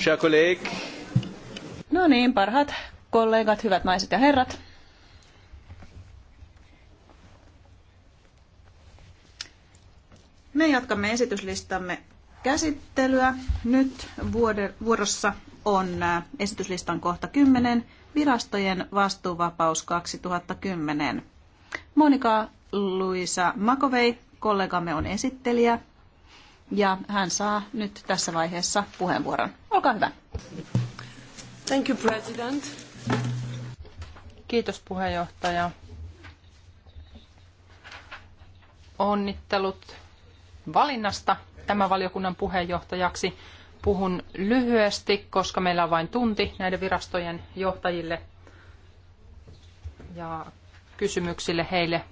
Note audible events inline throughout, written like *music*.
Chers collègues. No niin, parhaat kollegat, hyvät naiset ja herrat. Me jatkamme esityslistamme käsittelyä. Nyt vuorossa on äh, esityslistan kohta 10, virastojen vastuuvapaus 2010. Monika Luisa Makovei, kollegamme on esittelijä ja hän saa nyt tässä vaiheessa puheenvuoron. Olkaa hyvä. Thank you, President. Kiitos puheenjohtaja. Onnittelut valinnasta tämän valiokunnan puheenjohtajaksi. Puhun lyhyesti, koska meillä on vain tunti näiden virastojen johtajille ja kysymyksille heille.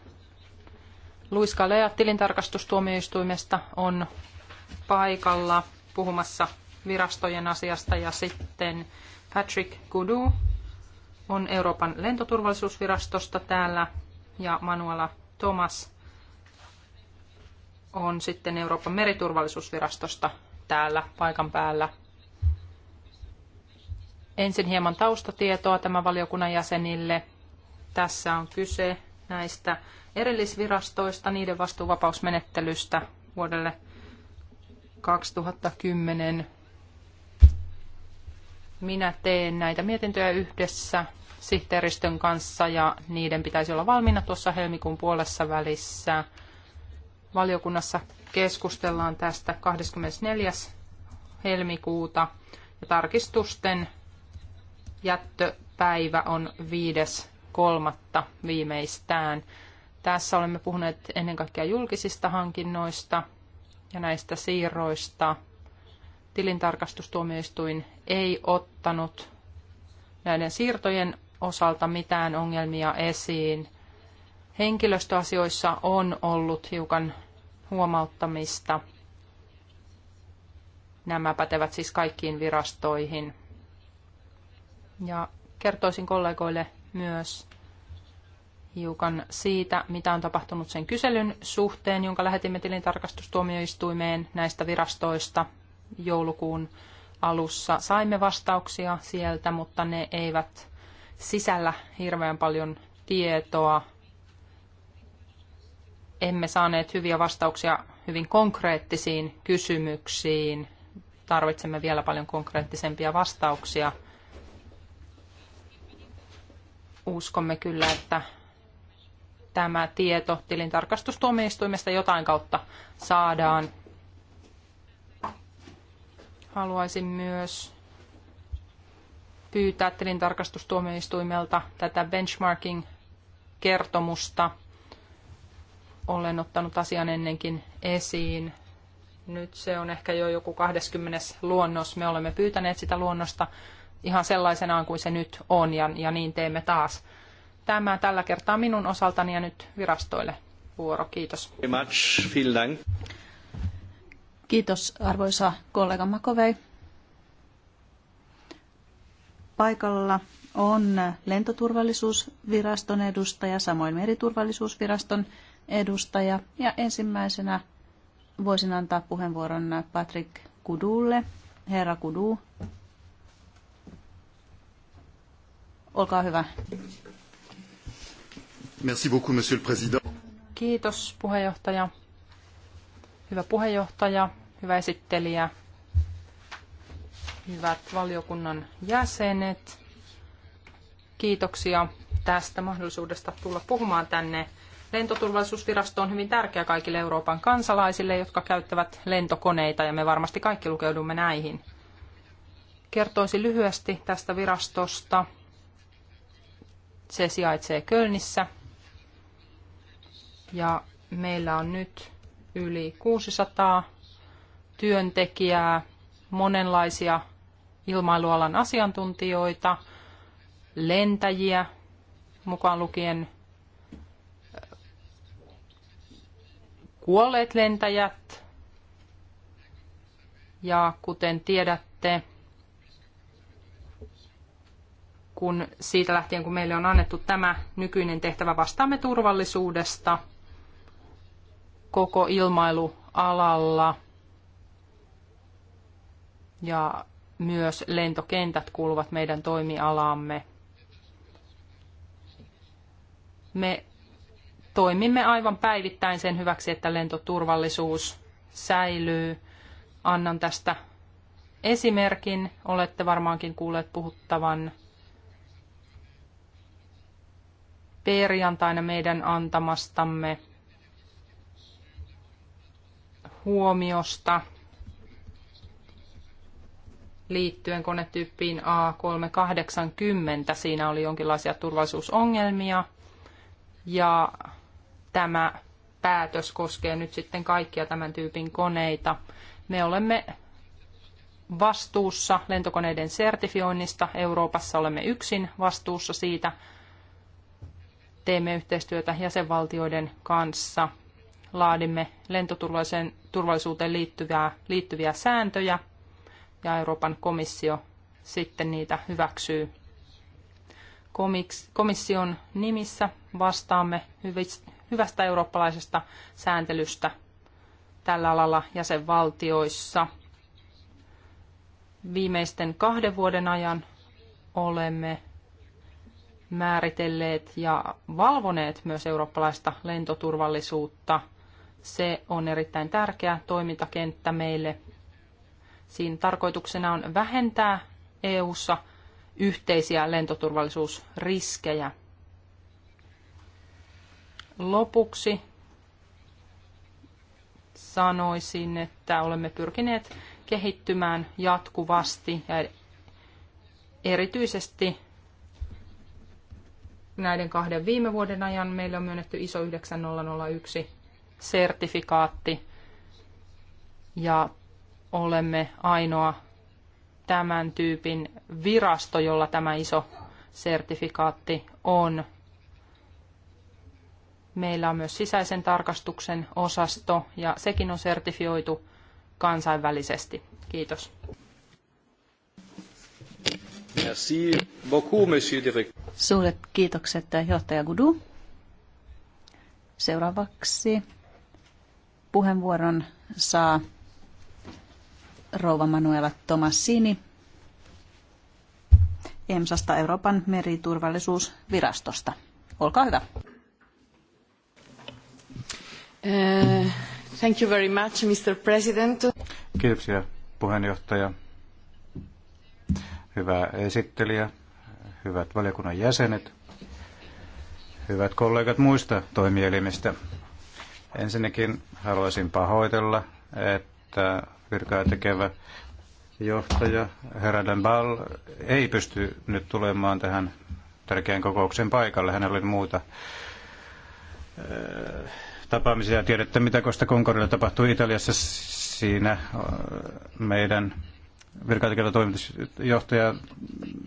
Luis Kalea tilintarkastustuomioistuimesta on paikalla puhumassa virastojen asiasta ja sitten Patrick Gudu on Euroopan lentoturvallisuusvirastosta täällä ja Manuela Thomas on sitten Euroopan meriturvallisuusvirastosta täällä paikan päällä. Ensin hieman taustatietoa tämän valiokunnan jäsenille. Tässä on kyse näistä erillisvirastoista, niiden vastuuvapausmenettelystä vuodelle 2010. Minä teen näitä mietintöjä yhdessä sihteeristön kanssa ja niiden pitäisi olla valmiina tuossa helmikuun puolessa välissä. Valiokunnassa keskustellaan tästä 24. helmikuuta ja tarkistusten jättöpäivä on 5.3. viimeistään. Tässä olemme puhuneet ennen kaikkea julkisista hankinnoista ja näistä siirroista tilintarkastustuomioistuin ei ottanut näiden siirtojen osalta mitään ongelmia esiin. Henkilöstöasioissa on ollut hiukan huomauttamista. Nämä pätevät siis kaikkiin virastoihin. Ja kertoisin kollegoille myös, hiukan siitä, mitä on tapahtunut sen kyselyn suhteen, jonka lähetimme tilintarkastustuomioistuimeen näistä virastoista joulukuun alussa. Saimme vastauksia sieltä, mutta ne eivät sisällä hirveän paljon tietoa. Emme saaneet hyviä vastauksia hyvin konkreettisiin kysymyksiin. Tarvitsemme vielä paljon konkreettisempia vastauksia. Uskomme kyllä, että tämä tieto tilintarkastustuomioistuimesta jotain kautta saadaan. Haluaisin myös pyytää tilintarkastustuomioistuimelta tätä benchmarking-kertomusta. Olen ottanut asian ennenkin esiin. Nyt se on ehkä jo joku 20. luonnos. Me olemme pyytäneet sitä luonnosta ihan sellaisenaan kuin se nyt on ja, ja niin teemme taas tämä tällä kertaa minun osaltani ja nyt virastoille vuoro. Kiitos. Kiitos arvoisa kollega Makovei. Paikalla on lentoturvallisuusviraston edustaja, samoin meriturvallisuusviraston edustaja. Ja ensimmäisenä voisin antaa puheenvuoron Patrick Kudulle. Herra Kudu, olkaa hyvä. Merci beaucoup, monsieur le président. Kiitos puheenjohtaja. Hyvä puheenjohtaja, hyvä esittelijä, hyvät valiokunnan jäsenet. Kiitoksia tästä mahdollisuudesta tulla puhumaan tänne. Lentoturvallisuusvirasto on hyvin tärkeä kaikille Euroopan kansalaisille, jotka käyttävät lentokoneita ja me varmasti kaikki lukeudumme näihin. Kertoisin lyhyesti tästä virastosta. Se sijaitsee Kölnissä ja meillä on nyt yli 600 työntekijää, monenlaisia ilmailualan asiantuntijoita, lentäjiä, mukaan lukien äh, kuolleet lentäjät. Ja kuten tiedätte, kun siitä lähtien, kun meille on annettu tämä nykyinen tehtävä, vastaamme turvallisuudesta – koko ilmailualalla ja myös lentokentät kuuluvat meidän toimialaamme. Me toimimme aivan päivittäin sen hyväksi, että lentoturvallisuus säilyy. Annan tästä esimerkin. Olette varmaankin kuulleet puhuttavan perjantaina meidän antamastamme huomiosta liittyen konetyyppiin A380. Siinä oli jonkinlaisia turvallisuusongelmia ja tämä päätös koskee nyt sitten kaikkia tämän tyypin koneita. Me olemme vastuussa lentokoneiden sertifioinnista. Euroopassa olemme yksin vastuussa siitä. Teemme yhteistyötä jäsenvaltioiden kanssa – laadimme lentoturvallisuuteen liittyviä, liittyviä sääntöjä ja Euroopan komissio sitten niitä hyväksyy. Komission nimissä vastaamme hyvästä eurooppalaisesta sääntelystä tällä alalla jäsenvaltioissa. Viimeisten kahden vuoden ajan olemme määritelleet ja valvoneet myös eurooppalaista lentoturvallisuutta – se on erittäin tärkeä toimintakenttä meille. Siinä tarkoituksena on vähentää EU:ssa yhteisiä lentoturvallisuusriskejä. Lopuksi sanoisin, että olemme pyrkineet kehittymään jatkuvasti ja erityisesti näiden kahden viime vuoden ajan meille on myönnetty ISO 9001 sertifikaatti ja olemme ainoa tämän tyypin virasto, jolla tämä iso sertifikaatti on. Meillä on myös sisäisen tarkastuksen osasto ja sekin on sertifioitu kansainvälisesti. Kiitos. Merci beaucoup, monsieur Direct. Suuret kiitokset johtaja Gudu. Seuraavaksi puheenvuoron saa rouva Manuela Tomassini EMSasta Euroopan meriturvallisuusvirastosta. Olkaa hyvä. Uh, thank you very much, Mr. President. Kiitoksia puheenjohtaja. Hyvä esittelijä, hyvät valiokunnan jäsenet, hyvät kollegat muista toimielimistä. Ensinnäkin haluaisin pahoitella, että virkaa tekevä johtaja Herra Ball ei pysty nyt tulemaan tähän tärkeän kokouksen paikalle. Hänellä oli muuta eh, tapaamisia ja tiedettä, mitä Kosta Concordilla tapahtui Italiassa. Siinä eh, meidän virkailijan toimitusjohtaja,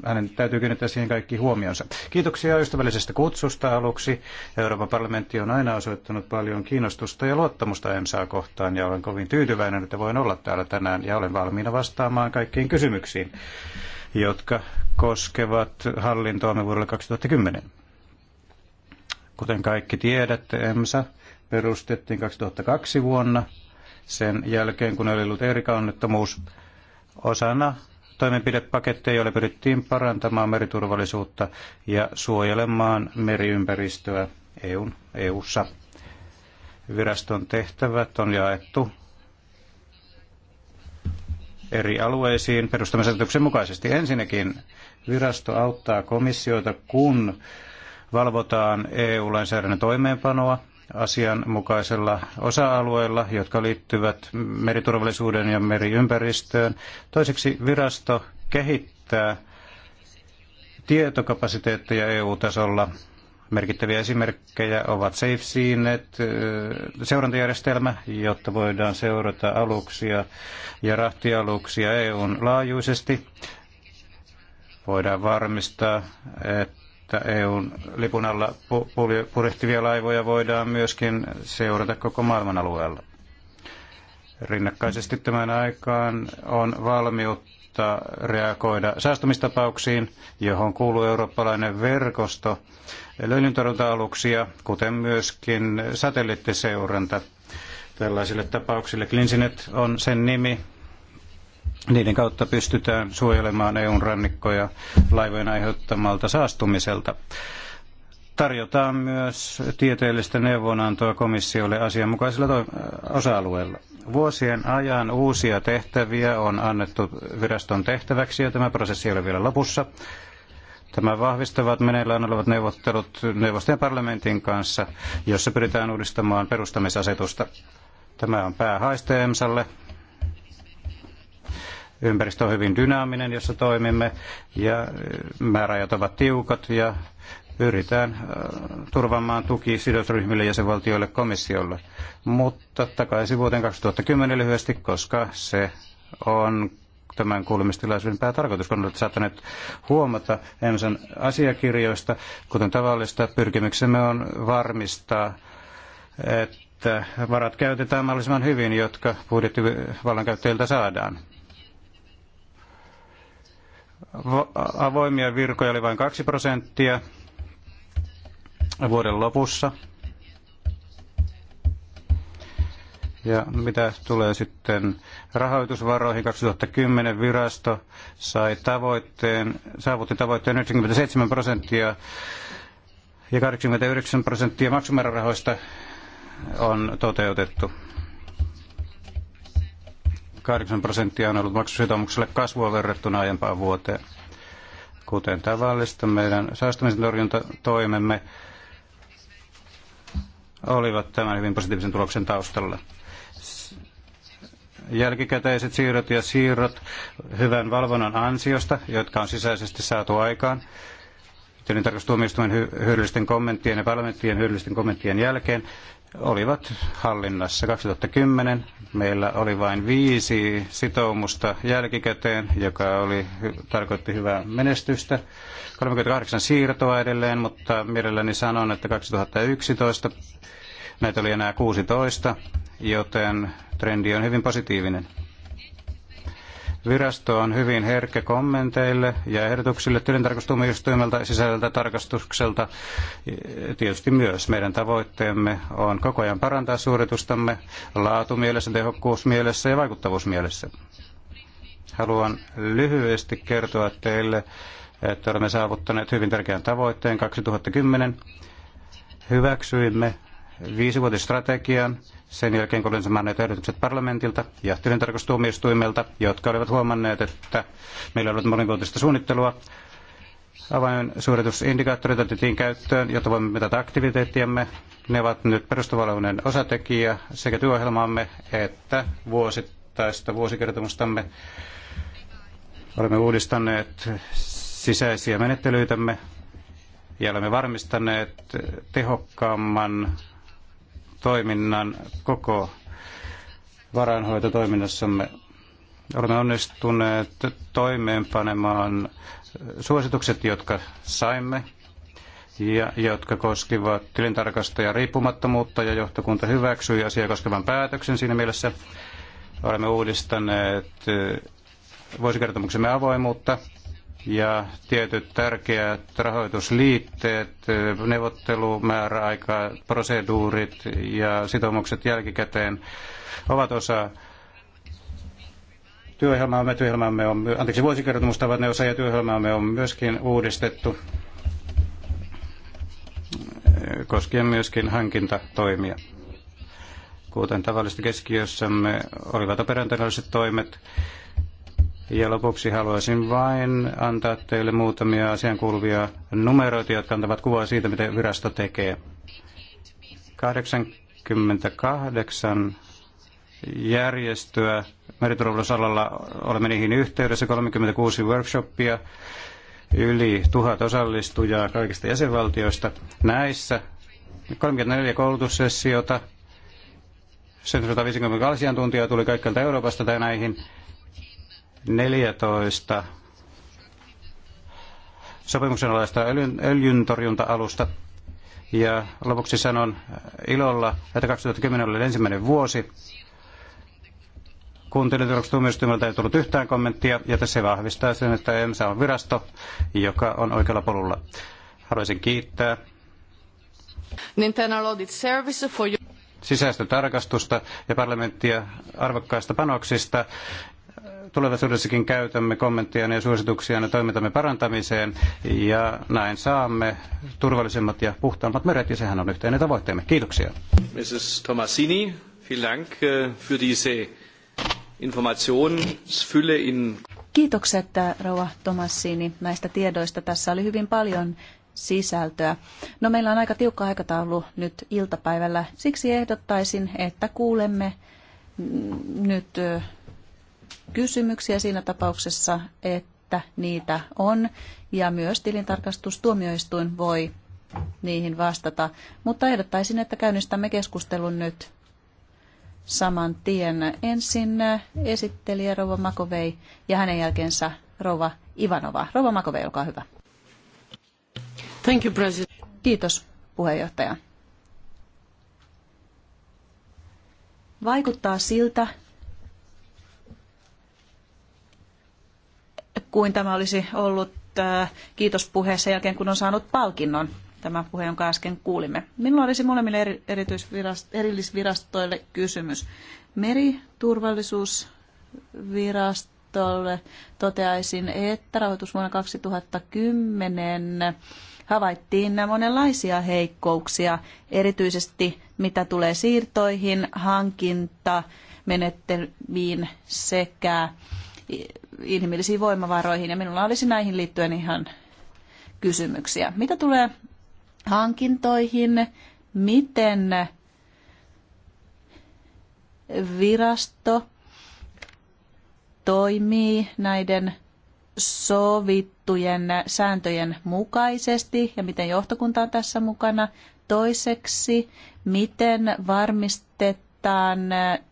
hänen täytyy kiinnittää siihen kaikki huomionsa. Kiitoksia ystävällisestä kutsusta aluksi. Euroopan parlamentti on aina osoittanut paljon kiinnostusta ja luottamusta EMSAa kohtaan ja olen kovin tyytyväinen, että voin olla täällä tänään ja olen valmiina vastaamaan kaikkiin kysymyksiin, jotka koskevat hallintoamme vuodelle 2010. Kuten kaikki tiedätte, EMSA perustettiin 2002 vuonna sen jälkeen, kun oli ollut Erika-onnettomuus osana toimenpidepaketteja, joilla pyrittiin parantamaan meriturvallisuutta ja suojelemaan meriympäristöä EUn, EUssa. Viraston tehtävät on jaettu eri alueisiin perustamisasetuksen mukaisesti. Ensinnäkin virasto auttaa komissiota, kun valvotaan EU-lainsäädännön toimeenpanoa asianmukaisella osa-alueella, jotka liittyvät meriturvallisuuden ja meriympäristöön. Toiseksi virasto kehittää tietokapasiteetteja EU-tasolla. Merkittäviä esimerkkejä ovat Safety-net seurantajärjestelmä, jotta voidaan seurata aluksia ja rahtialuksia EUn laajuisesti. Voidaan varmistaa, että että EUn lipun alla purjehtivia laivoja voidaan myöskin seurata koko maailman alueella. Rinnakkaisesti tämän aikaan on valmiutta reagoida saastumistapauksiin, johon kuuluu eurooppalainen verkosto löylyntorjunta aluksia kuten myöskin satelliittiseuranta tällaisille tapauksille. Klinsinet on sen nimi, niiden kautta pystytään suojelemaan EUn rannikkoja laivojen aiheuttamalta saastumiselta. Tarjotaan myös tieteellistä neuvonantoa komissiolle asianmukaisilla osa-alueilla. Vuosien ajan uusia tehtäviä on annettu viraston tehtäväksi ja tämä prosessi ei ole vielä lopussa. Tämä vahvistavat meneillään olevat neuvottelut neuvostojen parlamentin kanssa, jossa pyritään uudistamaan perustamisasetusta. Tämä on päähaiste EMSalle Ympäristö on hyvin dynaaminen, jossa toimimme, ja äh, määräajat ovat tiukat, ja pyritään äh, turvaamaan tuki sidosryhmille, jäsenvaltioille, komissiolle. Mutta takaisin vuoteen 2010 lyhyesti, koska se on tämän kuulemistilaisuuden päätarkoitus, kun olette saattaneet huomata EMSAn asiakirjoista. Kuten tavallista, pyrkimyksemme on varmistaa, että varat käytetään mahdollisimman hyvin, jotka budjettivallankäyttäjiltä saadaan avoimia virkoja oli vain 2 prosenttia vuoden lopussa. Ja mitä tulee sitten rahoitusvaroihin, 2010 virasto sai tavoitteen, saavutti tavoitteen 97 prosenttia ja 89 prosenttia maksumäärärahoista on toteutettu. 8 prosenttia on ollut maksusitoumukselle kasvua verrattuna aiempaan vuoteen. Kuten tavallista, meidän säästämisen torjuntatoimemme olivat tämän hyvin positiivisen tuloksen taustalla. Jälkikäteiset siirrot ja siirrot hyvän valvonnan ansiosta, jotka on sisäisesti saatu aikaan, tilintarkastustuomioistuimen hyödyllisten kommenttien ja parlamenttien hyödyllisten kommenttien jälkeen olivat hallinnassa. 2010 meillä oli vain viisi sitoumusta jälkikäteen, joka oli, tarkoitti hyvää menestystä. 38 siirtoa edelleen, mutta mielelläni sanon, että 2011 näitä oli enää 16, joten trendi on hyvin positiivinen. Virasto on hyvin herkkä kommenteille ja ehdotuksille tilintarkastustuomioistuimelta sisällöltä tarkastukselta. Tietysti myös meidän tavoitteemme on koko ajan parantaa suoritustamme laatumielessä, tehokkuusmielessä ja vaikuttavuusmielessä. Haluan lyhyesti kertoa teille, että olemme saavuttaneet hyvin tärkeän tavoitteen 2010. Hyväksyimme viisivuotisstrategian sen jälkeen, kun olin saaneet ehdotukset parlamentilta ja tilintarkastustuomioistuimelta, jotka olivat huomanneet, että meillä on ollut monivuotista suunnittelua. Avainsuoritusindikaattorit otettiin käyttöön, jotta voimme mitata aktiviteettiamme. Ne ovat nyt perustavallinen osatekijä sekä työohjelmaamme että vuosittaista vuosikertomustamme. Olemme uudistaneet sisäisiä menettelyitämme ja olemme varmistaneet tehokkaamman toiminnan koko varainhoitotoiminnassamme. Olemme onnistuneet toimeenpanemaan suositukset, jotka saimme ja jotka koskivat tilintarkastajan riippumattomuutta ja johtokunta hyväksyi asiaa koskevan päätöksen. Siinä mielessä olemme uudistaneet eh, vuosikertomuksemme avoimuutta ja tietyt tärkeät rahoitusliitteet, neuvottelumääräaika, proseduurit ja sitoumukset jälkikäteen ovat osa työohjelmaamme. työohjelmaamme on, anteeksi, vuosikertomusta ovat ne osa ja työohjelmaamme on myöskin uudistettu koskien myöskin hankintatoimia. Kuten tavallista keskiössämme olivat operationaaliset toimet, ja lopuksi haluaisin vain antaa teille muutamia asian kuuluvia numeroita, jotka antavat kuvaa siitä, miten virasto tekee. 88 järjestöä meriturvallisuusalalla olemme niihin yhteydessä, 36 workshopia, yli tuhat osallistujaa kaikista jäsenvaltioista. Näissä 34 koulutussessiota, 150 asiantuntijaa tuli kaikkialta Euroopasta tai näihin 14 sopimuksen alaista öljyntorjunta-alusta. Ja lopuksi sanon ilolla, että 2010 oli ensimmäinen vuosi, kun tuomioistuimelta ei tullut yhtään kommenttia, ja se vahvistaa sen, että EMSA on virasto, joka on oikealla polulla. Haluaisin kiittää sisäistä tarkastusta ja parlamenttia arvokkaista panoksista tulevaisuudessakin käytämme kommentteja ja suosituksia ja toimintamme parantamiseen ja näin saamme turvallisemmat ja puhtaammat meret ja sehän on yhteinen tavoitteemme. Kiitoksia. Mrs. Tomasini, vielen Dank äh, für diese Informationsfülle in... Kiitokset äh, rouva Tomassini näistä tiedoista. Tässä oli hyvin paljon sisältöä. No meillä on aika tiukka aikataulu nyt iltapäivällä. Siksi ehdottaisin, että kuulemme nyt äh, kysymyksiä siinä tapauksessa, että niitä on. Ja myös tilintarkastustuomioistuin voi niihin vastata. Mutta ehdottaisin, että käynnistämme keskustelun nyt saman tien. Ensin esittelijä Rova Makovei ja hänen jälkeensä Rova Ivanova. Rova Makovei, olkaa hyvä. Thank you, President. Kiitos, puheenjohtaja. Vaikuttaa siltä, kuin tämä olisi ollut äh, kiitospuheessa jälkeen, kun on saanut palkinnon tämä puheen, jonka äsken kuulimme. Minulla olisi molemmille eri, erillisvirastoille kysymys. Meriturvallisuusvirastolle toteaisin, että rahoitus vuonna 2010 havaittiin monenlaisia heikkouksia, erityisesti mitä tulee siirtoihin, hankinta, menettelyyn sekä inhimillisiin voimavaroihin ja minulla olisi näihin liittyen ihan kysymyksiä. Mitä tulee hankintoihin, miten virasto toimii näiden sovittujen sääntöjen mukaisesti ja miten johtokunta on tässä mukana. Toiseksi, miten varmistetaan, mitataan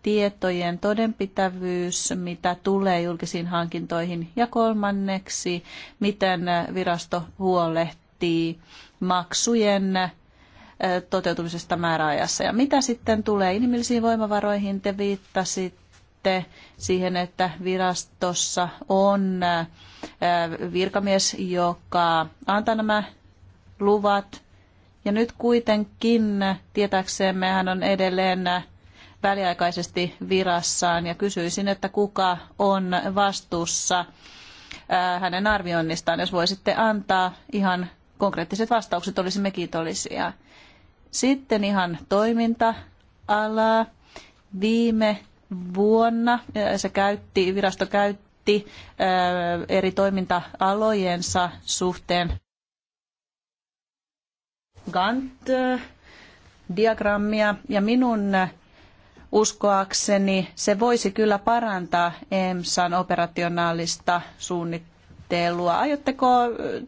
tietojen todenpitävyys, mitä tulee julkisiin hankintoihin, ja kolmanneksi, miten virasto huolehtii maksujen toteutumisesta määräajassa. Ja mitä sitten tulee inhimillisiin voimavaroihin, te viittasitte siihen, että virastossa on virkamies, joka antaa nämä luvat. Ja nyt kuitenkin, tietääksemme, hän on edelleen väliaikaisesti virassaan ja kysyisin, että kuka on vastuussa hänen arvioinnistaan. Jos voisitte antaa ihan konkreettiset vastaukset, olisimme kiitollisia. Sitten ihan toiminta-alaa. Viime vuonna se käytti, virasto käytti eri toiminta-alojensa suhteen Gantt-diagrammia ja minun uskoakseni se voisi kyllä parantaa EMSAn operationaalista suunnittelua. Aiotteko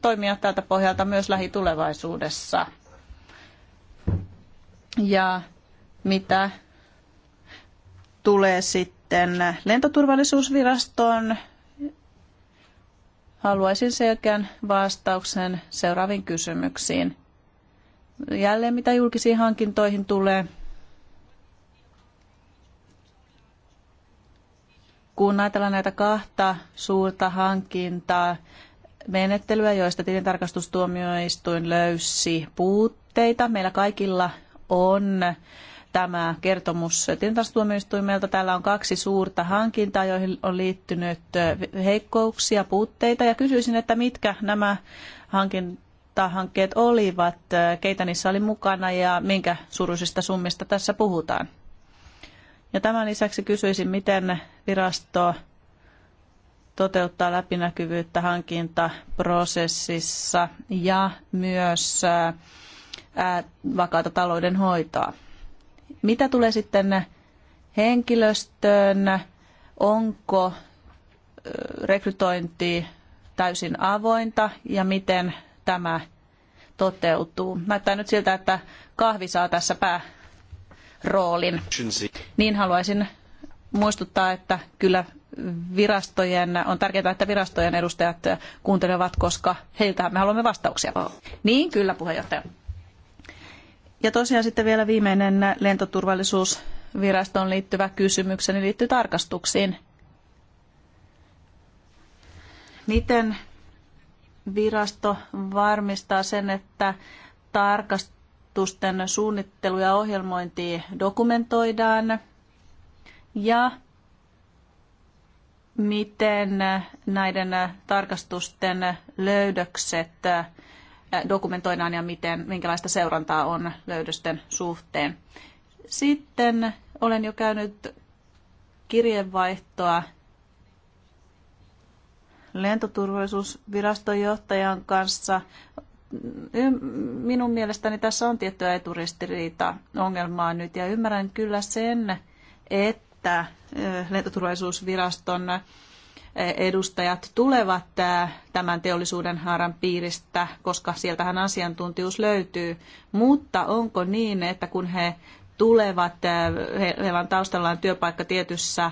toimia tältä pohjalta myös lähitulevaisuudessa? Ja mitä tulee sitten lentoturvallisuusvirastoon, haluaisin selkeän vastauksen seuraaviin kysymyksiin. Jälleen mitä julkisiin hankintoihin tulee – kun ajatellaan näitä kahta suurta hankintaa, menettelyä, joista tilintarkastustuomioistuin löysi puutteita. Meillä kaikilla on tämä kertomus tilintarkastustuomioistuimelta. Täällä on kaksi suurta hankintaa, joihin on liittynyt heikkouksia, puutteita. Ja kysyisin, että mitkä nämä hankintahankkeet olivat, keitä niissä oli mukana ja minkä suuruisista summista tässä puhutaan. Ja tämän lisäksi kysyisin, miten virasto toteuttaa läpinäkyvyyttä hankintaprosessissa ja myös vakaata hoitoa. Mitä tulee sitten henkilöstöön? Onko rekrytointi täysin avointa ja miten tämä toteutuu? Näyttää nyt siltä, että kahvi saa tässä pää roolin. Niin haluaisin muistuttaa, että kyllä virastojen, on tärkeää, että virastojen edustajat kuuntelevat, koska heiltä me haluamme vastauksia. Niin, kyllä puheenjohtaja. Ja tosiaan sitten vielä viimeinen lentoturvallisuusvirastoon liittyvä kysymykseni liittyy tarkastuksiin. Miten virasto varmistaa sen, että tarkastus kuljetusten suunnittelu ja ohjelmointi dokumentoidaan ja miten näiden tarkastusten löydökset dokumentoidaan ja miten, minkälaista seurantaa on löydösten suhteen. Sitten olen jo käynyt kirjeenvaihtoa lentoturvallisuusviraston johtajan kanssa minun mielestäni tässä on tiettyä eturistiriita ongelmaa nyt ja ymmärrän kyllä sen, että lentoturvallisuusviraston edustajat tulevat tämän teollisuuden haaran piiristä, koska sieltähän asiantuntijuus löytyy. Mutta onko niin, että kun he tulevat, heillä on taustallaan työpaikka tietyssä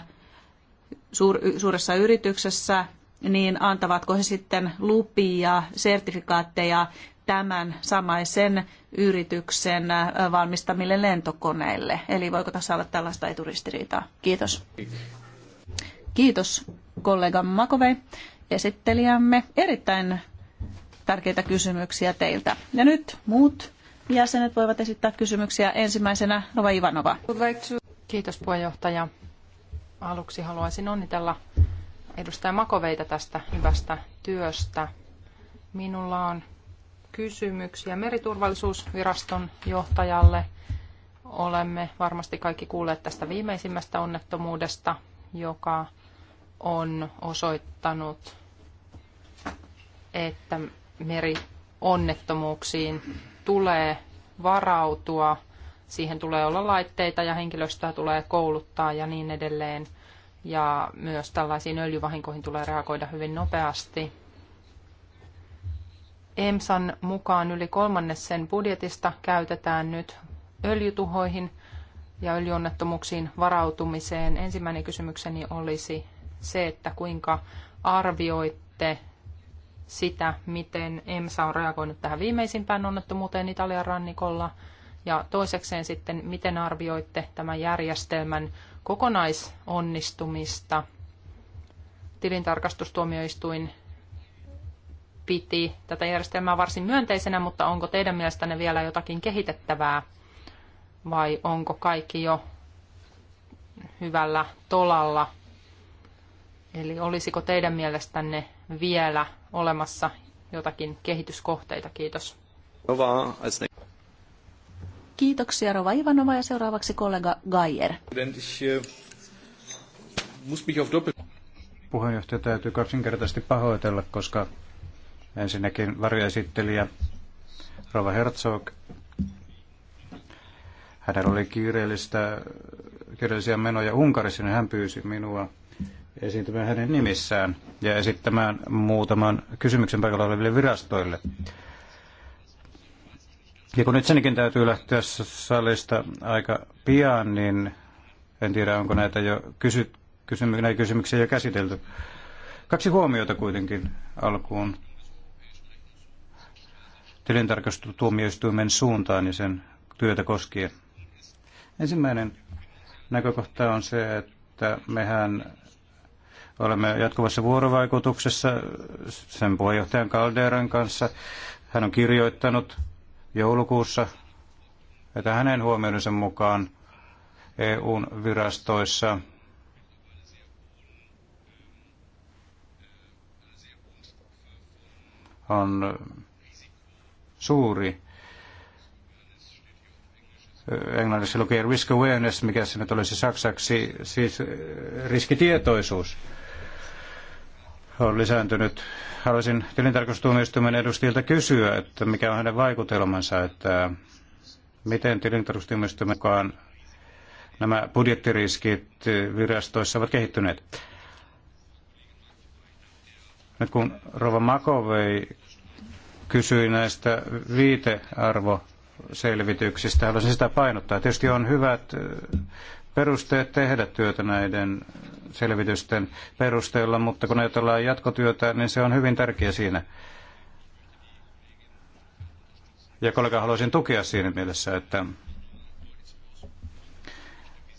suuressa yrityksessä, niin antavatko he sitten lupia, sertifikaatteja tämän samaisen yrityksen äh, valmistamille lentokoneille? Eli voiko tässä olla tällaista eturistiriitaa? Kiitos. Kiitos kollega Makovei esittelijämme. Erittäin tärkeitä kysymyksiä teiltä. Ja nyt muut jäsenet voivat esittää kysymyksiä. Ensimmäisenä Rova Ivanova. Kiitos puheenjohtaja. Aluksi haluaisin onnitella edustaja Makoveita tästä hyvästä työstä. Minulla on kysymyksiä meriturvallisuusviraston johtajalle. Olemme varmasti kaikki kuulleet tästä viimeisimmästä onnettomuudesta, joka on osoittanut, että merionnettomuuksiin tulee varautua, siihen tulee olla laitteita ja henkilöstöä tulee kouluttaa ja niin edelleen – ja myös tällaisiin öljyvahinkoihin tulee reagoida hyvin nopeasti. EMSAn mukaan yli kolmannes sen budjetista käytetään nyt öljytuhoihin ja öljyonnettomuuksiin varautumiseen. Ensimmäinen kysymykseni olisi se, että kuinka arvioitte sitä, miten EMSA on reagoinut tähän viimeisimpään onnettomuuteen Italian rannikolla. Ja toisekseen sitten, miten arvioitte tämän järjestelmän kokonaisonnistumista. Tilintarkastustuomioistuin piti tätä järjestelmää varsin myönteisenä, mutta onko teidän mielestänne vielä jotakin kehitettävää vai onko kaikki jo hyvällä tolalla? Eli olisiko teidän mielestänne vielä olemassa jotakin kehityskohteita? Kiitos. Kiitoksia Rova Ivanova ja seuraavaksi kollega Geier. Äh, Puheenjohtaja täytyy kaksinkertaisesti pahoitella, koska ensinnäkin varjoesittelijä Rova Herzog, hänellä oli kiireellistä, kiireellisiä menoja Unkarissa, niin hän pyysi minua esiintymään hänen nimissään ja esittämään muutaman kysymyksen paikalla oleville virastoille ja kun itsenikin täytyy lähteä salista aika pian, niin en tiedä, onko näitä, jo kysy- kysymy- näitä kysymyksiä jo käsitelty. Kaksi huomiota kuitenkin alkuun tilintarkastustuomioistuimen suuntaan ja sen työtä koskien. Ensimmäinen näkökohta on se, että mehän olemme jatkuvassa vuorovaikutuksessa sen puheenjohtajan Calderan kanssa. Hän on kirjoittanut joulukuussa, että hänen huomioidensa mukaan EUn virastoissa on suuri englanniksi lukee risk awareness, mikä se nyt olisi saksaksi, siis riskitietoisuus on lisääntynyt. Haluaisin tilintarkastustuomioistuimen edustajilta kysyä, että mikä on hänen vaikutelmansa, että miten tilintarkastustuomioistuimen mukaan nämä budjettiriskit virastoissa ovat kehittyneet. Nyt kun Rova Makovei kysyi näistä viitearvoselvityksistä, haluaisin sitä painottaa. Tietysti on hyvät perusteet tehdä työtä näiden selvitysten perusteella, mutta kun ajatellaan jatkotyötä, niin se on hyvin tärkeä siinä. Ja kollega haluaisin tukea siinä mielessä, että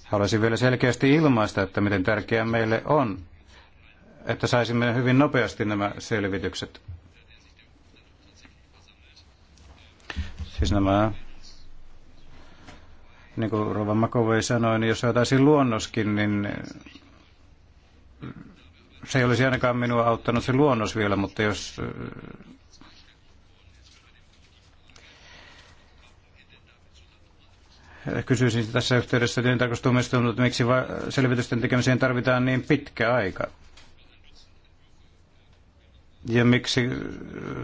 haluaisin vielä selkeästi ilmaista, että miten tärkeää meille on, että saisimme hyvin nopeasti nämä selvitykset. Siis nämä niin kuin Rova Makovei sanoi, niin jos saataisiin luonnoskin, niin se ei olisi ainakaan minua auttanut se luonnos vielä, mutta jos äh, kysyisin tässä yhteydessä tilintarkastustuomioistuimelta, että miksi selvitysten tekemiseen tarvitaan niin pitkä aika. Ja miksi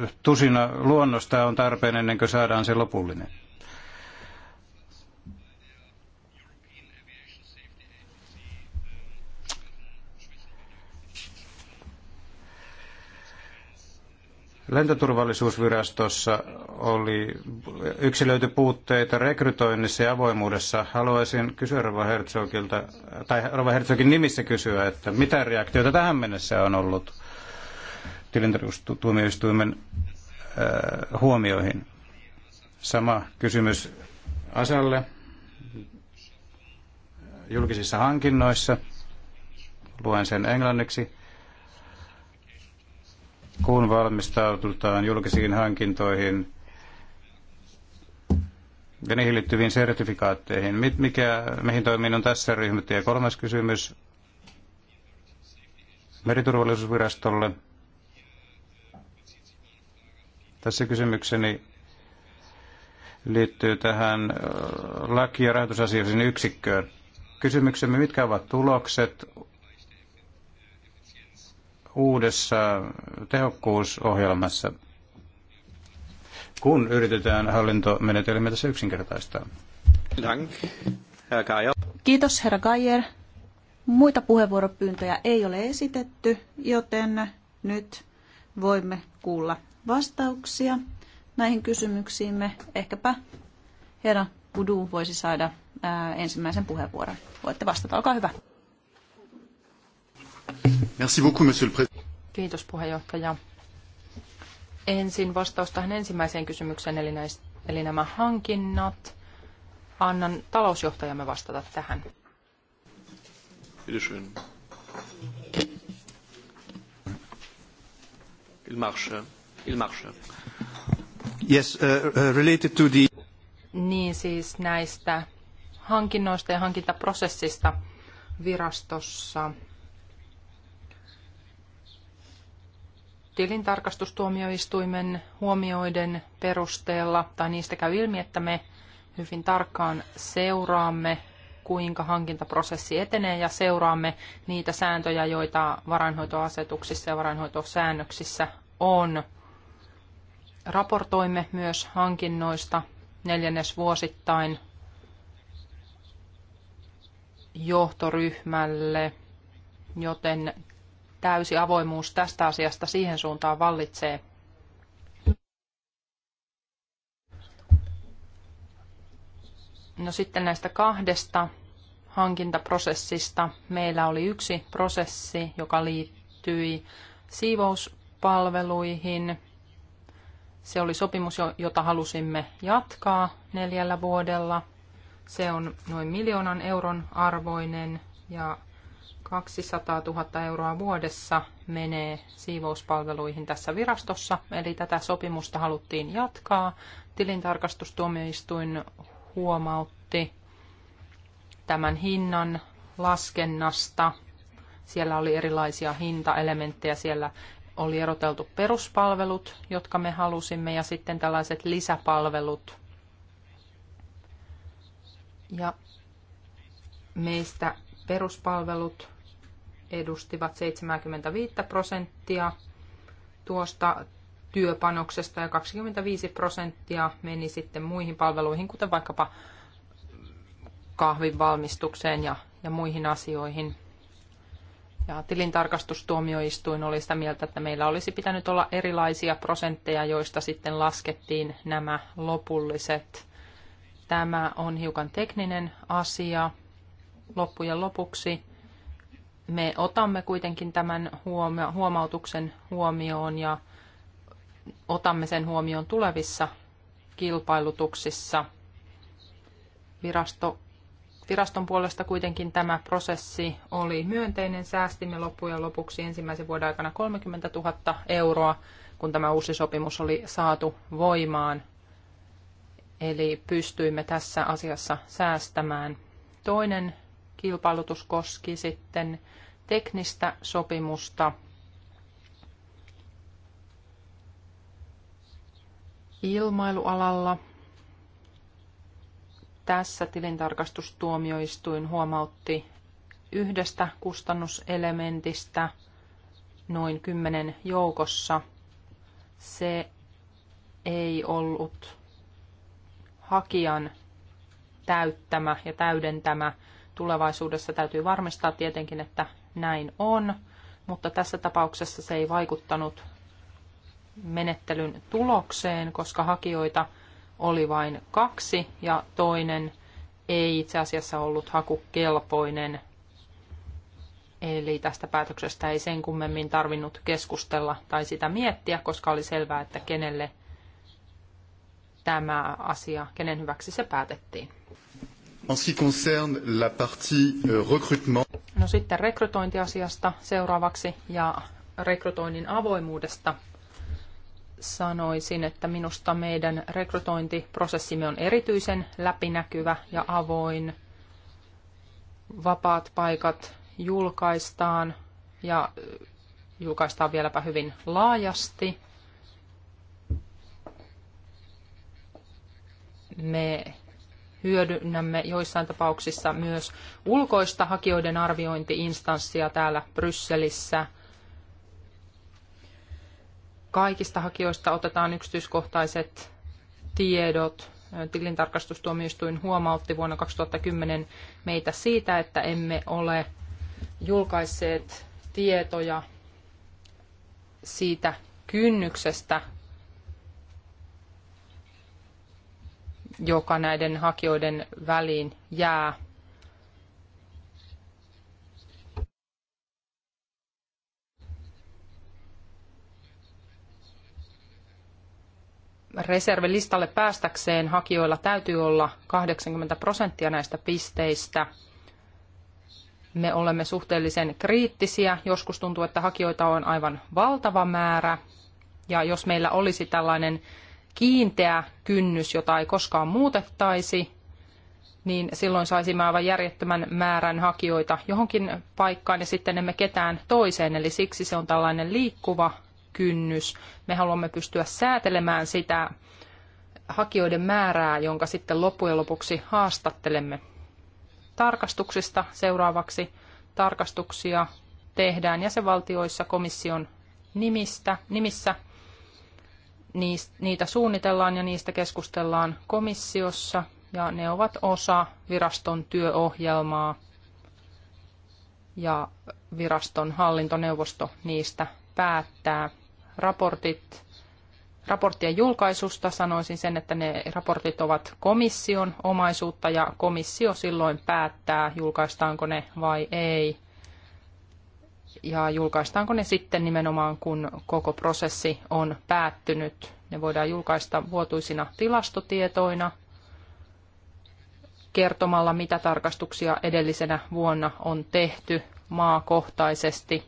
äh, tusina luonnosta on tarpeen ennen kuin saadaan se lopullinen. Lentoturvallisuusvirastossa oli yksilöity puutteita rekrytoinnissa ja avoimuudessa. Haluaisin kysyä Rova Herzogilta, tai Rova Herzogin nimissä kysyä, että mitä reaktioita tähän mennessä on ollut tilintarkastustuomioistuimen äh, huomioihin? Sama kysymys Asalle julkisissa hankinnoissa. Luen sen englanniksi kun valmistaututaan julkisiin hankintoihin ja niihin liittyviin sertifikaatteihin. Mikä, mihin toimiin on tässä ryhmätty? Ja kolmas kysymys meriturvallisuusvirastolle. Tässä kysymykseni liittyy tähän laki- ja rahoitusasioiden yksikköön. Kysymyksemme, mitkä ovat tulokset? uudessa tehokkuusohjelmassa, kun yritetään hallintomenetelmiä tässä yksinkertaistaa. Kiitos, herra Geier. Muita puheenvuoropyyntöjä ei ole esitetty, joten nyt voimme kuulla vastauksia näihin kysymyksiimme. Ehkäpä herra Kudu voisi saada ensimmäisen puheenvuoron. Voitte vastata, olkaa hyvä. Merci beaucoup, monsieur le président. Kiitos puheenjohtaja. Ensin vastaus tähän ensimmäiseen kysymykseen, eli, näist, eli nämä hankinnat. Annan talousjohtajamme vastata tähän. Bitteschön. Il marche. Il marche. Yes, uh, uh, related to the... Niin siis näistä hankinnoista ja hankintaprosessista virastossa tilintarkastustuomioistuimen huomioiden perusteella, tai niistä käy ilmi, että me hyvin tarkkaan seuraamme, kuinka hankintaprosessi etenee ja seuraamme niitä sääntöjä, joita varainhoitoasetuksissa ja varainhoitosäännöksissä on. Raportoimme myös hankinnoista neljännesvuosittain johtoryhmälle, joten täysi avoimuus tästä asiasta siihen suuntaan vallitsee. No sitten näistä kahdesta hankintaprosessista meillä oli yksi prosessi, joka liittyi siivouspalveluihin. Se oli sopimus, jota halusimme jatkaa neljällä vuodella. Se on noin miljoonan euron arvoinen ja 200 000 euroa vuodessa menee siivouspalveluihin tässä virastossa, eli tätä sopimusta haluttiin jatkaa. Tilintarkastustuomioistuin huomautti tämän hinnan laskennasta. Siellä oli erilaisia hintaelementtejä. Siellä oli eroteltu peruspalvelut, jotka me halusimme, ja sitten tällaiset lisäpalvelut. Ja meistä peruspalvelut edustivat 75 prosenttia tuosta työpanoksesta ja 25 prosenttia meni sitten muihin palveluihin, kuten vaikkapa kahvin valmistukseen ja, ja muihin asioihin. Ja tilintarkastustuomioistuin oli sitä mieltä, että meillä olisi pitänyt olla erilaisia prosentteja, joista sitten laskettiin nämä lopulliset. Tämä on hiukan tekninen asia loppujen lopuksi me otamme kuitenkin tämän huomio- huomautuksen huomioon ja otamme sen huomioon tulevissa kilpailutuksissa. Virasto, viraston puolesta kuitenkin tämä prosessi oli myönteinen. Säästimme loppujen lopuksi ensimmäisen vuoden aikana 30 000 euroa, kun tämä uusi sopimus oli saatu voimaan. Eli pystyimme tässä asiassa säästämään. Toinen kilpailutus koski sitten teknistä sopimusta, ilmailualalla. Tässä tilintarkastustuomioistuin huomautti yhdestä kustannuselementistä noin kymmenen joukossa. Se ei ollut hakijan täyttämä ja täydentämä. Tulevaisuudessa täytyy varmistaa tietenkin, että näin on, mutta tässä tapauksessa se ei vaikuttanut menettelyn tulokseen, koska hakijoita oli vain kaksi ja toinen ei itse asiassa ollut hakukelpoinen. Eli tästä päätöksestä ei sen kummemmin tarvinnut keskustella tai sitä miettiä, koska oli selvää, että kenelle tämä asia, kenen hyväksi se päätettiin. En ce qui concerne la partie euh, recrutement. No sitten rekrytointiasiasta seuraavaksi ja rekrytoinnin avoimuudesta sanoisin, että minusta meidän rekrytointiprosessimme on erityisen läpinäkyvä ja avoin. Vapaat paikat julkaistaan ja julkaistaan vieläpä hyvin laajasti. Me hyödynnämme joissain tapauksissa myös ulkoista hakijoiden arviointiinstanssia täällä Brysselissä. Kaikista hakijoista otetaan yksityiskohtaiset tiedot. Tilintarkastustuomioistuin huomautti vuonna 2010 meitä siitä, että emme ole julkaisseet tietoja siitä kynnyksestä, joka näiden hakijoiden väliin jää. Reservilistalle päästäkseen hakijoilla täytyy olla 80 prosenttia näistä pisteistä. Me olemme suhteellisen kriittisiä. Joskus tuntuu, että hakijoita on aivan valtava määrä. Ja jos meillä olisi tällainen kiinteä kynnys, jota ei koskaan muutettaisi, niin silloin saisimme aivan järjettömän määrän hakijoita johonkin paikkaan ja sitten emme ketään toiseen. Eli siksi se on tällainen liikkuva kynnys. Me haluamme pystyä säätelemään sitä hakijoiden määrää, jonka sitten loppujen lopuksi haastattelemme. Tarkastuksista seuraavaksi tarkastuksia tehdään jäsenvaltioissa komission nimistä, nimissä niitä suunnitellaan ja niistä keskustellaan komissiossa ja ne ovat osa viraston työohjelmaa ja viraston hallintoneuvosto niistä päättää. Raportit, raporttien julkaisusta sanoisin sen, että ne raportit ovat komission omaisuutta ja komissio silloin päättää, julkaistaanko ne vai ei ja julkaistaanko ne sitten nimenomaan, kun koko prosessi on päättynyt. Ne voidaan julkaista vuotuisina tilastotietoina kertomalla, mitä tarkastuksia edellisenä vuonna on tehty maakohtaisesti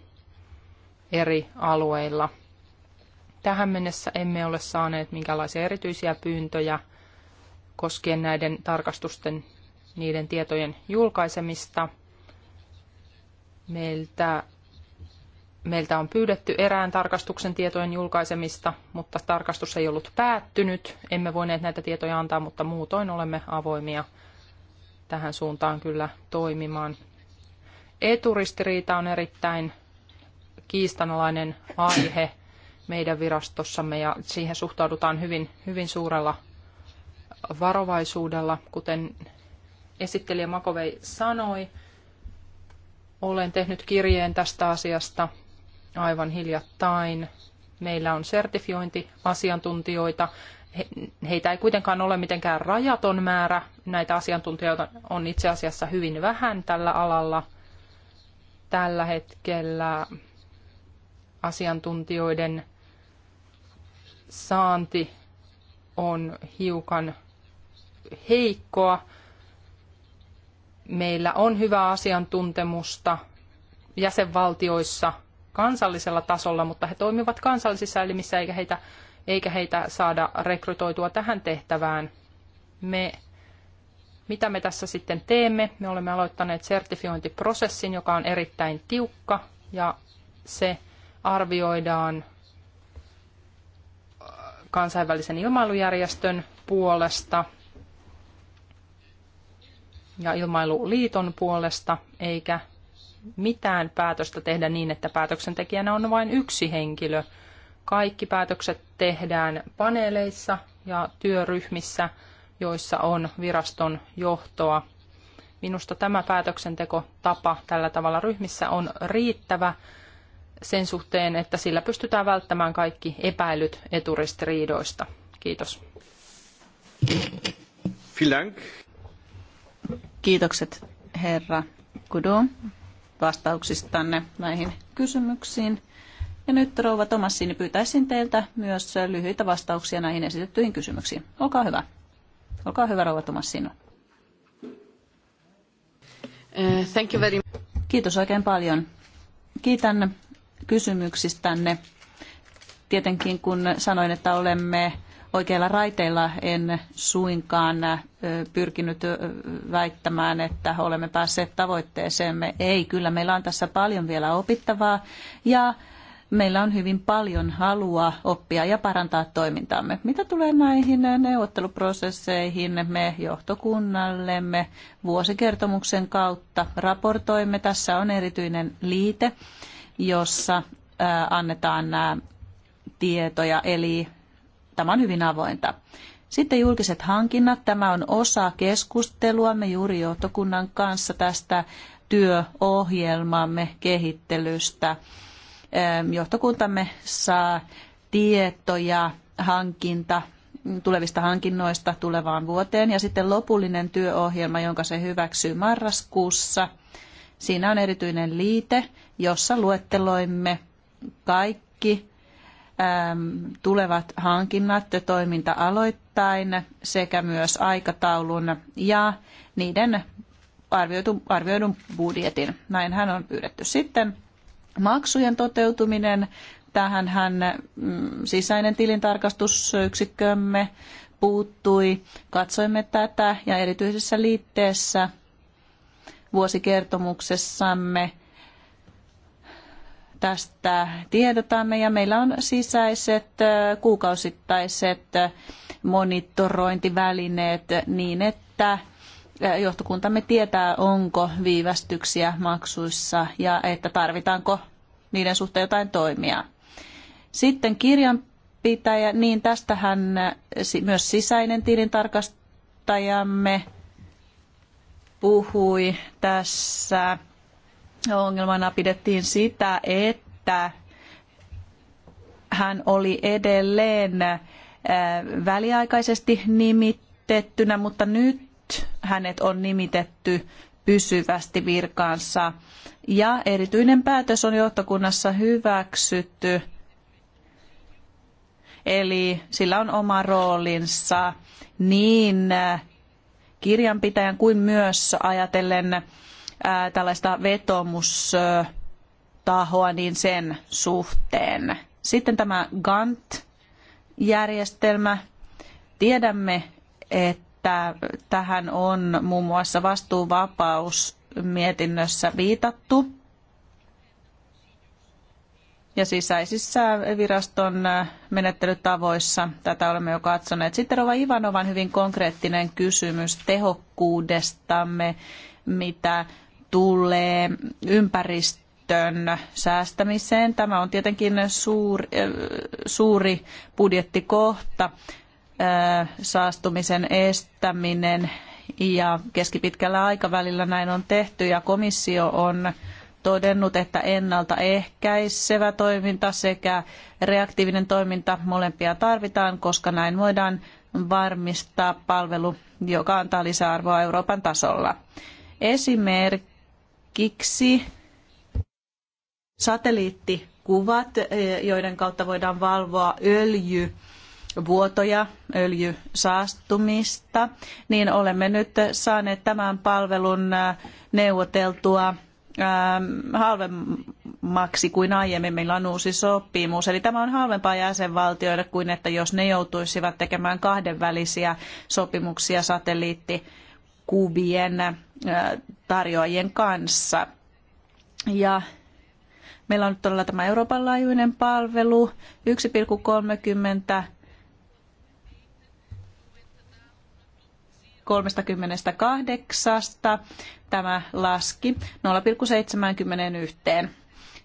eri alueilla. Tähän mennessä emme ole saaneet minkälaisia erityisiä pyyntöjä koskien näiden tarkastusten niiden tietojen julkaisemista. Meiltä meiltä on pyydetty erään tarkastuksen tietojen julkaisemista, mutta tarkastus ei ollut päättynyt. Emme voineet näitä tietoja antaa, mutta muutoin olemme avoimia tähän suuntaan kyllä toimimaan. Eturistiriita on erittäin kiistanalainen aihe meidän virastossamme ja siihen suhtaudutaan hyvin, hyvin suurella varovaisuudella. Kuten esittelijä Makovei sanoi, olen tehnyt kirjeen tästä asiasta aivan hiljattain. Meillä on sertifiointiasiantuntijoita. Heitä ei kuitenkaan ole mitenkään rajaton määrä. Näitä asiantuntijoita on itse asiassa hyvin vähän tällä alalla. Tällä hetkellä asiantuntijoiden saanti on hiukan heikkoa. Meillä on hyvää asiantuntemusta jäsenvaltioissa – kansallisella tasolla, mutta he toimivat kansallisissa elimissä eikä heitä, eikä heitä saada rekrytoitua tähän tehtävään. Me, mitä me tässä sitten teemme? Me olemme aloittaneet sertifiointiprosessin, joka on erittäin tiukka ja se arvioidaan äh, kansainvälisen ilmailujärjestön puolesta ja ilmailuliiton puolesta, eikä mitään päätöstä tehdä niin, että päätöksentekijänä on vain yksi henkilö. Kaikki päätökset tehdään paneeleissa ja työryhmissä, joissa on viraston johtoa. Minusta tämä päätöksentekotapa tällä tavalla ryhmissä on riittävä sen suhteen, että sillä pystytään välttämään kaikki epäilyt eturistiriidoista. Kiitos. Kiitokset, herra Kudu vastauksistanne näihin kysymyksiin. Ja nyt rouva Tomassini pyytäisin teiltä myös lyhyitä vastauksia näihin esitettyihin kysymyksiin. Olkaa hyvä. Olkaa hyvä rouva Tomassino. Eh, thank you very much. Kiitos oikein paljon. Kiitän kysymyksistänne. Tietenkin kun sanoin, että olemme oikeilla raiteilla. En suinkaan pyrkinyt väittämään, että olemme päässeet tavoitteeseemme. Ei, kyllä meillä on tässä paljon vielä opittavaa ja meillä on hyvin paljon halua oppia ja parantaa toimintaamme. Mitä tulee näihin neuvotteluprosesseihin, me johtokunnallemme vuosikertomuksen kautta raportoimme. Tässä on erityinen liite, jossa annetaan nämä tietoja, eli Tämä on hyvin avointa. Sitten julkiset hankinnat. Tämä on osa keskusteluamme juuri johtokunnan kanssa tästä työohjelmamme kehittelystä. Johtokuntamme saa tietoja hankinta tulevista hankinnoista tulevaan vuoteen ja sitten lopullinen työohjelma, jonka se hyväksyy marraskuussa. Siinä on erityinen liite, jossa luetteloimme kaikki Ähm, tulevat hankinnat toiminta-aloittain sekä myös aikataulun ja niiden arvioitu, arvioidun budjetin. hän on pyydetty sitten. Maksujen toteutuminen. tähän hän mm, sisäinen tilintarkastusyksikkömme puuttui. Katsoimme tätä ja erityisessä liitteessä vuosikertomuksessamme tästä tiedotamme ja meillä on sisäiset kuukausittaiset monitorointivälineet niin, että johtokuntamme tietää, onko viivästyksiä maksuissa ja että tarvitaanko niiden suhteen jotain toimia. Sitten kirjanpitäjä, niin tästähän myös sisäinen tilintarkastajamme puhui tässä ongelmana pidettiin sitä, että hän oli edelleen äh, väliaikaisesti nimitettynä, mutta nyt hänet on nimitetty pysyvästi virkaansa. Ja erityinen päätös on johtokunnassa hyväksytty, eli sillä on oma roolinsa niin äh, kirjanpitäjän kuin myös ajatellen tällaista vetomustahoa niin sen suhteen. Sitten tämä Gantt-järjestelmä. Tiedämme, että tähän on muun muassa vastuuvapaus mietinnössä viitattu. Ja sisäisissä viraston menettelytavoissa tätä olemme jo katsoneet. Sitten Rova Ivanovan hyvin konkreettinen kysymys tehokkuudestamme, mitä tulee ympäristön säästämiseen. Tämä on tietenkin suuri, äh, suuri budjettikohta, äh, saastumisen estäminen ja keskipitkällä aikavälillä näin on tehty ja komissio on todennut, että ennaltaehkäisevä toiminta sekä reaktiivinen toiminta molempia tarvitaan, koska näin voidaan varmistaa palvelu, joka antaa lisäarvoa Euroopan tasolla. esimerkki esimerkiksi satelliittikuvat, eh, joiden kautta voidaan valvoa öljy, vuotoja, öljysaastumista, niin olemme nyt saaneet tämän palvelun eh, neuvoteltua eh, halvemmaksi kuin aiemmin. Meillä on uusi sopimus. Eli tämä on halvempaa jäsenvaltioille kuin että jos ne joutuisivat tekemään kahdenvälisiä sopimuksia satelliittikuvien tarjoajien kanssa. Ja meillä on nyt todella tämä Euroopan laajuinen palvelu, 1,30 tämä laski 0,71.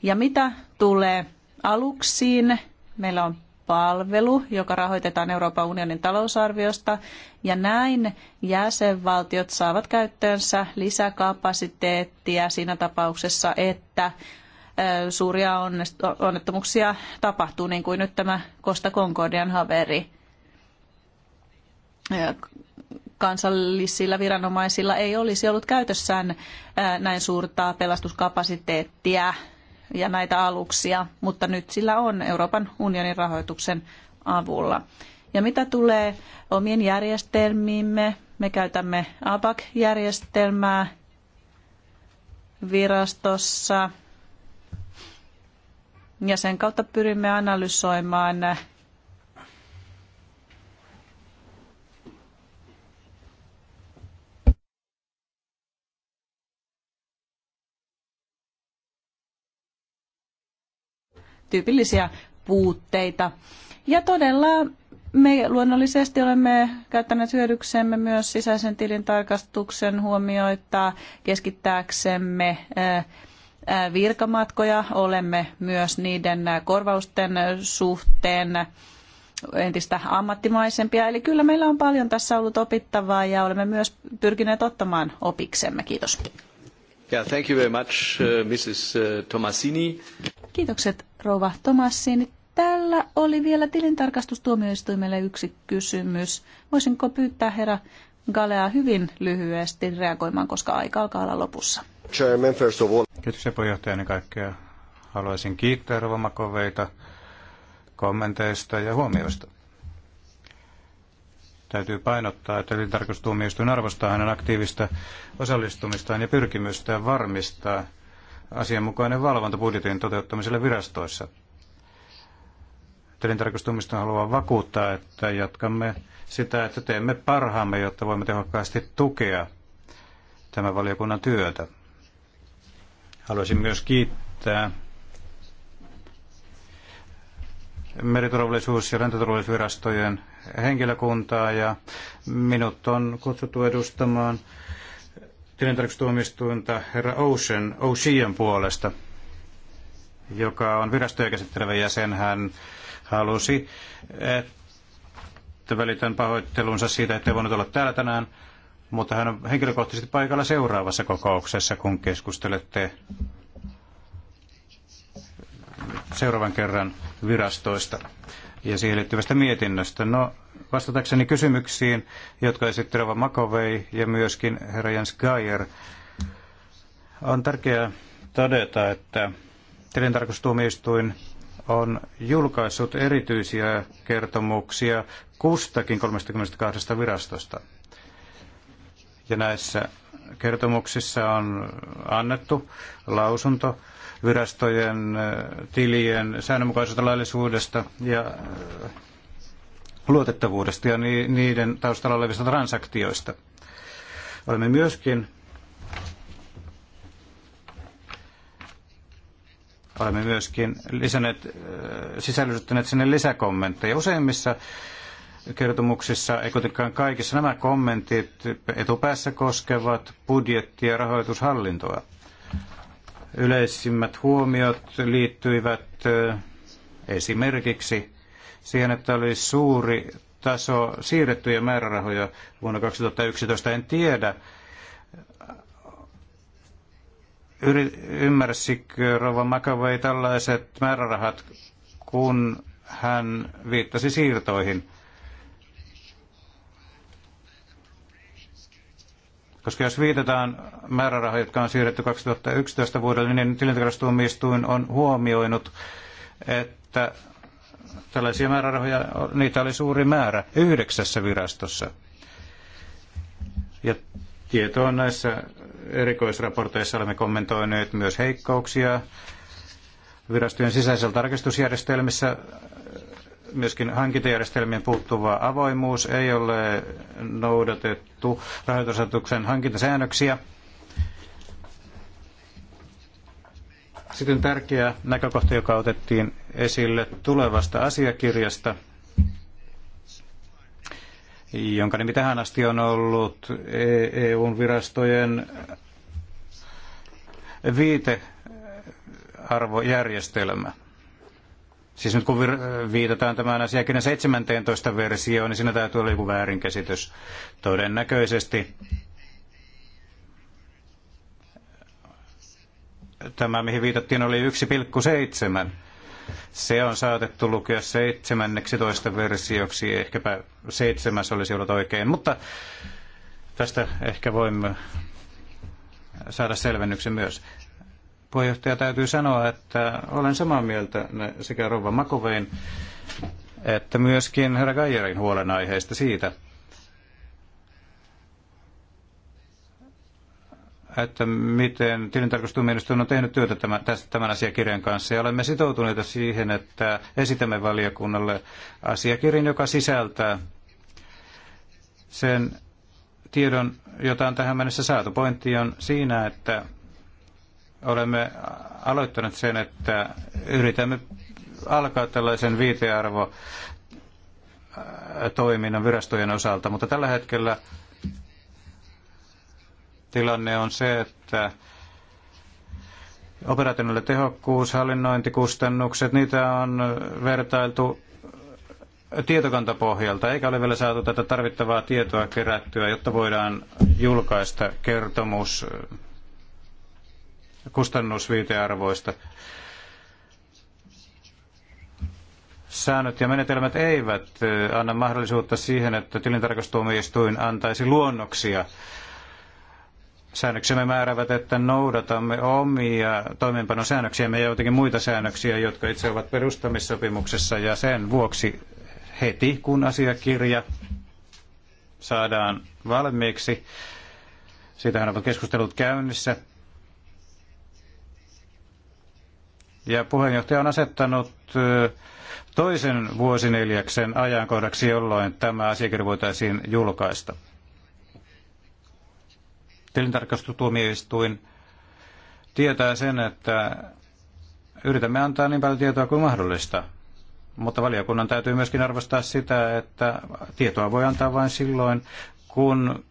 Ja mitä tulee aluksiin, meillä on palvelu, joka rahoitetaan Euroopan unionin talousarviosta, ja näin jäsenvaltiot saavat käyttöönsä lisäkapasiteettia siinä tapauksessa, että suuria onnettomuuksia tapahtuu, niin kuin nyt tämä Costa Concordian haveri. Kansallisilla viranomaisilla ei olisi ollut käytössään näin suurta pelastuskapasiteettia ja näitä aluksia, mutta nyt sillä on Euroopan unionin rahoituksen avulla. Ja mitä tulee omien järjestelmiimme, me käytämme ABAC-järjestelmää virastossa ja sen kautta pyrimme analysoimaan tyypillisiä puutteita. Ja todella me luonnollisesti olemme käyttäneet hyödyksemme myös sisäisen tilintarkastuksen huomioita keskittääksemme eh, eh, virkamatkoja. Olemme myös niiden korvausten suhteen entistä ammattimaisempia. Eli kyllä meillä on paljon tässä ollut opittavaa ja olemme myös pyrkineet ottamaan opiksemme. Kiitos thank you very much, uh, Mrs. Uh, Kiitokset rouva Tomassini. Tällä oli vielä tilintarkastustuomioistuimelle yksi kysymys. Voisinko pyytää herra Galea hyvin lyhyesti reagoimaan, koska aika alkaa olla lopussa. Chairman, first of all. Kiitos kaikkea. Haluaisin kiittää rouva Makoveita kommenteista ja huomioista. Täytyy painottaa, että tilintarkastustuomioistuin arvostaa hänen aktiivista osallistumistaan ja pyrkimystään varmistaa asianmukainen valvonta budjetin toteuttamiselle virastoissa. Tilintarkastustuomioistuin haluaa vakuuttaa, että jatkamme sitä, että teemme parhaamme, jotta voimme tehokkaasti tukea tämän valiokunnan työtä. Haluaisin myös kiittää meriturvallisuus- ja lentoturvallisuusvirastojen henkilökuntaa ja minut on kutsuttu edustamaan tilintarkastustuomioistuinta herra Ocean, Ocean puolesta, joka on virastoja käsittelevä jäsen. Hän halusi, että välitän pahoittelunsa siitä, ettei voinut olla täällä tänään, mutta hän on henkilökohtaisesti paikalla seuraavassa kokouksessa, kun keskustelette seuraavan kerran virastoista ja siihen liittyvästä mietinnöstä. No, vastatakseni kysymyksiin, jotka esitti Rova Makovei ja myöskin herra Jens Geier, on tärkeää todeta, että tilintarkastustuomioistuin on julkaissut erityisiä kertomuksia kustakin 32 virastosta. Ja näissä kertomuksissa on annettu lausunto virastojen tilien säännönmukaisesta laillisuudesta ja luotettavuudesta ja niiden taustalla olevista transaktioista. Olemme myöskin olemme myöskin lisänneet, sisällyttäneet sinne lisäkommentteja. Useimmissa kertomuksissa, ei kuitenkaan kaikissa, nämä kommentit etupäässä koskevat budjetti- ja rahoitushallintoa. Yleisimmät huomiot liittyivät esimerkiksi siihen, että oli suuri taso siirrettyjä määrärahoja vuonna 2011. En tiedä, ymmärsikö Rova Makavei tällaiset määrärahat, kun hän viittasi siirtoihin. Koska jos viitataan määrärahoja, jotka on siirretty 2011 vuodelle, niin tilintarkastustuomioistuin on huomioinut, että tällaisia määrärahoja, niitä oli suuri määrä yhdeksässä virastossa. Ja tieto on näissä erikoisraporteissa olemme kommentoineet myös heikkouksia virastojen sisäisellä tarkastusjärjestelmissä myöskin hankintajärjestelmien puuttuva avoimuus, ei ole noudatettu rahoitusasetuksen hankintasäännöksiä. Sitten tärkeä näkökohta, joka otettiin esille tulevasta asiakirjasta, jonka nimi tähän asti on ollut e- eu virastojen viitearvojärjestelmä. Siis nyt kun viitataan tämän asiakirjan 17 versioon, niin siinä täytyy olla joku väärinkäsitys. Todennäköisesti tämä, mihin viitattiin, oli 1,7. Se on saatettu lukea 17 versioksi, ehkäpä 7 olisi ollut oikein, mutta tästä ehkä voimme saada selvennyksen myös puheenjohtaja, täytyy sanoa, että olen samaa mieltä sekä Rova Makovein että myöskin herra Gajerin huolenaiheista siitä, että miten tilintarkastustuomioistuin on tehnyt työtä tämän, tästä, tämän asiakirjan kanssa. Ja olemme sitoutuneita siihen, että esitämme valiokunnalle asiakirjan, joka sisältää sen tiedon, jota on tähän mennessä saatu. Pointti on siinä, että olemme aloittaneet sen, että yritämme alkaa tällaisen viitearvo toiminnan virastojen osalta, mutta tällä hetkellä tilanne on se, että operatiivinen tehokkuus, hallinnointikustannukset, niitä on vertailtu tietokantapohjalta, eikä ole vielä saatu tätä tarvittavaa tietoa kerättyä, jotta voidaan julkaista kertomus kustannusviitearvoista. Säännöt ja menetelmät eivät anna mahdollisuutta siihen, että tilintarkastustuomioistuin antaisi luonnoksia. Säännöksemme määrävät, että noudatamme omia toimeenpanosäännöksiämme ja joitakin muita säännöksiä, jotka itse ovat perustamissopimuksessa ja sen vuoksi heti kun asiakirja saadaan valmiiksi, siitähän ovat keskustelut käynnissä, Ja puheenjohtaja on asettanut toisen vuosineljäksen ajankohdaksi, jolloin tämä asiakirja voitaisiin julkaista. Tilintarkastustuomioistuin tietää sen, että yritämme antaa niin paljon tietoa kuin mahdollista. Mutta valiokunnan täytyy myöskin arvostaa sitä, että tietoa voi antaa vain silloin, kun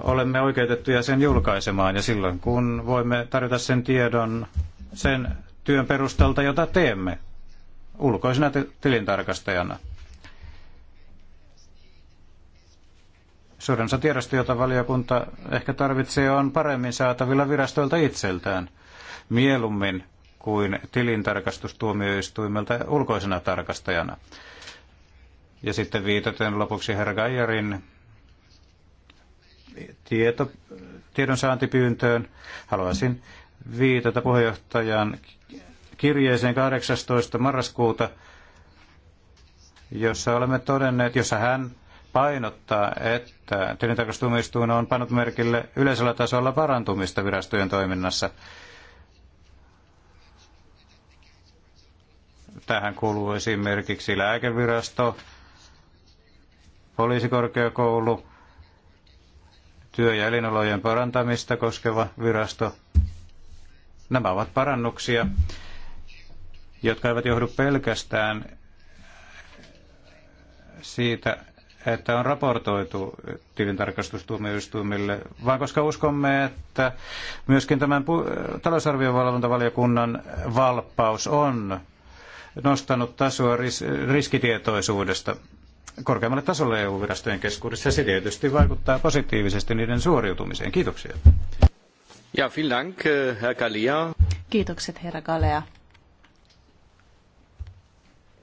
olemme oikeutettuja sen julkaisemaan ja silloin, kun voimme tarjota sen tiedon sen työn perustalta, jota teemme ulkoisena tilintarkastajana. Suurin osa tiedosta, jota valiokunta ehkä tarvitsee, on paremmin saatavilla virastoilta itseltään, mieluummin kuin tilintarkastustuomioistuimelta ulkoisena tarkastajana. Ja sitten viitaten lopuksi herra Gajarin tieto, tiedonsaantipyyntöön haluaisin viitata puheenjohtajan kirjeeseen 18. marraskuuta, jossa olemme todenneet, jossa hän painottaa, että tilintarkastustuomioistuin on pannut merkille yleisellä tasolla parantumista virastojen toiminnassa. Tähän kuuluu esimerkiksi lääkevirasto, poliisikorkeakoulu, työ- ja elinolojen parantamista koskeva virasto. Nämä ovat parannuksia, jotka eivät johdu pelkästään siitä, että on raportoitu tilintarkastustuomioistuimille, vaan koska uskomme, että myöskin tämän talousarviovalvontavaliokunnan valppaus on nostanut tasoa riskitietoisuudesta korkeammalle tasolle EU-virastojen keskuudessa, se tietysti vaikuttaa positiivisesti niiden suoriutumiseen. Kiitoksia. Ja, vielen Dank, Herr Kiitokset, herra Galea.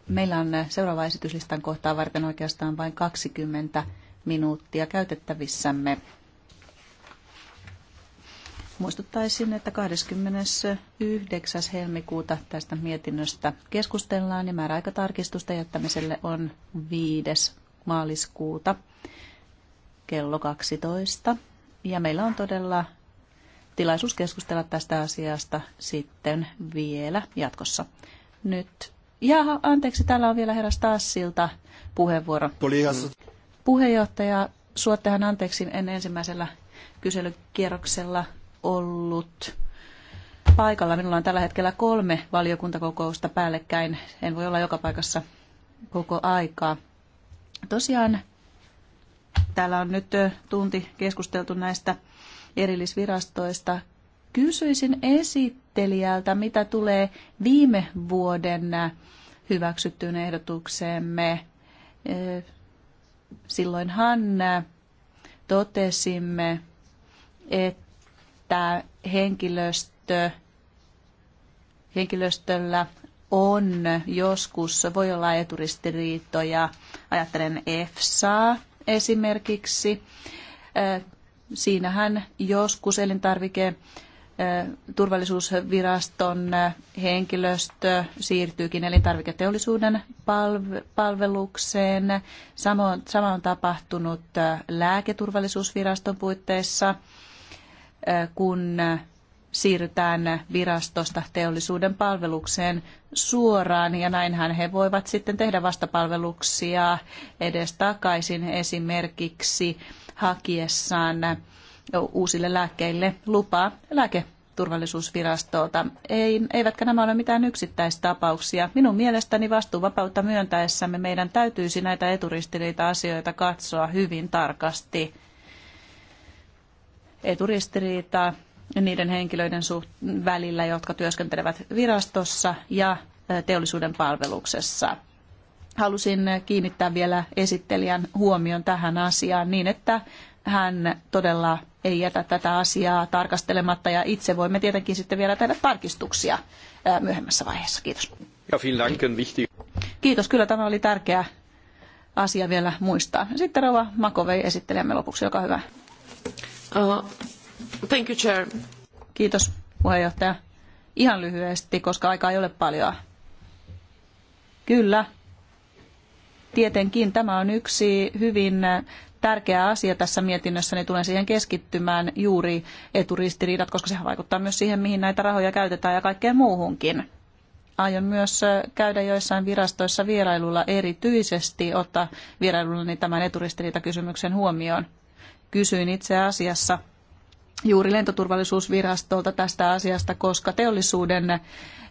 Meillä on äh, seuraava esityslistan kohtaa varten oikeastaan vain 20 minuuttia käytettävissämme. Muistuttaisin, että 29. helmikuuta tästä mietinnöstä keskustellaan ja määräaikatarkistusta jättämiselle on 5. maaliskuuta kello 12. Ja meillä on todella tilaisuus keskustella tästä asiasta sitten vielä jatkossa. Nyt Jaha, anteeksi, täällä on vielä herra Stassilta puheenvuoro. Polias. Puheenjohtaja, suottehan anteeksi, en ensimmäisellä kyselykierroksella ollut paikalla. Minulla on tällä hetkellä kolme valiokuntakokousta päällekkäin. En voi olla joka paikassa koko aikaa. Tosiaan täällä on nyt tunti keskusteltu näistä erillisvirastoista. Kysyisin esittelijältä, mitä tulee viime vuoden hyväksyttyyn ehdotukseemme. Silloinhan totesimme, että henkilöstö, henkilöstöllä on joskus, voi olla eturistiriitoja, ajattelen EFSAa esimerkiksi. Siinähän joskus elintarvike turvallisuusviraston henkilöstö siirtyykin elintarviketeollisuuden palvelukseen. Sama on tapahtunut lääketurvallisuusviraston puitteissa, kun siirrytään virastosta teollisuuden palvelukseen suoraan ja näinhän he voivat sitten tehdä vastapalveluksia edestakaisin esimerkiksi hakiessaan uusille lääkkeille lupaa lääketurvallisuusvirastolta. Ei, eivätkä nämä ole mitään yksittäistapauksia. Minun mielestäni vastuuvapautta myöntäessämme meidän täytyisi näitä eturistiriita-asioita katsoa hyvin tarkasti. Eturistiriita niiden henkilöiden suht- välillä, jotka työskentelevät virastossa ja teollisuuden palveluksessa. Halusin kiinnittää vielä esittelijän huomion tähän asiaan niin, että hän todella ei jätä tätä asiaa tarkastelematta ja itse voimme tietenkin sitten vielä tehdä tarkistuksia myöhemmässä vaiheessa. Kiitos. Ja Dank, Kiitos, kyllä tämä oli tärkeä asia vielä muistaa. Sitten Rova Makovei esittelemme lopuksi, joka hyvä. Uh, thank you, Chair. Kiitos puheenjohtaja. Ihan lyhyesti, koska aikaa ei ole paljon. Kyllä, tietenkin tämä on yksi hyvin tärkeä asia tässä mietinnössä, niin tulen siihen keskittymään juuri eturistiriidat, koska sehän vaikuttaa myös siihen, mihin näitä rahoja käytetään ja kaikkeen muuhunkin. Aion myös käydä joissain virastoissa vierailulla erityisesti, ottaa vierailullani tämän eturistiriitakysymyksen huomioon. Kysyin itse asiassa juuri lentoturvallisuusvirastolta tästä asiasta, koska teollisuuden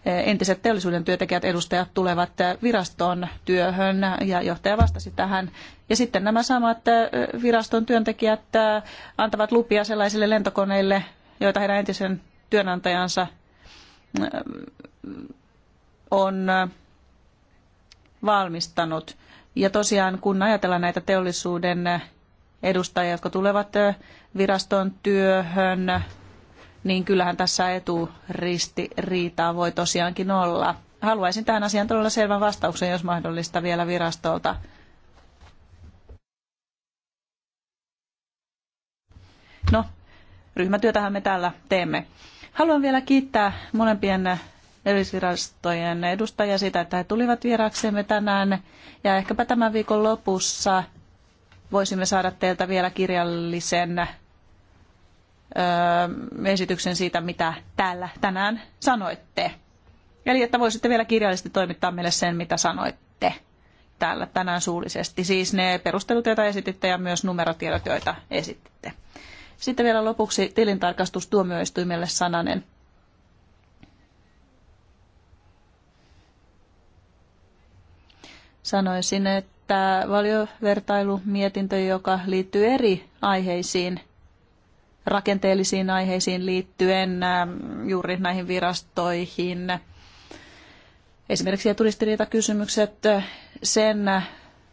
entiset teollisuuden työntekijät edustajat tulevat viraston työhön ja johtaja vastasi tähän. Ja sitten nämä samat viraston työntekijät antavat lupia sellaisille lentokoneille, joita heidän entisen työnantajansa on valmistanut. Ja tosiaan kun ajatellaan näitä teollisuuden edustajia, jotka tulevat viraston työhön, niin kyllähän tässä eturistiriitaa voi tosiaankin olla. Haluaisin tähän asiaan todella selvän vastauksen, jos mahdollista, vielä virastolta. No, ryhmätyötähän me täällä teemme. Haluan vielä kiittää molempien erillisvirastojen edustajia siitä, että he tulivat vieraaksemme tänään. Ja ehkäpä tämän viikon lopussa voisimme saada teiltä vielä kirjallisen esityksen siitä, mitä täällä tänään sanoitte. Eli että voisitte vielä kirjallisesti toimittaa meille sen, mitä sanoitte täällä tänään suullisesti. Siis ne perustelut, joita esititte ja myös numerotiedot, joita esititte. Sitten vielä lopuksi tilintarkastus tuomioistuimelle sananen. Sanoisin, että valiovertailumietintö, joka liittyy eri aiheisiin, rakenteellisiin aiheisiin liittyen ähm, juuri näihin virastoihin. Esimerkiksi kysymykset äh, sen äh,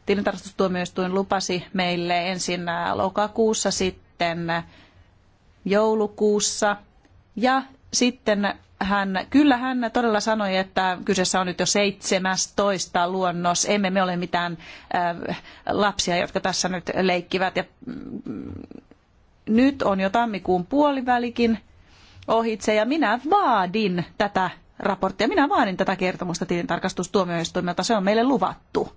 tilintarkastustuomioistuin lupasi meille ensin äh, lokakuussa, sitten joulukuussa ja sitten hän, kyllä hän todella sanoi, että kyseessä on nyt jo 17 luonnos. Emme me ole mitään lapsia, jotka tässä nyt leikkivät ja mm, nyt on jo tammikuun puolivälikin ohitse ja minä vaadin tätä raporttia, minä vaadin tätä kertomusta tilintarkastustuomioistuimelta, se on meille luvattu.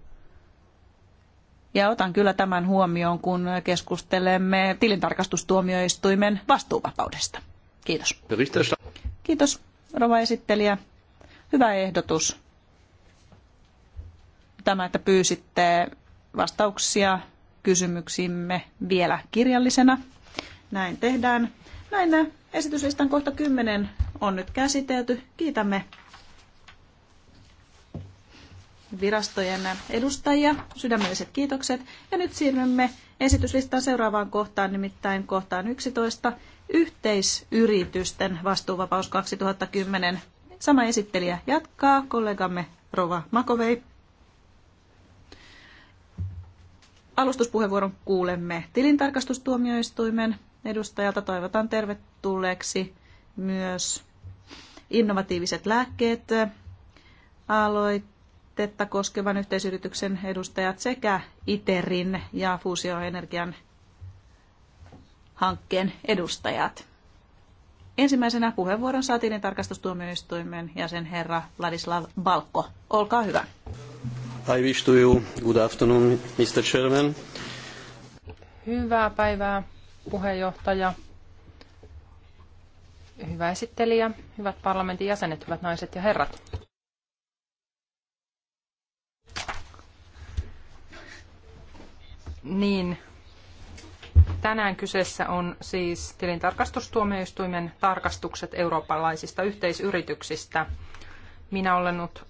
Ja otan kyllä tämän huomioon, kun keskustelemme tilintarkastustuomioistuimen vastuuvapaudesta. Kiitos. Kiitos, rova esittelijä. Hyvä ehdotus. Tämä, että pyysitte vastauksia kysymyksimme vielä kirjallisena näin tehdään. Näin esityslistan kohta 10 on nyt käsitelty. Kiitämme virastojen edustajia. Sydämelliset kiitokset. Ja nyt siirrymme esityslistan seuraavaan kohtaan, nimittäin kohtaan 11. Yhteisyritysten vastuuvapaus 2010. Sama esittelijä jatkaa, kollegamme Rova Makovei. Alustuspuheenvuoron kuulemme tilintarkastustuomioistuimen edustajalta toivotan tervetulleeksi myös innovatiiviset lääkkeet aloitetta koskevan yhteisyrityksen edustajat sekä ITERin ja fuusioenergian hankkeen edustajat. Ensimmäisenä puheenvuoron saatiin tarkastustuomioistuimen jäsen herra Vladislav Balko. Olkaa hyvä. I wish to you good afternoon, Mr. Chairman. Hyvää päivää, puheenjohtaja, hyvä esittelijä, hyvät parlamentin jäsenet, hyvät naiset ja herrat. Niin, tänään kyseessä on siis tilintarkastustuomioistuimen tarkastukset eurooppalaisista yhteisyrityksistä. Minä olen ollut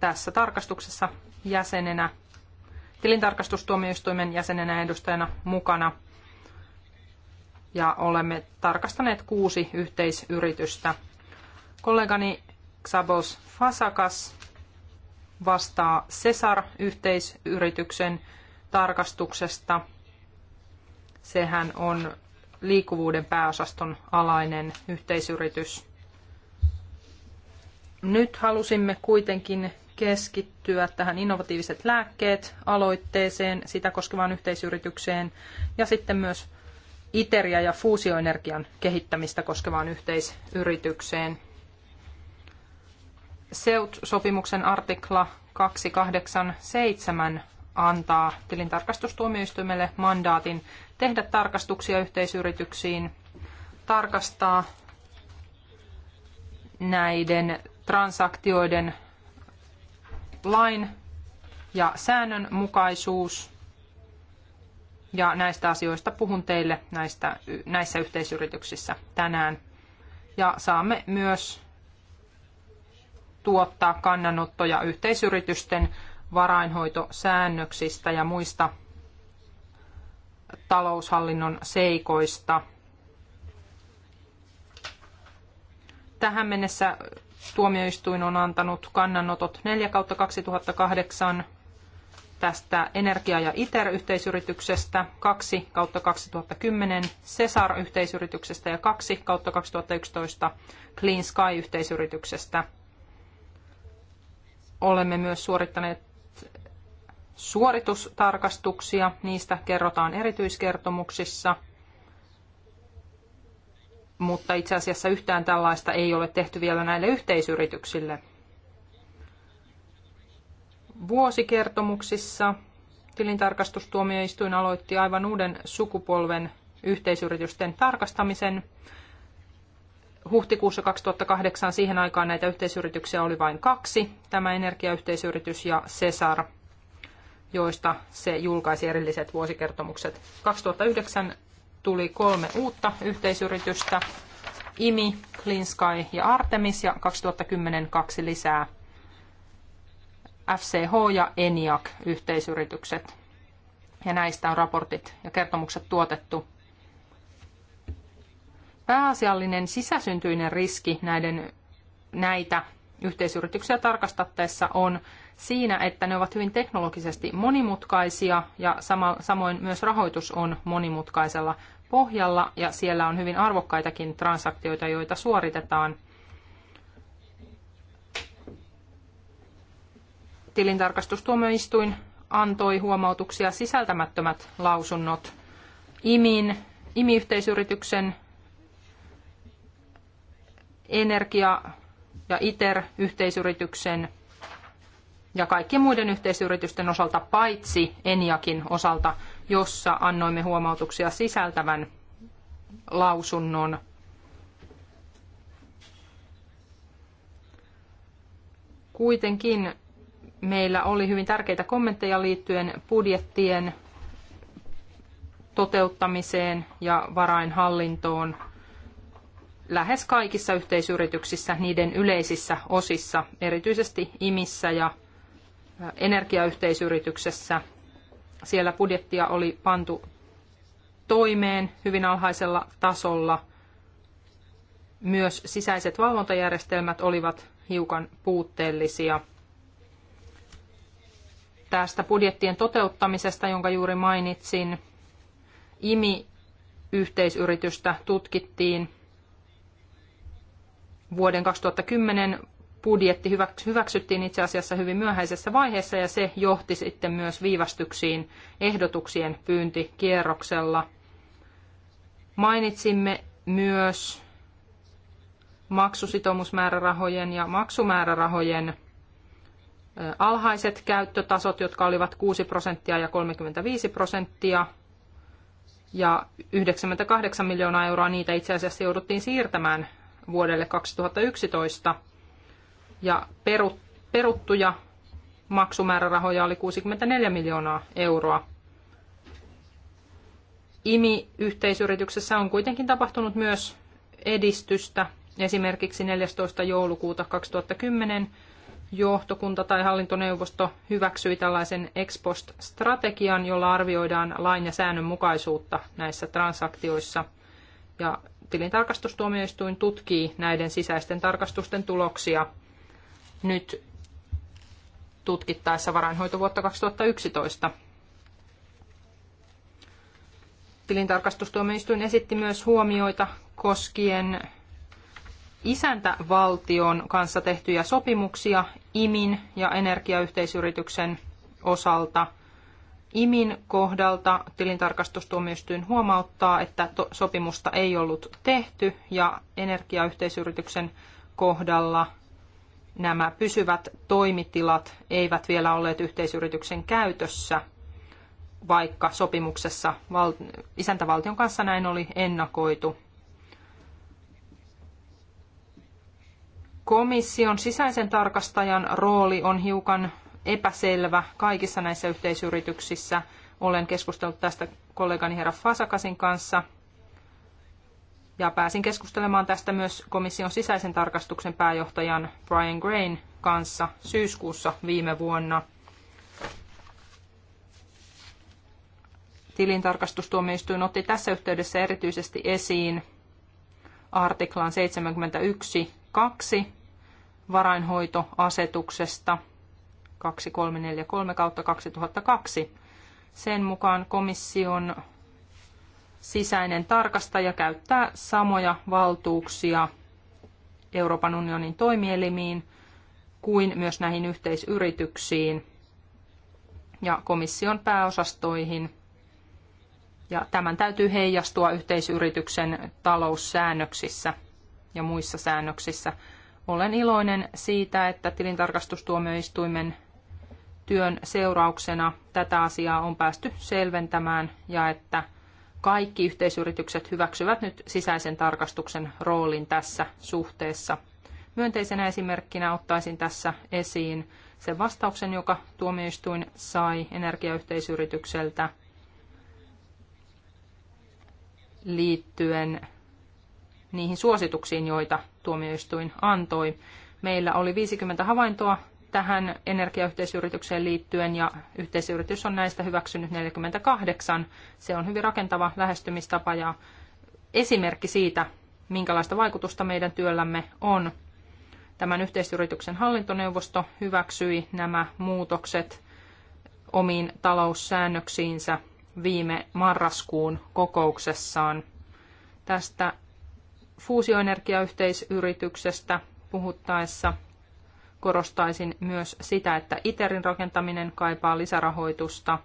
tässä tarkastuksessa jäsenenä, tilintarkastustuomioistuimen jäsenenä edustajana mukana – ja olemme tarkastaneet kuusi yhteisyritystä. Kollegani Xabos Fasakas vastaa Cesar-yhteisyrityksen tarkastuksesta. Sehän on liikkuvuuden pääosaston alainen yhteisyritys. Nyt halusimme kuitenkin keskittyä tähän innovatiiviset lääkkeet aloitteeseen, sitä koskevaan yhteisyritykseen ja sitten myös ITERia ja fuusioenergian kehittämistä koskevaan yhteisyritykseen. SEUT-sopimuksen artikla 287 antaa tilintarkastustuomioistuimelle mandaatin tehdä tarkastuksia yhteisyrityksiin, tarkastaa näiden transaktioiden lain ja säännönmukaisuus ja näistä asioista puhun teille näistä, näissä yhteisyrityksissä tänään. Ja saamme myös tuottaa kannanottoja yhteisyritysten varainhoitosäännöksistä ja muista taloushallinnon seikoista. Tähän mennessä tuomioistuin on antanut kannanotot 4 kautta 2008, tästä energia- ja ITER-yhteisyrityksestä 2 kautta 2010, CESAR-yhteisyrityksestä ja 2 kautta 2011 Clean Sky-yhteisyrityksestä. Olemme myös suorittaneet suoritustarkastuksia, niistä kerrotaan erityiskertomuksissa, mutta itse asiassa yhtään tällaista ei ole tehty vielä näille yhteisyrityksille – vuosikertomuksissa tilintarkastustuomioistuin aloitti aivan uuden sukupolven yhteisyritysten tarkastamisen. Huhtikuussa 2008 siihen aikaan näitä yhteisyrityksiä oli vain kaksi, tämä energiayhteisyritys ja Cesar, joista se julkaisi erilliset vuosikertomukset. 2009 tuli kolme uutta yhteisyritystä, IMI, Clean Sky ja Artemis, ja 2010 kaksi lisää – FCH ja ENIAC yhteisyritykset. Ja näistä on raportit ja kertomukset tuotettu. Pääasiallinen sisäsyntyinen riski näiden, näitä yhteisyrityksiä tarkastattaessa on siinä, että ne ovat hyvin teknologisesti monimutkaisia ja sama, samoin myös rahoitus on monimutkaisella pohjalla ja siellä on hyvin arvokkaitakin transaktioita, joita suoritetaan – tilintarkastustuomioistuin antoi huomautuksia sisältämättömät lausunnot IMIN, IMI-yhteisyrityksen energia- ja ITER-yhteisyrityksen ja kaikkien muiden yhteisyritysten osalta paitsi Eniakin osalta, jossa annoimme huomautuksia sisältävän lausunnon. Kuitenkin meillä oli hyvin tärkeitä kommentteja liittyen budjettien toteuttamiseen ja varainhallintoon lähes kaikissa yhteisyrityksissä niiden yleisissä osissa, erityisesti IMissä ja energiayhteisyrityksessä. Siellä budjettia oli pantu toimeen hyvin alhaisella tasolla. Myös sisäiset valvontajärjestelmät olivat hiukan puutteellisia – tästä budjettien toteuttamisesta, jonka juuri mainitsin. IMI-yhteisyritystä tutkittiin vuoden 2010 budjetti hyväksyttiin itse asiassa hyvin myöhäisessä vaiheessa ja se johti sitten myös viivästyksiin ehdotuksien pyyntikierroksella. Mainitsimme myös maksusitoumusmäärärahojen ja maksumäärärahojen alhaiset käyttötasot, jotka olivat 6 prosenttia ja 35 prosenttia. Ja 98 miljoonaa euroa niitä itse asiassa jouduttiin siirtämään vuodelle 2011. Ja peruttuja maksumäärärahoja oli 64 miljoonaa euroa. IMI-yhteisyrityksessä on kuitenkin tapahtunut myös edistystä. Esimerkiksi 14. joulukuuta 2010 johtokunta tai hallintoneuvosto hyväksyi tällaisen ex post-strategian, jolla arvioidaan lain ja säännön mukaisuutta näissä transaktioissa. Ja tilintarkastustuomioistuin tutkii näiden sisäisten tarkastusten tuloksia nyt tutkittaessa varainhoitovuotta 2011. Tilintarkastustuomioistuin esitti myös huomioita koskien isäntävaltion kanssa tehtyjä sopimuksia IMIN ja energiayhteisyrityksen osalta. IMIN kohdalta tilintarkastustuomioistuin huomauttaa, että sopimusta ei ollut tehty ja energiayhteisyrityksen kohdalla nämä pysyvät toimitilat eivät vielä olleet yhteisyrityksen käytössä, vaikka sopimuksessa val- isäntävaltion kanssa näin oli ennakoitu. komission sisäisen tarkastajan rooli on hiukan epäselvä kaikissa näissä yhteisyrityksissä. Olen keskustellut tästä kollegani herra Fasakasin kanssa ja pääsin keskustelemaan tästä myös komission sisäisen tarkastuksen pääjohtajan Brian Grain kanssa syyskuussa viime vuonna. Tilintarkastustuomioistuin otti tässä yhteydessä erityisesti esiin artiklan 71 2 varainhoitoasetuksesta 2343 kautta 2002. Sen mukaan komission sisäinen tarkastaja käyttää samoja valtuuksia Euroopan unionin toimielimiin kuin myös näihin yhteisyrityksiin ja komission pääosastoihin. Ja tämän täytyy heijastua yhteisyrityksen taloussäännöksissä – ja muissa säännöksissä. Olen iloinen siitä, että tilintarkastustuomioistuimen työn seurauksena tätä asiaa on päästy selventämään ja että kaikki yhteisyritykset hyväksyvät nyt sisäisen tarkastuksen roolin tässä suhteessa. Myönteisenä esimerkkinä ottaisin tässä esiin sen vastauksen, joka tuomioistuin sai energiayhteisyritykseltä liittyen niihin suosituksiin, joita tuomioistuin antoi. Meillä oli 50 havaintoa tähän energiayhteisyritykseen liittyen ja yhteisyritys on näistä hyväksynyt 48. Se on hyvin rakentava lähestymistapa ja esimerkki siitä, minkälaista vaikutusta meidän työllämme on. Tämän yhteisyrityksen hallintoneuvosto hyväksyi nämä muutokset omiin taloussäännöksiinsä viime marraskuun kokouksessaan. Tästä fuusioenergiayhteisyrityksestä puhuttaessa korostaisin myös sitä, että ITERin rakentaminen kaipaa lisärahoitusta.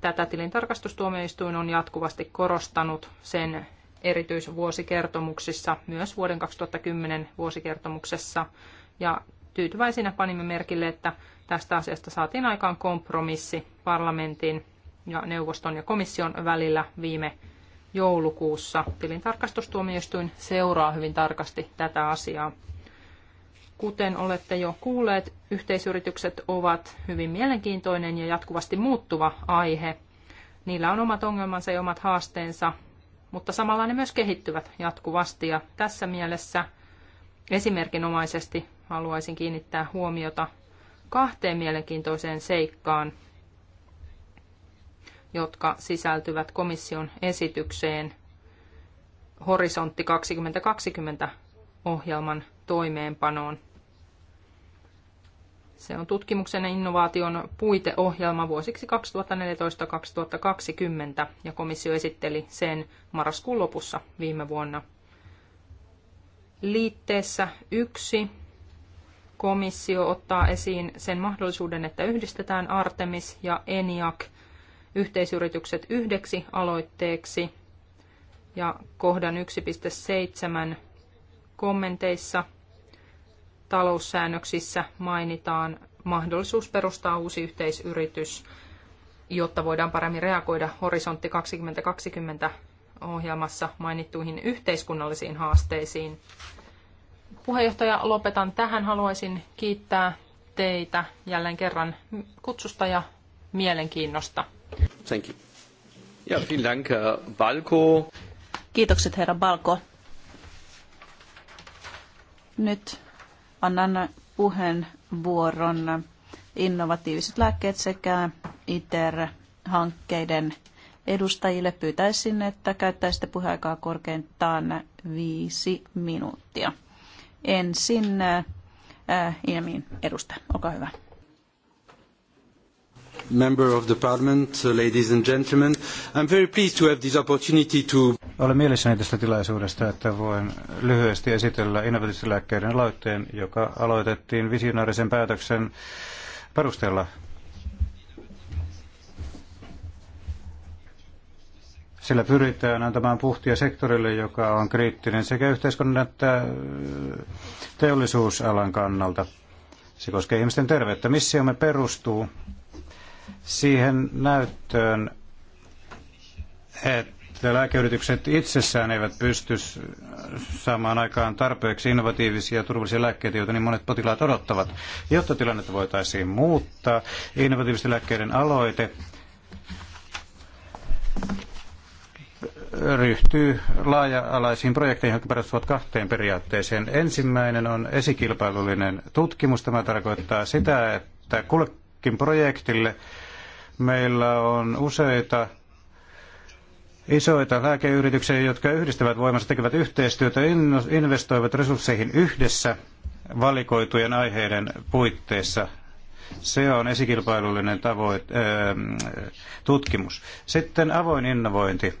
Tätä tilintarkastustuomioistuin on jatkuvasti korostanut sen erityisvuosikertomuksissa, myös vuoden 2010 vuosikertomuksessa. Ja tyytyväisinä panimme merkille, että tästä asiasta saatiin aikaan kompromissi parlamentin ja neuvoston ja komission välillä viime joulukuussa. Tilintarkastustuomioistuin seuraa hyvin tarkasti tätä asiaa. Kuten olette jo kuulleet, yhteisyritykset ovat hyvin mielenkiintoinen ja jatkuvasti muuttuva aihe. Niillä on omat ongelmansa ja omat haasteensa, mutta samalla ne myös kehittyvät jatkuvasti ja tässä mielessä esimerkinomaisesti haluaisin kiinnittää huomiota kahteen mielenkiintoiseen seikkaan – jotka sisältyvät komission esitykseen Horisontti 2020 ohjelman toimeenpanoon. Se on tutkimuksen ja innovaation puiteohjelma vuosiksi 2014-2020 ja komissio esitteli sen marraskuun lopussa viime vuonna. Liitteessä yksi komissio ottaa esiin sen mahdollisuuden, että yhdistetään Artemis ja ENIAC yhteisyritykset yhdeksi aloitteeksi ja kohdan 1.7 kommenteissa taloussäännöksissä mainitaan mahdollisuus perustaa uusi yhteisyritys, jotta voidaan paremmin reagoida Horisontti 2020 ohjelmassa mainittuihin yhteiskunnallisiin haasteisiin. Puheenjohtaja, lopetan tähän. Haluaisin kiittää teitä jälleen kerran kutsusta ja mielenkiinnosta. Thank you. Ja, vielen Dank, Balko. Kiitokset, herra Balko. Nyt annan puheenvuoron innovatiiviset lääkkeet sekä ITER-hankkeiden edustajille. Pyytäisin, että käyttäisitte puheaikaa korkeintaan viisi minuuttia. Ensin äh, Ilmiin edustaja, olkaa hyvä member of the parliament, uh, ladies and gentlemen. I'm very pleased to have this opportunity to... Olen mielissäni tästä tilaisuudesta, että voin lyhyesti esitellä innovatiivisen aloitteen, joka aloitettiin visionaarisen päätöksen perusteella. Sillä pyritään antamaan puhtia sektorille, joka on kriittinen sekä yhteiskunnan että äh, teollisuusalan kannalta. Se koskee ihmisten terveyttä. Missiomme perustuu siihen näyttöön, että lääkeyritykset itsessään eivät pysty saamaan aikaan tarpeeksi innovatiivisia ja turvallisia lääkkeitä, joita niin monet potilaat odottavat. Jotta tilannetta voitaisiin muuttaa, innovatiivisten lääkkeiden aloite ryhtyy laaja-alaisiin projekteihin, jotka perustuvat kahteen periaatteeseen. Ensimmäinen on esikilpailullinen tutkimus. Tämä tarkoittaa sitä, että kullekin projektille Meillä on useita isoita lääkeyrityksiä, jotka yhdistävät voimansa, tekevät yhteistyötä, investoivat resursseihin yhdessä valikoitujen aiheiden puitteissa. Se on esikilpailullinen tavoite, ähm, tutkimus. Sitten avoin innovointi.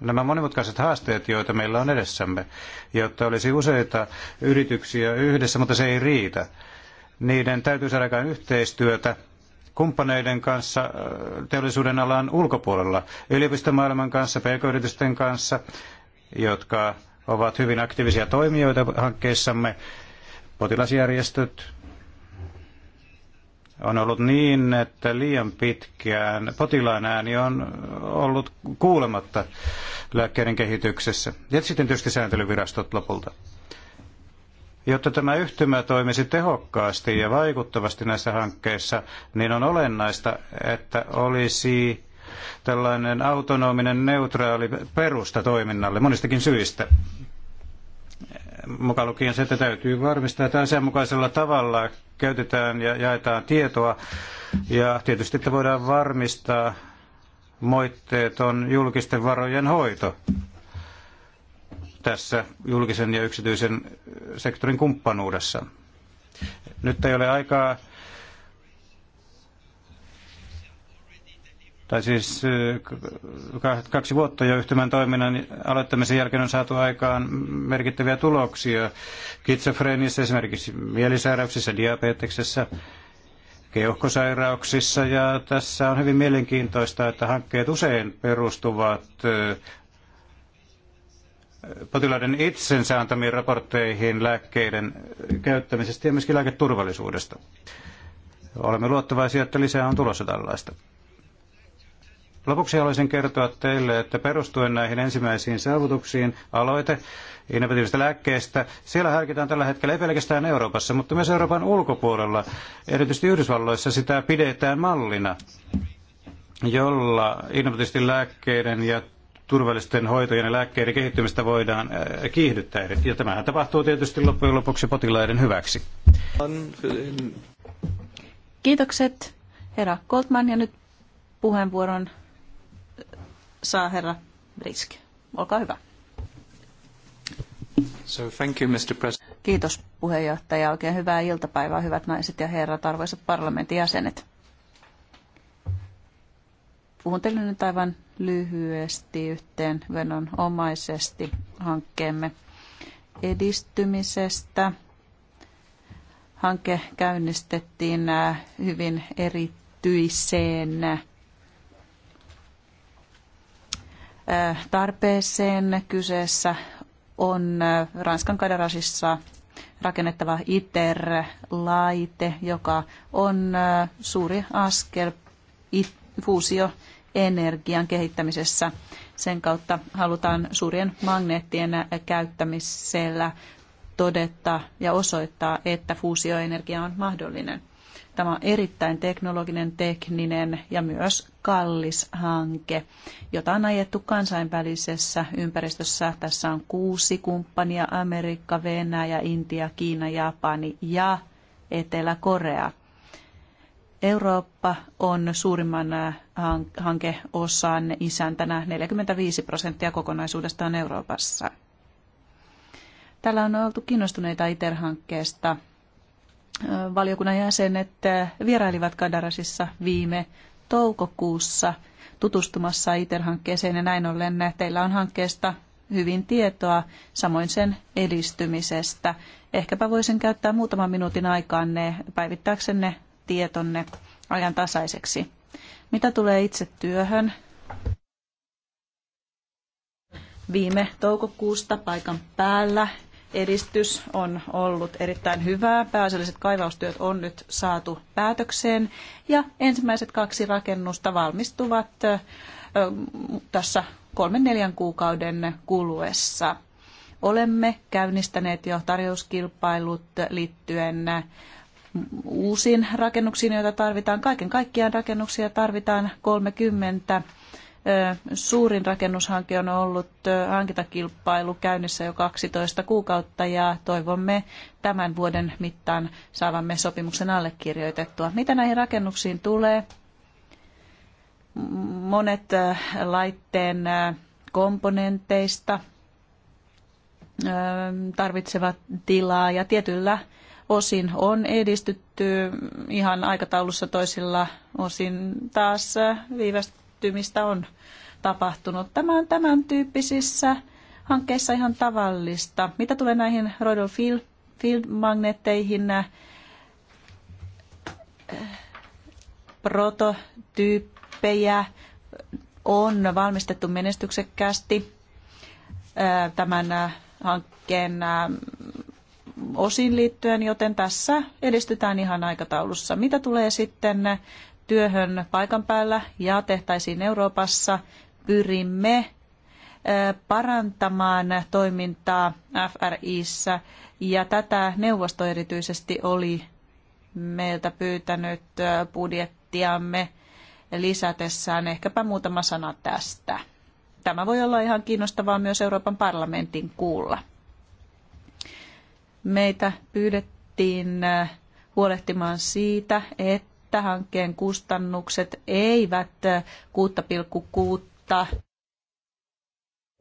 Nämä monimutkaiset haasteet, joita meillä on edessämme, jotta olisi useita yrityksiä yhdessä, mutta se ei riitä. Niiden täytyy saada yhteistyötä kumppaneiden kanssa äh, teollisuuden alan ulkopuolella, yliopistomaailman kanssa, pk-yritysten kanssa, jotka ovat hyvin aktiivisia toimijoita hankkeissamme, potilasjärjestöt. On ollut niin, että liian pitkään potilaan ääni on ollut kuulematta lääkkeiden kehityksessä. Ja sitten tietysti sääntelyvirastot lopulta. Jotta tämä yhtymä toimisi tehokkaasti ja vaikuttavasti näissä hankkeissa, niin on olennaista, että olisi tällainen autonominen neutraali perusta toiminnalle monistakin syistä. Mukaan lukien se, että täytyy varmistaa, että asianmukaisella tavalla käytetään ja jaetaan tietoa. Ja tietysti, että voidaan varmistaa moitteeton julkisten varojen hoito tässä julkisen ja yksityisen sektorin kumppanuudessa. Nyt ei ole aikaa, tai siis kaksi vuotta jo yhtymän toiminnan aloittamisen jälkeen on saatu aikaan merkittäviä tuloksia kitsofreniassa, esimerkiksi mielisairauksissa, diabeteksessä, keuhkosairauksissa ja tässä on hyvin mielenkiintoista, että hankkeet usein perustuvat potilaiden itsensä antamiin raportteihin lääkkeiden käyttämisestä ja myöskin lääketurvallisuudesta. Olemme luottavaisia, että lisää on tulossa tällaista. Lopuksi haluaisin kertoa teille, että perustuen näihin ensimmäisiin saavutuksiin aloite innovatiivisista lääkkeistä, siellä harkitaan tällä hetkellä ei pelkästään Euroopassa, mutta myös Euroopan ulkopuolella, erityisesti Yhdysvalloissa sitä pidetään mallina, jolla innovatiivisten lääkkeiden ja turvallisten hoitojen ja lääkkeiden kehittymistä voidaan äh, kiihdyttää. Ja tämähän tapahtuu tietysti loppujen lopuksi potilaiden hyväksi. Kiitokset herra Goldman ja nyt puheenvuoron äh, saa herra Brisk. Olkaa hyvä. So thank you, Mr. Kiitos puheenjohtaja. Oikein hyvää iltapäivää, hyvät naiset ja herrat, arvoisat parlamentin jäsenet. Puhun teille nyt aivan lyhyesti yhteen omaisesti hankkeemme edistymisestä. Hanke käynnistettiin äh, hyvin erityiseen äh, tarpeeseen. Kyseessä on äh, Ranskan kaderasissa rakennettava ITER-laite, joka on suuri askel fuusio- energian kehittämisessä. Sen kautta halutaan suurien magneettien käyttämisellä todetta ja osoittaa, että fuusioenergia on mahdollinen. Tämä on erittäin teknologinen, tekninen ja myös kallis hanke, jota on ajettu kansainvälisessä ympäristössä. Tässä on kuusi kumppania, Amerikka, Venäjä, Intia, Kiina, Japani ja Etelä-Korea. Eurooppa on suurimman äh, hankeosan isäntänä 45 prosenttia kokonaisuudestaan Euroopassa. Täällä on oltu kiinnostuneita ITER-hankkeesta. Äh, valiokunnan jäsenet äh, vierailivat Kadarasissa viime toukokuussa tutustumassa ITER-hankkeeseen ja näin ollen teillä on hankkeesta hyvin tietoa, samoin sen edistymisestä. Ehkäpä voisin käyttää muutaman minuutin aikaanne päivittääksenne tietonne ajantasaiseksi. Mitä tulee itse työhön? Viime toukokuusta paikan päällä edistys on ollut erittäin hyvää. Pääasialliset kaivaustyöt on nyt saatu päätökseen ja ensimmäiset kaksi rakennusta valmistuvat tässä kolmen neljän kuukauden kuluessa. Olemme käynnistäneet jo tarjouskilpailut liittyen uusiin rakennuksiin, joita tarvitaan. Kaiken kaikkiaan rakennuksia tarvitaan 30. Suurin rakennushanke on ollut hankintakilpailu käynnissä jo 12 kuukautta ja toivomme tämän vuoden mittaan saavamme sopimuksen allekirjoitettua. Mitä näihin rakennuksiin tulee? Monet laitteen komponenteista tarvitsevat tilaa ja tietyllä osin on edistytty ihan aikataulussa toisilla osin taas viivästymistä on tapahtunut. Tämä on tämän tyyppisissä hankkeissa ihan tavallista. Mitä tulee näihin Royal Field, Field prototyyppejä on valmistettu menestyksekkäästi tämän hankkeen osin liittyen, joten tässä edistytään ihan aikataulussa. Mitä tulee sitten työhön paikan päällä ja tehtäisiin Euroopassa, pyrimme parantamaan toimintaa FRIssä ja tätä neuvosto erityisesti oli meiltä pyytänyt budjettiamme lisätessään ehkäpä muutama sana tästä. Tämä voi olla ihan kiinnostavaa myös Euroopan parlamentin kuulla meitä pyydettiin äh, huolehtimaan siitä, että hankkeen kustannukset eivät 6,6 äh,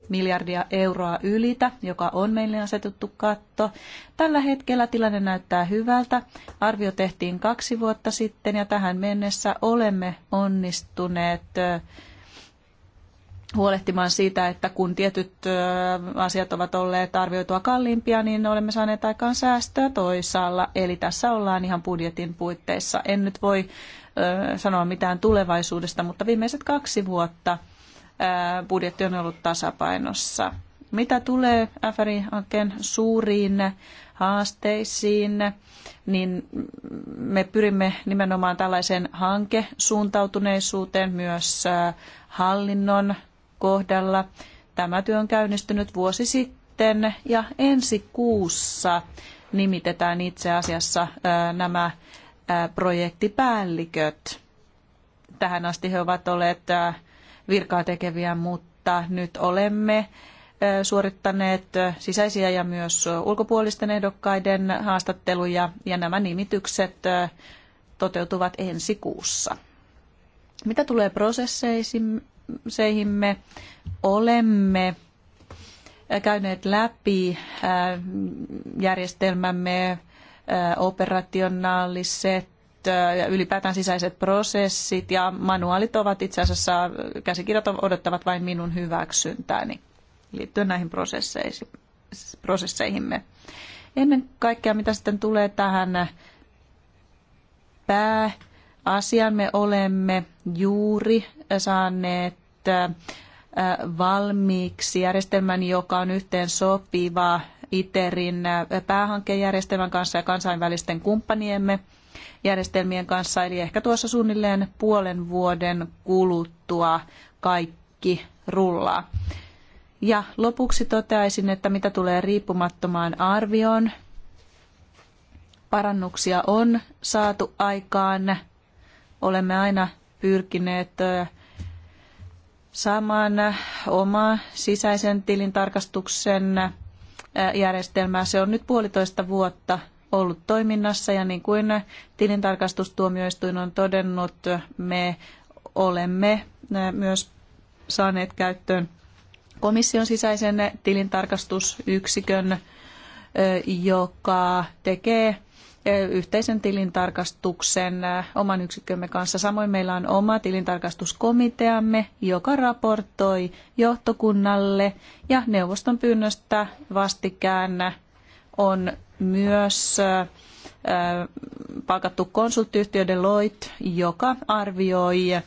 miljardia euroa ylitä, joka on meille asetettu katto. Tällä hetkellä tilanne näyttää hyvältä. Arvio tehtiin kaksi vuotta sitten ja tähän mennessä olemme onnistuneet äh, huolehtimaan siitä, että kun tietyt asiat ovat olleet arvioitua kalliimpia, niin olemme saaneet aikaan säästöä toisaalla. Eli tässä ollaan ihan budjetin puitteissa. En nyt voi sanoa mitään tulevaisuudesta, mutta viimeiset kaksi vuotta budjetti on ollut tasapainossa. Mitä tulee FRI-hankkeen suuriin haasteisiin, niin me pyrimme nimenomaan tällaiseen hankesuuntautuneisuuteen myös hallinnon kohdalla. Tämä työ on käynnistynyt vuosi sitten ja ensi kuussa nimitetään itse asiassa nämä projektipäälliköt. Tähän asti he ovat olleet virkaa tekeviä, mutta nyt olemme suorittaneet sisäisiä ja myös ulkopuolisten ehdokkaiden haastatteluja ja nämä nimitykset toteutuvat ensi kuussa. Mitä tulee seihimme olemme käyneet läpi äh, järjestelmämme äh, operationaaliset äh, ja ylipäätään sisäiset prosessit ja manuaalit ovat itse asiassa, käsikirjat odottavat vain minun hyväksyntääni liittyen näihin prosesseihimme. Ennen kaikkea mitä sitten tulee tähän pääasiaan, me olemme juuri saaneet äh, valmiiksi järjestelmän, joka on yhteen sopiva ITERin äh, päähankejärjestelmän kanssa ja kansainvälisten kumppaniemme järjestelmien kanssa. Eli ehkä tuossa suunnilleen puolen vuoden kuluttua kaikki rullaa. Ja lopuksi toteaisin, että mitä tulee riippumattomaan arvioon, parannuksia on saatu aikaan. Olemme aina pyrkineet saamaan oma sisäisen tilintarkastuksen järjestelmää. Se on nyt puolitoista vuotta ollut toiminnassa ja niin kuin tilintarkastustuomioistuin on todennut, me olemme myös saaneet käyttöön komission sisäisen tilintarkastusyksikön, joka tekee yhteisen tilintarkastuksen äh, oman yksikkömme kanssa. Samoin meillä on oma tilintarkastuskomiteamme, joka raportoi johtokunnalle ja neuvoston pyynnöstä vastikään on myös äh, palkattu konsulttiyhtiö Deloitte, joka arvioi äh,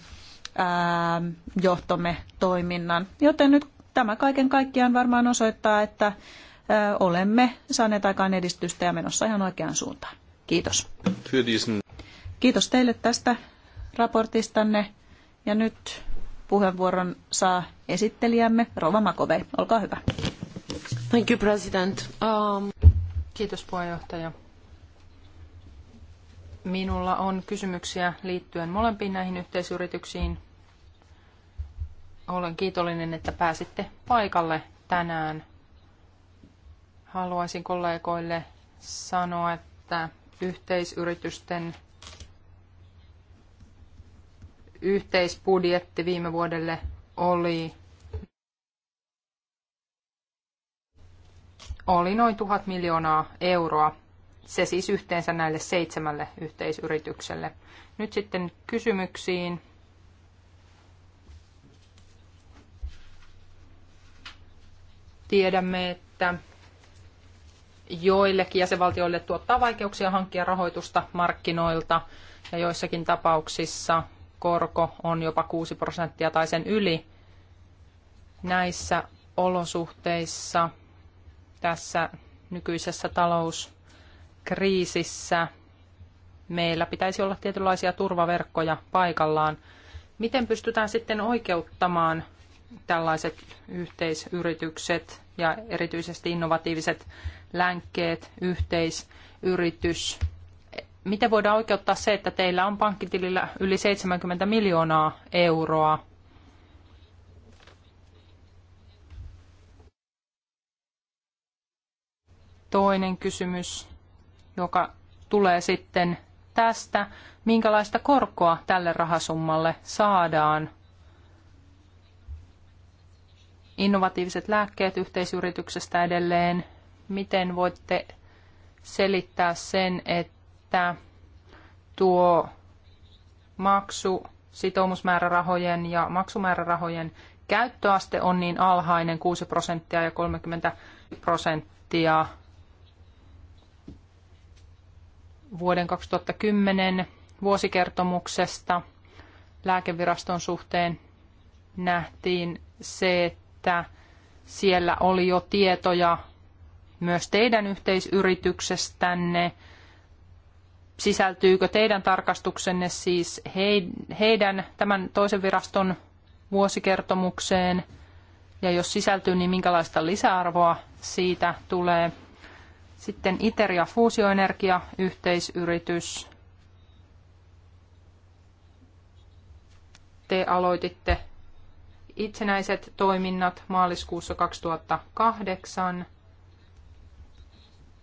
johtomme toiminnan. Joten nyt tämä kaiken kaikkiaan varmaan osoittaa, että olemme saaneet aikaan edistystä ja menossa ihan oikeaan suuntaan. Kiitos. Kiitos teille tästä raportistanne. Ja nyt puheenvuoron saa esittelijämme Rova Makove. Olkaa hyvä. Thank you, President. Um... Kiitos puheenjohtaja. Minulla on kysymyksiä liittyen molempiin näihin yhteisyrityksiin. Olen kiitollinen, että pääsitte paikalle tänään. Haluaisin kollegoille sanoa, että yhteisyritysten yhteisbudjetti viime vuodelle oli, oli noin tuhat miljoonaa euroa. Se siis yhteensä näille seitsemälle yhteisyritykselle. Nyt sitten kysymyksiin. Tiedämme, että joillekin jäsenvaltioille tuottaa vaikeuksia hankkia rahoitusta markkinoilta ja joissakin tapauksissa korko on jopa 6 prosenttia tai sen yli. Näissä olosuhteissa tässä nykyisessä talouskriisissä meillä pitäisi olla tietynlaisia turvaverkkoja paikallaan. Miten pystytään sitten oikeuttamaan tällaiset yhteisyritykset ja erityisesti innovatiiviset länkkeet, yhteisyritys. Miten voidaan oikeuttaa se, että teillä on pankkitilillä yli 70 miljoonaa euroa? Toinen kysymys, joka tulee sitten tästä, minkälaista korkoa tälle rahasummalle saadaan innovatiiviset lääkkeet yhteisyrityksestä edelleen. Miten voitte selittää sen, että tuo maksu sitoumusmäärärahojen ja maksumäärärahojen käyttöaste on niin alhainen, 6 prosenttia ja 30 prosenttia vuoden 2010 vuosikertomuksesta lääkeviraston suhteen nähtiin se, että että siellä oli jo tietoja myös teidän yhteisyrityksestänne. Sisältyykö teidän tarkastuksenne siis heidän tämän toisen viraston vuosikertomukseen? Ja jos sisältyy, niin minkälaista lisäarvoa siitä tulee? Sitten ITER ja fuusioenergia, yhteisyritys. Te aloititte itsenäiset toiminnat maaliskuussa 2008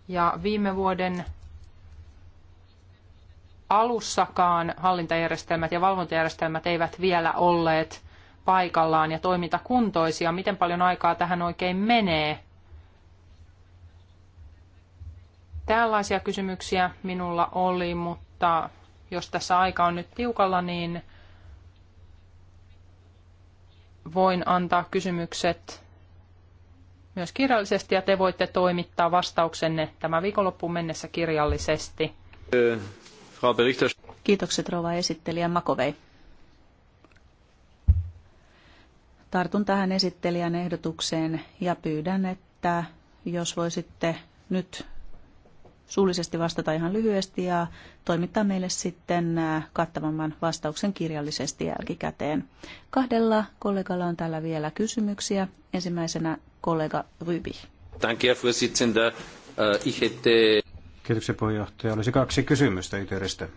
ja viime vuoden alussakaan hallintajärjestelmät ja valvontajärjestelmät eivät vielä olleet paikallaan ja toimintakuntoisia. Miten paljon aikaa tähän oikein menee? Tällaisia kysymyksiä minulla oli, mutta jos tässä aika on nyt tiukalla, niin voin antaa kysymykset myös kirjallisesti ja te voitte toimittaa vastauksenne tämän viikonloppuun mennessä kirjallisesti. Kiitokset rouva esittelijä Makovei. Tartun tähän esittelijän ehdotukseen ja pyydän, että jos voisitte nyt suullisesti vastata ihan lyhyesti ja toimittaa meille sitten äh, kattavamman vastauksen kirjallisesti jälkikäteen. Kahdella kollegalla on täällä vielä kysymyksiä. Ensimmäisenä kollega Ryby. Äh, Kiitoksia puheenjohtaja. Olisi kaksi kysymystä yhteydestä.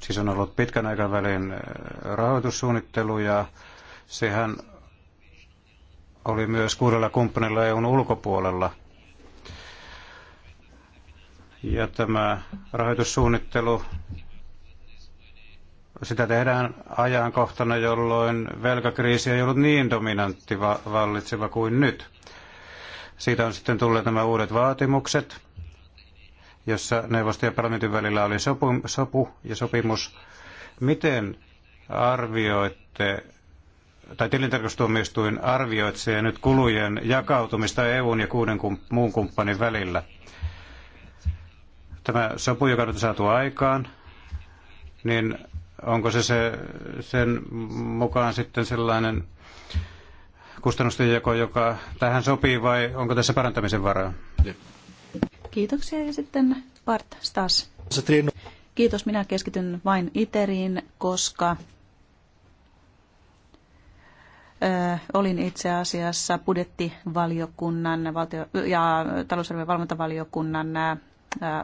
Siis on ollut pitkän aikavälin äh, rahoitussuunnittelu ja sehän oli myös kuudella kumppanilla EUn ulkopuolella. Ja tämä rahoitussuunnittelu, sitä tehdään ajankohtana, jolloin velkakriisi ei ollut niin dominantti vallitseva kuin nyt. Siitä on sitten tulleet nämä uudet vaatimukset, jossa neuvoston ja parlamentin välillä oli sopu, sopu ja sopimus. Miten arvioitte tai tilintarkastustuomioistuin arvioitsee nyt kulujen jakautumista EUn ja kuuden muun kumppanin välillä. Tämä sopu, joka nyt on saatu aikaan, niin onko se, se sen mukaan sitten sellainen kustannusten jako, joka tähän sopii vai onko tässä parantamisen varaa? Kiitoksia ja sitten Bart Stas. Kiitos, minä keskityn vain ITERiin, koska olin itse asiassa budjettivaliokunnan valtio- ja talousarvion valvontavaliokunnan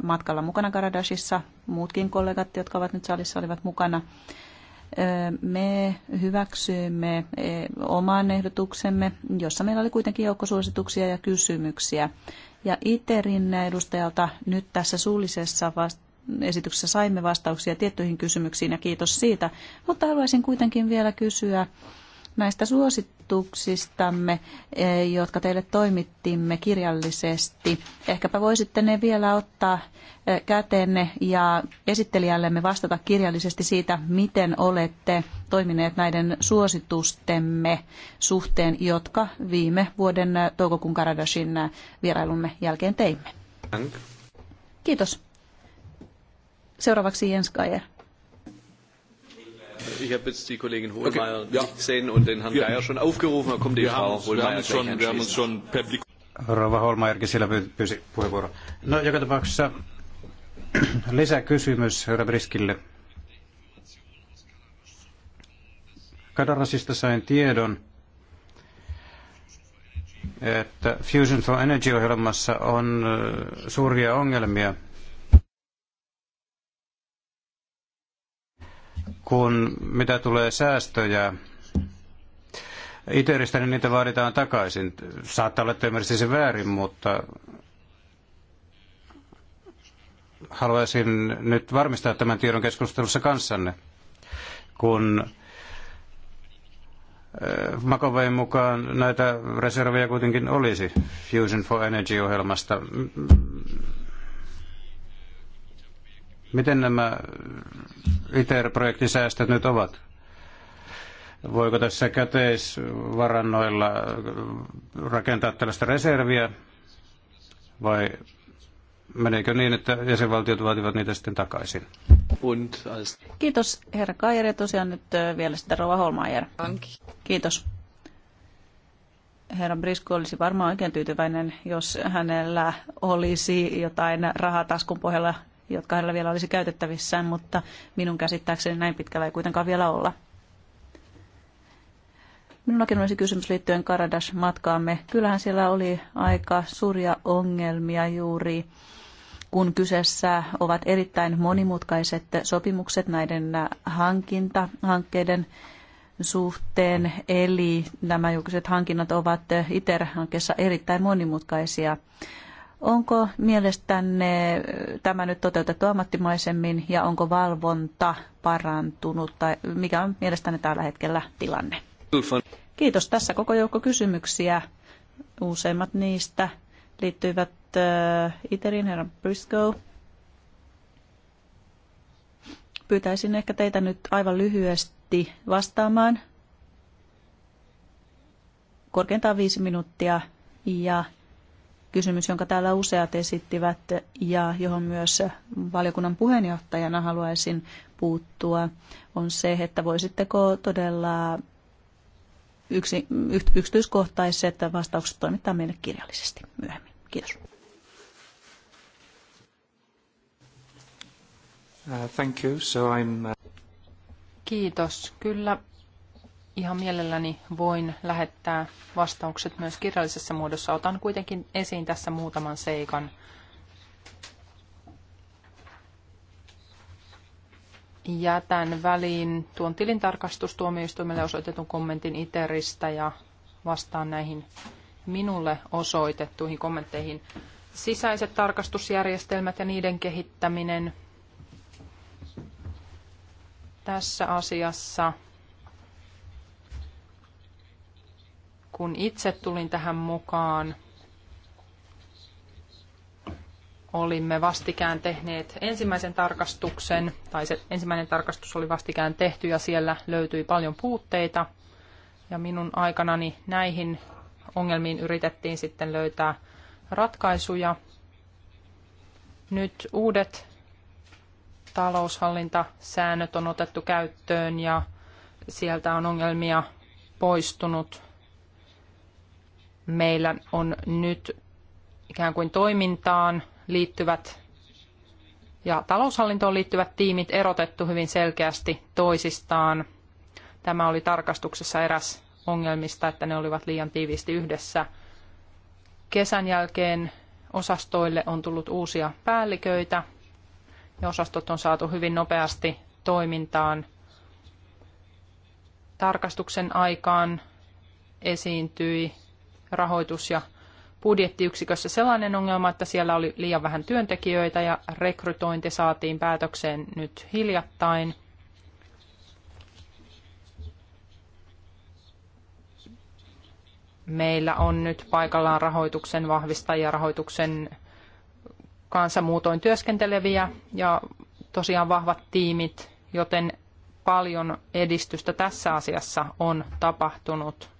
matkalla mukana Karadashissa. Muutkin kollegat, jotka ovat nyt salissa, olivat mukana. Me hyväksyimme e, oman ehdotuksemme, jossa meillä oli kuitenkin joukkosuosituksia ja kysymyksiä. Ja ITERin edustajalta nyt tässä suullisessa vasta- esityksessä saimme vastauksia tiettyihin kysymyksiin ja kiitos siitä. Mutta haluaisin kuitenkin vielä kysyä näistä suosituksistamme, e, jotka teille toimittimme kirjallisesti. Ehkäpä voisitte ne vielä ottaa e, käteenne ja esittelijällemme vastata kirjallisesti siitä, miten olette toimineet näiden suositustemme suhteen, jotka viime vuoden toukokuun Karadashin vierailumme jälkeen teimme. Kiitos. Seuraavaksi Jens Kajer. Ich habe jetzt die Kollegin Hohlmeier okay. ja. gesehen und den Herrn ja. Geier schon aufgerufen. Da kommt die wir Frau Hohlmeier haben schon, wir haben uns schon per Blick. Rova Holmaerkin siellä pyysi puheenvuoro. No joka tapauksessa *clears throat* lisäkysymys herra Briskille. Kadarasista sain tiedon, että Fusion for Energy-ohjelmassa on äh, suuria ongelmia – kun mitä tulee säästöjä ITERistä, niin niitä vaaditaan takaisin. Saattaa olla, että ymmärsin se väärin, mutta haluaisin nyt varmistaa tämän tiedon keskustelussa kanssanne, kun Makovein mukaan näitä reservejä kuitenkin olisi Fusion for Energy-ohjelmasta. Miten nämä ITER-projektisäästöt nyt ovat? Voiko tässä käteisvarannoilla rakentaa tällaista reserviä vai meneekö niin, että jäsenvaltiot vaativat niitä sitten takaisin? Kiitos herra Kajer ja tosiaan nyt vielä sitä Rova Holmaier. Kiitos. Herra Brisko olisi varmaan oikein tyytyväinen, jos hänellä olisi jotain rahaa taskun pohjalla jotka hänellä vielä olisi käytettävissään, mutta minun käsittääkseni näin pitkällä ei kuitenkaan vielä olla. Minullakin olisi kysymys liittyen Karadas-matkaamme. Kyllähän siellä oli aika suuria ongelmia juuri kun kyseessä ovat erittäin monimutkaiset sopimukset näiden hankintahankkeiden suhteen. Eli nämä julkiset hankinnat ovat ITER-hankkeessa erittäin monimutkaisia. Onko mielestänne tämä nyt toteutettu ammattimaisemmin ja onko valvonta parantunut tai mikä on mielestänne tällä hetkellä tilanne? Kiitos. Tässä koko joukko kysymyksiä. Useimmat niistä liittyivät äh, Iterin herran Briscoe. Pyytäisin ehkä teitä nyt aivan lyhyesti vastaamaan korkeintaan viisi minuuttia ja kysymys, jonka täällä useat esittivät ja johon myös valiokunnan puheenjohtajana haluaisin puuttua, on se, että voisitteko todella yksi, yksityiskohtaiset vastaukset toimittaa meille kirjallisesti myöhemmin. Kiitos. Uh, thank you. So I'm, uh, Kiitos. Kyllä ihan mielelläni voin lähettää vastaukset myös kirjallisessa muodossa. Otan kuitenkin esiin tässä muutaman seikan. Jätän väliin tuon tilintarkastustuomioistuimelle osoitetun kommentin ITERistä ja vastaan näihin minulle osoitettuihin kommentteihin. Sisäiset tarkastusjärjestelmät ja niiden kehittäminen tässä asiassa – kun itse tulin tähän mukaan, olimme vastikään tehneet ensimmäisen tarkastuksen, tai se ensimmäinen tarkastus oli vastikään tehty ja siellä löytyi paljon puutteita. Ja minun aikanani näihin ongelmiin yritettiin sitten löytää ratkaisuja. Nyt uudet taloushallintasäännöt on otettu käyttöön ja sieltä on ongelmia poistunut Meillä on nyt ikään kuin toimintaan liittyvät ja taloushallintoon liittyvät tiimit erotettu hyvin selkeästi toisistaan. Tämä oli tarkastuksessa eräs ongelmista, että ne olivat liian tiiviisti yhdessä. Kesän jälkeen osastoille on tullut uusia päälliköitä ja osastot on saatu hyvin nopeasti toimintaan. Tarkastuksen aikaan esiintyi rahoitus- ja budjettiyksikössä sellainen ongelma, että siellä oli liian vähän työntekijöitä ja rekrytointi saatiin päätökseen nyt hiljattain. Meillä on nyt paikallaan rahoituksen vahvistajia, rahoituksen kanssa muutoin työskenteleviä ja tosiaan vahvat tiimit, joten paljon edistystä tässä asiassa on tapahtunut.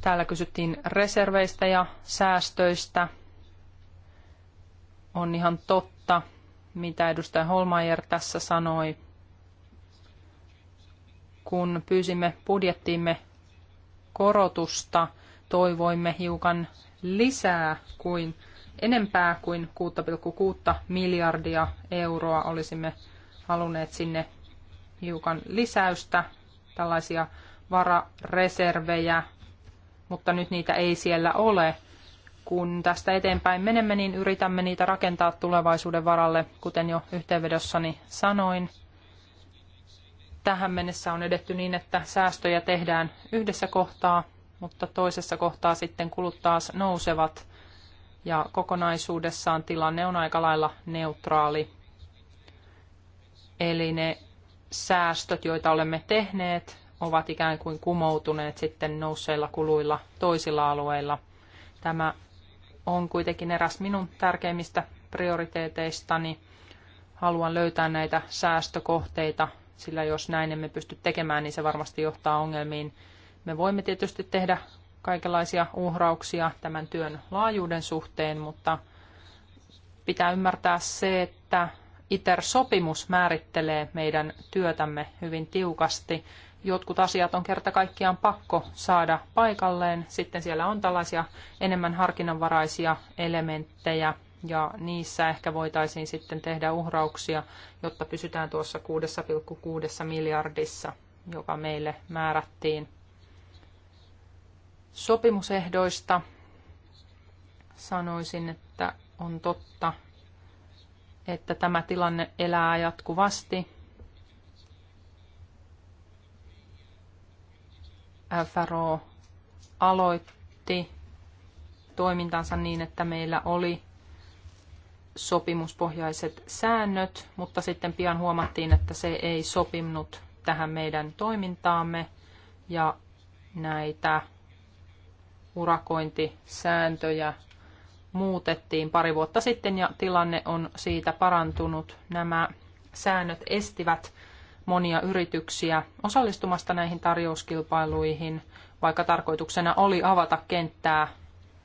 Täällä kysyttiin reserveistä ja säästöistä. On ihan totta, mitä edustaja Holmeier tässä sanoi. Kun pyysimme budjettiimme korotusta, toivoimme hiukan lisää kuin enempää kuin 6,6 miljardia euroa olisimme halunneet sinne hiukan lisäystä, tällaisia varareservejä mutta nyt niitä ei siellä ole. Kun tästä eteenpäin menemme, niin yritämme niitä rakentaa tulevaisuuden varalle, kuten jo yhteenvedossani sanoin. Tähän mennessä on edetty niin, että säästöjä tehdään yhdessä kohtaa, mutta toisessa kohtaa sitten kulut taas nousevat ja kokonaisuudessaan tilanne on aika lailla neutraali. Eli ne säästöt, joita olemme tehneet, ovat ikään kuin kumoutuneet sitten nousseilla kuluilla toisilla alueilla. Tämä on kuitenkin eräs minun tärkeimmistä prioriteeteistani. Haluan löytää näitä säästökohteita, sillä jos näin emme pysty tekemään, niin se varmasti johtaa ongelmiin. Me voimme tietysti tehdä kaikenlaisia uhrauksia tämän työn laajuuden suhteen, mutta pitää ymmärtää se, että ITER-sopimus määrittelee meidän työtämme hyvin tiukasti jotkut asiat on kerta kaikkiaan pakko saada paikalleen. Sitten siellä on tällaisia enemmän harkinnanvaraisia elementtejä ja niissä ehkä voitaisiin sitten tehdä uhrauksia, jotta pysytään tuossa 6,6 miljardissa, joka meille määrättiin sopimusehdoista. Sanoisin, että on totta, että tämä tilanne elää jatkuvasti Faro aloitti toimintansa niin, että meillä oli sopimuspohjaiset säännöt, mutta sitten pian huomattiin, että se ei sopinut tähän meidän toimintaamme ja näitä urakointisääntöjä muutettiin pari vuotta sitten ja tilanne on siitä parantunut. Nämä säännöt estivät monia yrityksiä osallistumasta näihin tarjouskilpailuihin, vaikka tarkoituksena oli avata kenttää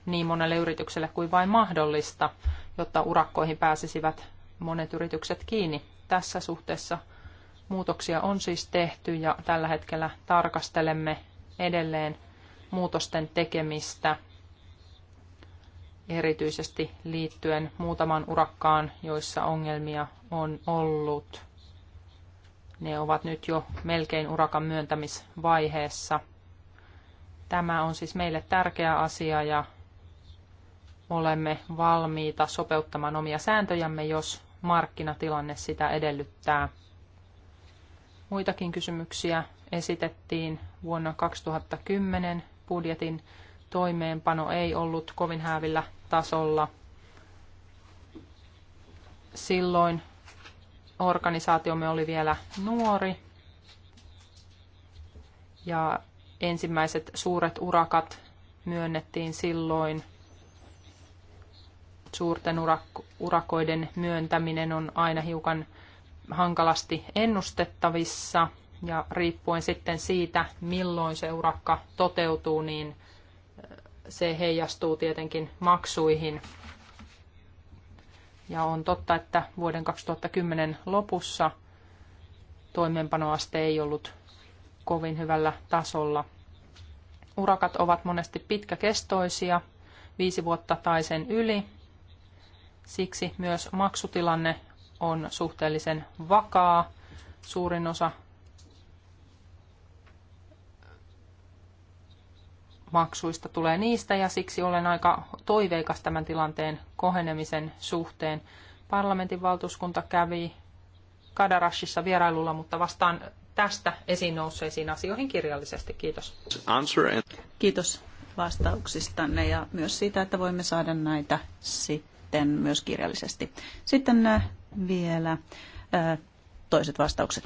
niin monelle yritykselle kuin vain mahdollista, jotta urakkoihin pääsisivät monet yritykset kiinni. Tässä suhteessa muutoksia on siis tehty ja tällä hetkellä tarkastelemme edelleen muutosten tekemistä erityisesti liittyen muutaman urakkaan, joissa ongelmia on ollut. Ne ovat nyt jo melkein urakan myöntämisvaiheessa. Tämä on siis meille tärkeä asia ja olemme valmiita sopeuttamaan omia sääntöjämme, jos markkinatilanne sitä edellyttää. Muitakin kysymyksiä esitettiin vuonna 2010. Budjetin toimeenpano ei ollut kovin häävillä tasolla. Silloin organisaatiomme oli vielä nuori ja ensimmäiset suuret urakat myönnettiin silloin. Suurten urak- urakoiden myöntäminen on aina hiukan hankalasti ennustettavissa ja riippuen sitten siitä, milloin se urakka toteutuu, niin se heijastuu tietenkin maksuihin ja on totta, että vuoden 2010 lopussa toimeenpanoaste ei ollut kovin hyvällä tasolla. Urakat ovat monesti pitkäkestoisia, viisi vuotta tai sen yli. Siksi myös maksutilanne on suhteellisen vakaa. Suurin osa maksuista tulee niistä ja siksi olen aika toiveikas tämän tilanteen kohenemisen suhteen. Parlamentin valtuuskunta kävi Kadarashissa vierailulla, mutta vastaan tästä esiin nousseisiin asioihin kirjallisesti. Kiitos. Kiitos vastauksistanne ja myös siitä, että voimme saada näitä sitten myös kirjallisesti. Sitten äh, vielä äh, toiset vastaukset.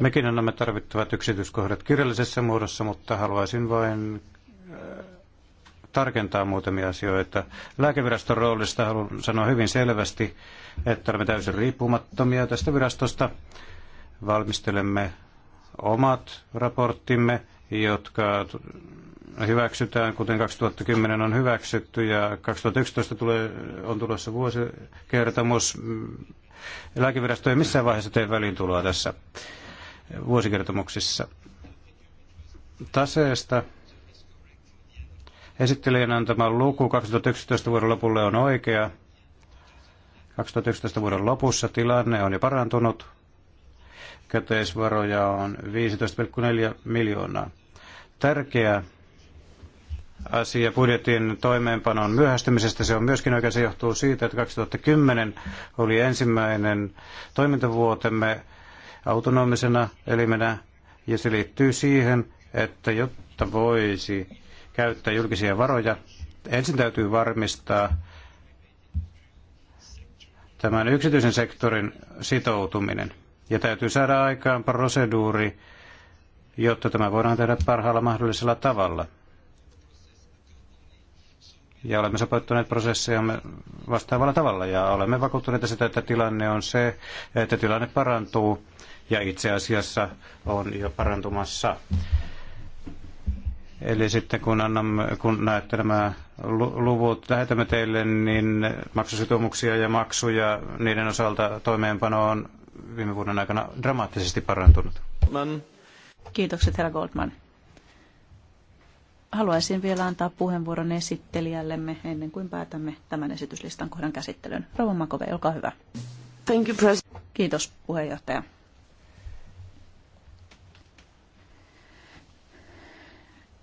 Mekin annamme tarvittavat yksityiskohdat kirjallisessa muodossa, mutta haluaisin vain äh, tarkentaa muutamia asioita. Lääkeviraston roolista haluan sanoa hyvin selvästi, että olemme täysin riippumattomia tästä virastosta. Valmistelemme omat raporttimme, jotka hyväksytään, kuten 2010 on hyväksytty ja 2011 tulee, on tulossa vuosikertomus. Lääkevirasto ei missään vaiheessa tee väliintuloa tässä vuosikertomuksissa. Taseesta esittelijän antama luku 2011 vuoden lopulle on oikea. 2011 vuoden lopussa tilanne on jo parantunut. Käteisvaroja on 15,4 miljoonaa. Tärkeää asia budjetin toimeenpanon myöhästymisestä. Se on myöskin oikein, se johtuu siitä, että 2010 oli ensimmäinen toimintavuotemme autonomisena elimenä, ja se liittyy siihen, että jotta voisi käyttää julkisia varoja, ensin täytyy varmistaa tämän yksityisen sektorin sitoutuminen. Ja täytyy saada aikaan proseduuri, jotta tämä voidaan tehdä parhaalla mahdollisella tavalla ja olemme sopeuttaneet prosessejamme vastaavalla tavalla ja olemme vakuuttuneita sitä, että tilanne on se, että tilanne parantuu ja itse asiassa on jo parantumassa. Eli sitten kun, annamme, kun näette nämä luvut, lähetämme teille, niin maksusitoumuksia ja maksuja niiden osalta toimeenpano on viime vuoden aikana dramaattisesti parantunut. Kiitokset herra Goldman haluaisin vielä antaa puheenvuoron esittelijällemme ennen kuin päätämme tämän esityslistan kohdan käsittelyn. Rauha Makove, olkaa hyvä. Thank you, Kiitos puheenjohtaja.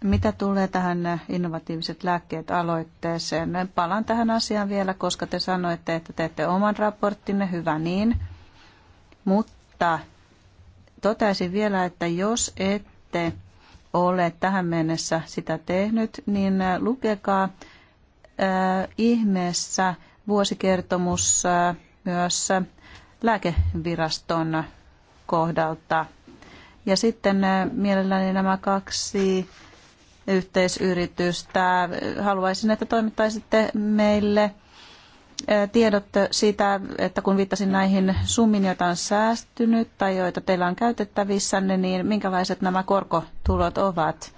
Mitä tulee tähän innovatiiviset lääkkeet aloitteeseen, palaan tähän asiaan vielä, koska te sanoitte, että teette oman raporttinne, hyvä niin. Mutta toteaisin vielä, että jos ette ole tähän mennessä sitä tehnyt, niin lukekaa ihmeessä vuosikertomus myös lääkeviraston kohdalta. Ja sitten mielelläni nämä kaksi yhteisyritystä. Haluaisin, että toimittaisitte meille tiedot siitä, että kun viittasin näihin summiin, joita on säästynyt tai joita teillä on käytettävissänne, niin, niin minkälaiset nämä korkotulot ovat?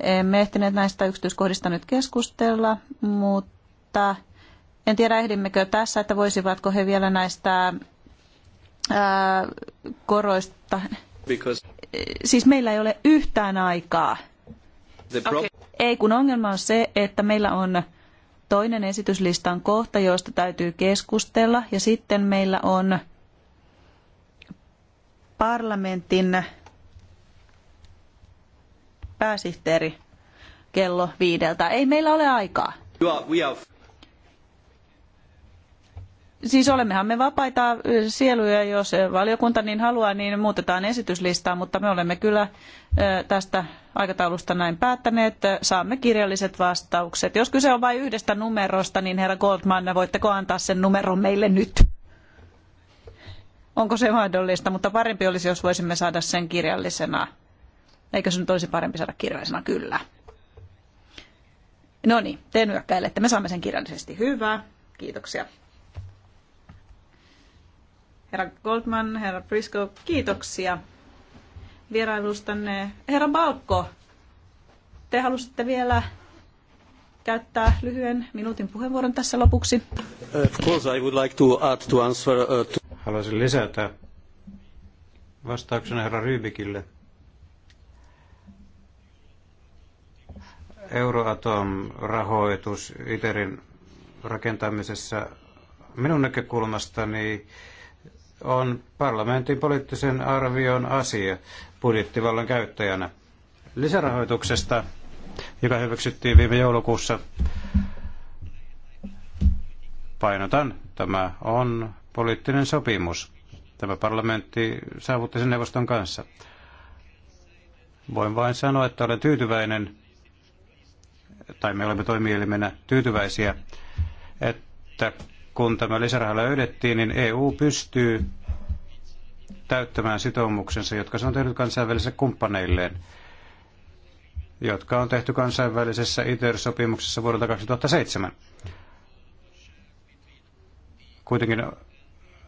Emme ehtineet näistä yksityiskohdista nyt keskustella, mutta en tiedä ehdimmekö tässä, että voisivatko he vielä näistä ää, koroista. Because... Siis meillä ei ole yhtään aikaa. Okay. Ei, kun ongelma on se, että meillä on toinen esityslistan kohta, josta täytyy keskustella. Ja sitten meillä on parlamentin pääsihteeri kello viideltä. Ei meillä ole aikaa. Siis olemmehan me vapaita sieluja, jos valiokunta niin haluaa, niin muutetaan esityslistaa, mutta me olemme kyllä tästä aikataulusta näin päättäneet. Saamme kirjalliset vastaukset. Jos kyse on vain yhdestä numerosta, niin herra Goldman, voitteko antaa sen numeron meille nyt? Onko se mahdollista, mutta parempi olisi, jos voisimme saada sen kirjallisena. Eikö se nyt olisi parempi saada kirjallisena? Kyllä. No niin, te nyökkäilette. Me saamme sen kirjallisesti. Hyvä. Kiitoksia herra Goldman, herra Prisco, kiitoksia vierailustanne. Herra Balkko, te halusitte vielä käyttää lyhyen minuutin puheenvuoron tässä lopuksi. Of course I would like to add to answer, uh, to... Haluaisin lisätä vastauksena herra Rybikille. Euroatom-rahoitus ITERin rakentamisessa minun näkökulmastani on parlamentin poliittisen arvion asia budjettivallan käyttäjänä. Lisärahoituksesta, joka hyväksyttiin viime joulukuussa, painotan, tämä on poliittinen sopimus. Tämä parlamentti saavutti sen neuvoston kanssa. Voin vain sanoa, että olen tyytyväinen, tai me olemme toimielimenä tyytyväisiä, että kun tämä lisäraha löydettiin, niin EU pystyy täyttämään sitoumuksensa, jotka se on tehnyt kansainvälisille kumppaneilleen, jotka on tehty kansainvälisessä ITER-sopimuksessa vuodelta 2007. Kuitenkin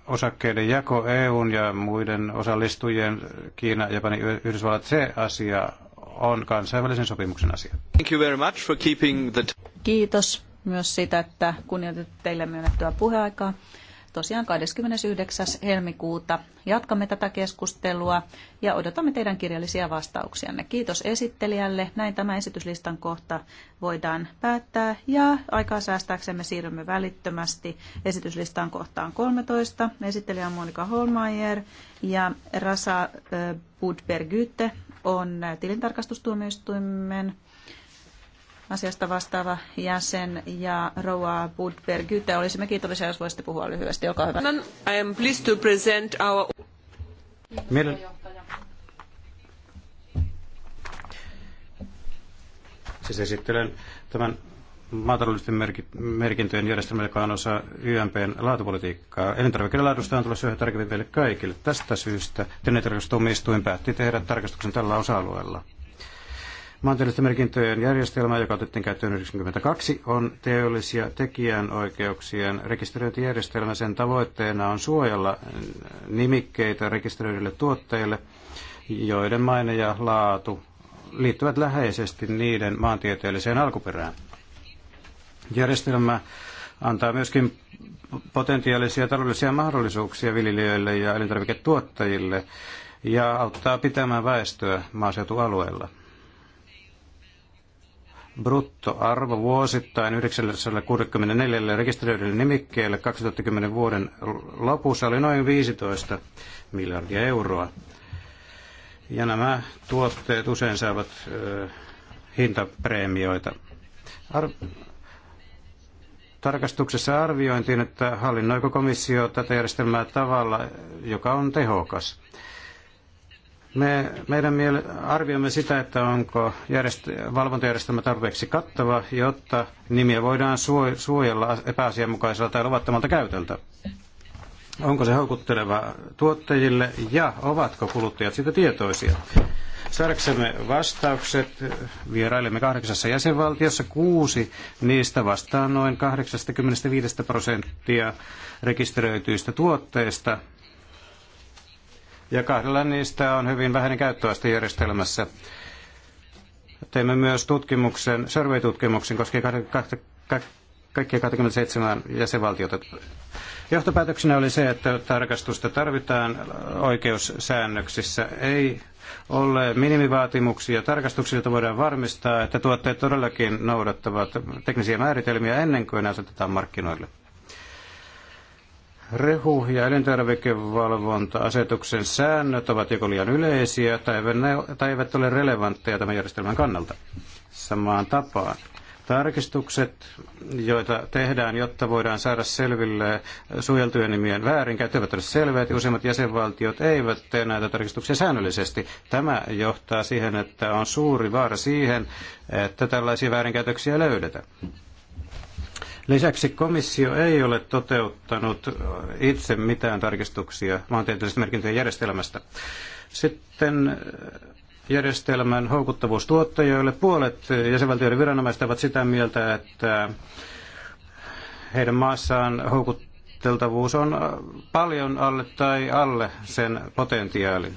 osakkeiden jako EUn ja muiden osallistujien, Kiina, Japani, Yhdysvallat, se asia on kansainvälisen sopimuksen asia. Kiitos myös sitä, että kunnioitettu teille myönnettyä puheaikaa. Tosiaan 29. helmikuuta jatkamme tätä keskustelua ja odotamme teidän kirjallisia vastauksianne. Kiitos esittelijälle. Näin tämä esityslistan kohta voidaan päättää ja aikaa säästääksemme siirrymme välittömästi esityslistan kohtaan 13. Esittelijä on Monika Holmeier ja Rasa eh, Budbergytte on tilintarkastustuomioistuimen asiasta vastaava jäsen ja Roa budberg Olisimme kiitollisia, jos voisitte puhua lyhyesti. Olkaa hyvä. I am pleased to present our... Mielen... Siis esittelen tämän maataloudellisten merkintöjen järjestelmä, joka on osa YMPn laatupolitiikkaa. Elintarvikkeiden laadusta on tulossa yhä tarkemmin meille kaikille. Tästä syystä tilintarkastustuomioistuin päätti tehdä tarkastuksen tällä osa-alueella. Maantieteellisten merkintöjen järjestelmä, joka otettiin käyttöön 1992, on teollisia tekijänoikeuksien rekisteröintijärjestelmä. Sen tavoitteena on suojella nimikkeitä rekisteröidille tuotteille, joiden maine ja laatu liittyvät läheisesti niiden maantieteelliseen alkuperään. Järjestelmä antaa myöskin potentiaalisia taloudellisia mahdollisuuksia viljelijöille ja elintarviketuottajille ja auttaa pitämään väestöä maaseutualueella bruttoarvo vuosittain 964 rekisteröidylle nimikkeelle 2010 vuoden lopussa oli noin 15 miljardia euroa. Ja nämä tuotteet usein saavat ö, hintapreemioita. Ar- tarkastuksessa arviointiin, että hallinnoiko komissio tätä järjestelmää tavalla, joka on tehokas. Me, meidän miele- arvioimme sitä, että onko järjest- valvontajärjestelmä tarpeeksi kattava, jotta nimiä voidaan suo- suojella epäasianmukaisella tai luvattomalta käytöltä. Onko se houkutteleva tuottajille ja ovatko kuluttajat siitä tietoisia? Saadaksemme vastaukset vierailemme kahdeksassa jäsenvaltiossa. Kuusi niistä vastaa noin 85 prosenttia rekisteröityistä tuotteista ja kahdella niistä on hyvin vähäinen käyttöaste järjestelmässä. Teimme myös tutkimuksen, survey-tutkimuksen koskien kaikkia 27 jäsenvaltiota. Johtopäätöksenä oli se, että tarkastusta tarvitaan oikeussäännöksissä. Ei ole minimivaatimuksia tarkastuksilta voidaan varmistaa, että tuotteet todellakin noudattavat teknisiä määritelmiä ennen kuin ne asetetaan markkinoille. Rehu- ja elintarvikevalvonta-asetuksen säännöt ovat joko liian yleisiä tai eivät ole relevantteja tämän järjestelmän kannalta. Samaan tapaan tarkistukset, joita tehdään, jotta voidaan saada selville suojeltujen nimien väärinkäyttö, eivät ole selvät. Useimmat jäsenvaltiot eivät tee näitä tarkistuksia säännöllisesti. Tämä johtaa siihen, että on suuri vaara siihen, että tällaisia väärinkäytöksiä löydetään. Lisäksi komissio ei ole toteuttanut itse mitään tarkistuksia maantieteellisestä merkintöjen järjestelmästä. Sitten äh, järjestelmän houkuttavuus tuottajille. Puolet jäsenvaltioiden viranomaiset ovat sitä mieltä, että heidän maassaan houkut, tavoiteltavuus on äh, paljon alle tai alle sen potentiaalin.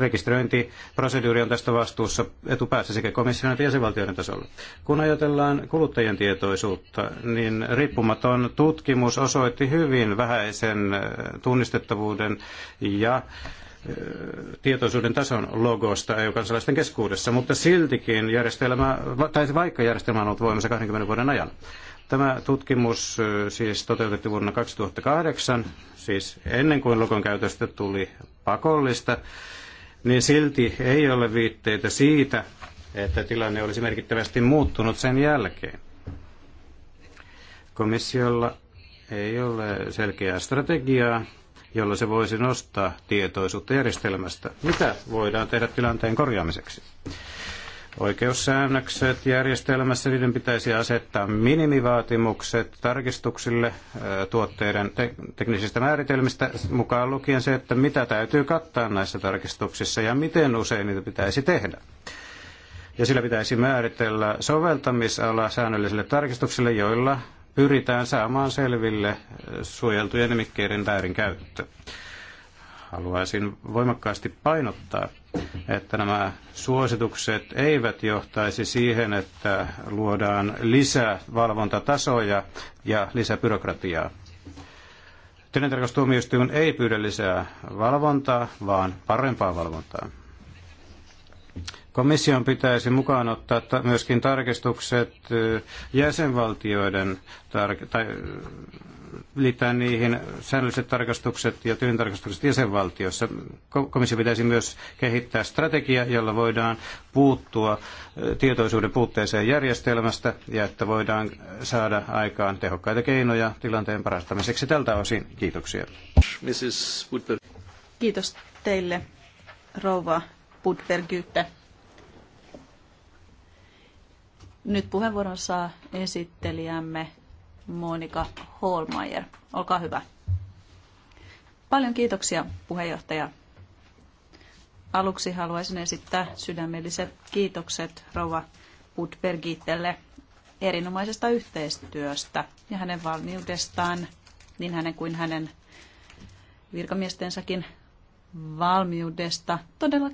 Rekisteröintiproseduuri on tästä vastuussa etupäässä sekä komission että jäsenvaltioiden tasolla. Kun ajatellaan kuluttajien tietoisuutta, niin riippumaton tutkimus osoitti hyvin vähäisen äh, tunnistettavuuden ja äh, tietoisuuden tason logosta EU-kansalaisten keskuudessa, mutta siltikin järjestelmä, tai vaikka järjestelmä on ollut voimassa 20 vuoden ajan. Tämä tutkimus siis toteutettiin vuonna 2008, siis ennen kuin lukon käytöstä tuli pakollista, niin silti ei ole viitteitä siitä, että tilanne olisi merkittävästi muuttunut sen jälkeen. Komissiolla ei ole selkeää strategiaa, jolla se voisi nostaa tietoisuutta järjestelmästä. Mitä voidaan tehdä tilanteen korjaamiseksi? oikeussäännökset järjestelmässä, niiden pitäisi asettaa minimivaatimukset tarkistuksille tuotteiden te- teknisistä määritelmistä, mukaan lukien se, että mitä täytyy kattaa näissä tarkistuksissa ja miten usein niitä pitäisi tehdä. Ja sillä pitäisi määritellä soveltamisala säännöllisille tarkistuksille, joilla pyritään saamaan selville suojeltujen nimikkeiden väärinkäyttö. Haluaisin voimakkaasti painottaa, että nämä suositukset eivät johtaisi siihen, että luodaan lisää valvontatasoja ja lisäbyrokratiaa. Tilintarkastustuomioistuin ei pyydä lisää valvontaa, vaan parempaa valvontaa. Komission pitäisi mukaan ottaa myöskin tarkistukset jäsenvaltioiden tar- tai liittää niihin säännölliset tarkastukset ja tyyntarkastukset jäsenvaltiossa. Komissio pitäisi myös kehittää strategia, jolla voidaan puuttua tietoisuuden puutteeseen järjestelmästä ja että voidaan saada aikaan tehokkaita keinoja tilanteen parantamiseksi tältä osin. Kiitoksia. Mrs. Kiitos teille, rouva Budbergytte. Nyt puheenvuoron saa esittelijämme Monika Holmeier. Olkaa hyvä. Paljon kiitoksia puheenjohtaja. Aluksi haluaisin esittää sydämelliset kiitokset rouva Budbergitelle erinomaisesta yhteistyöstä ja hänen valmiudestaan, niin hänen kuin hänen virkamiestensäkin valmiudesta todella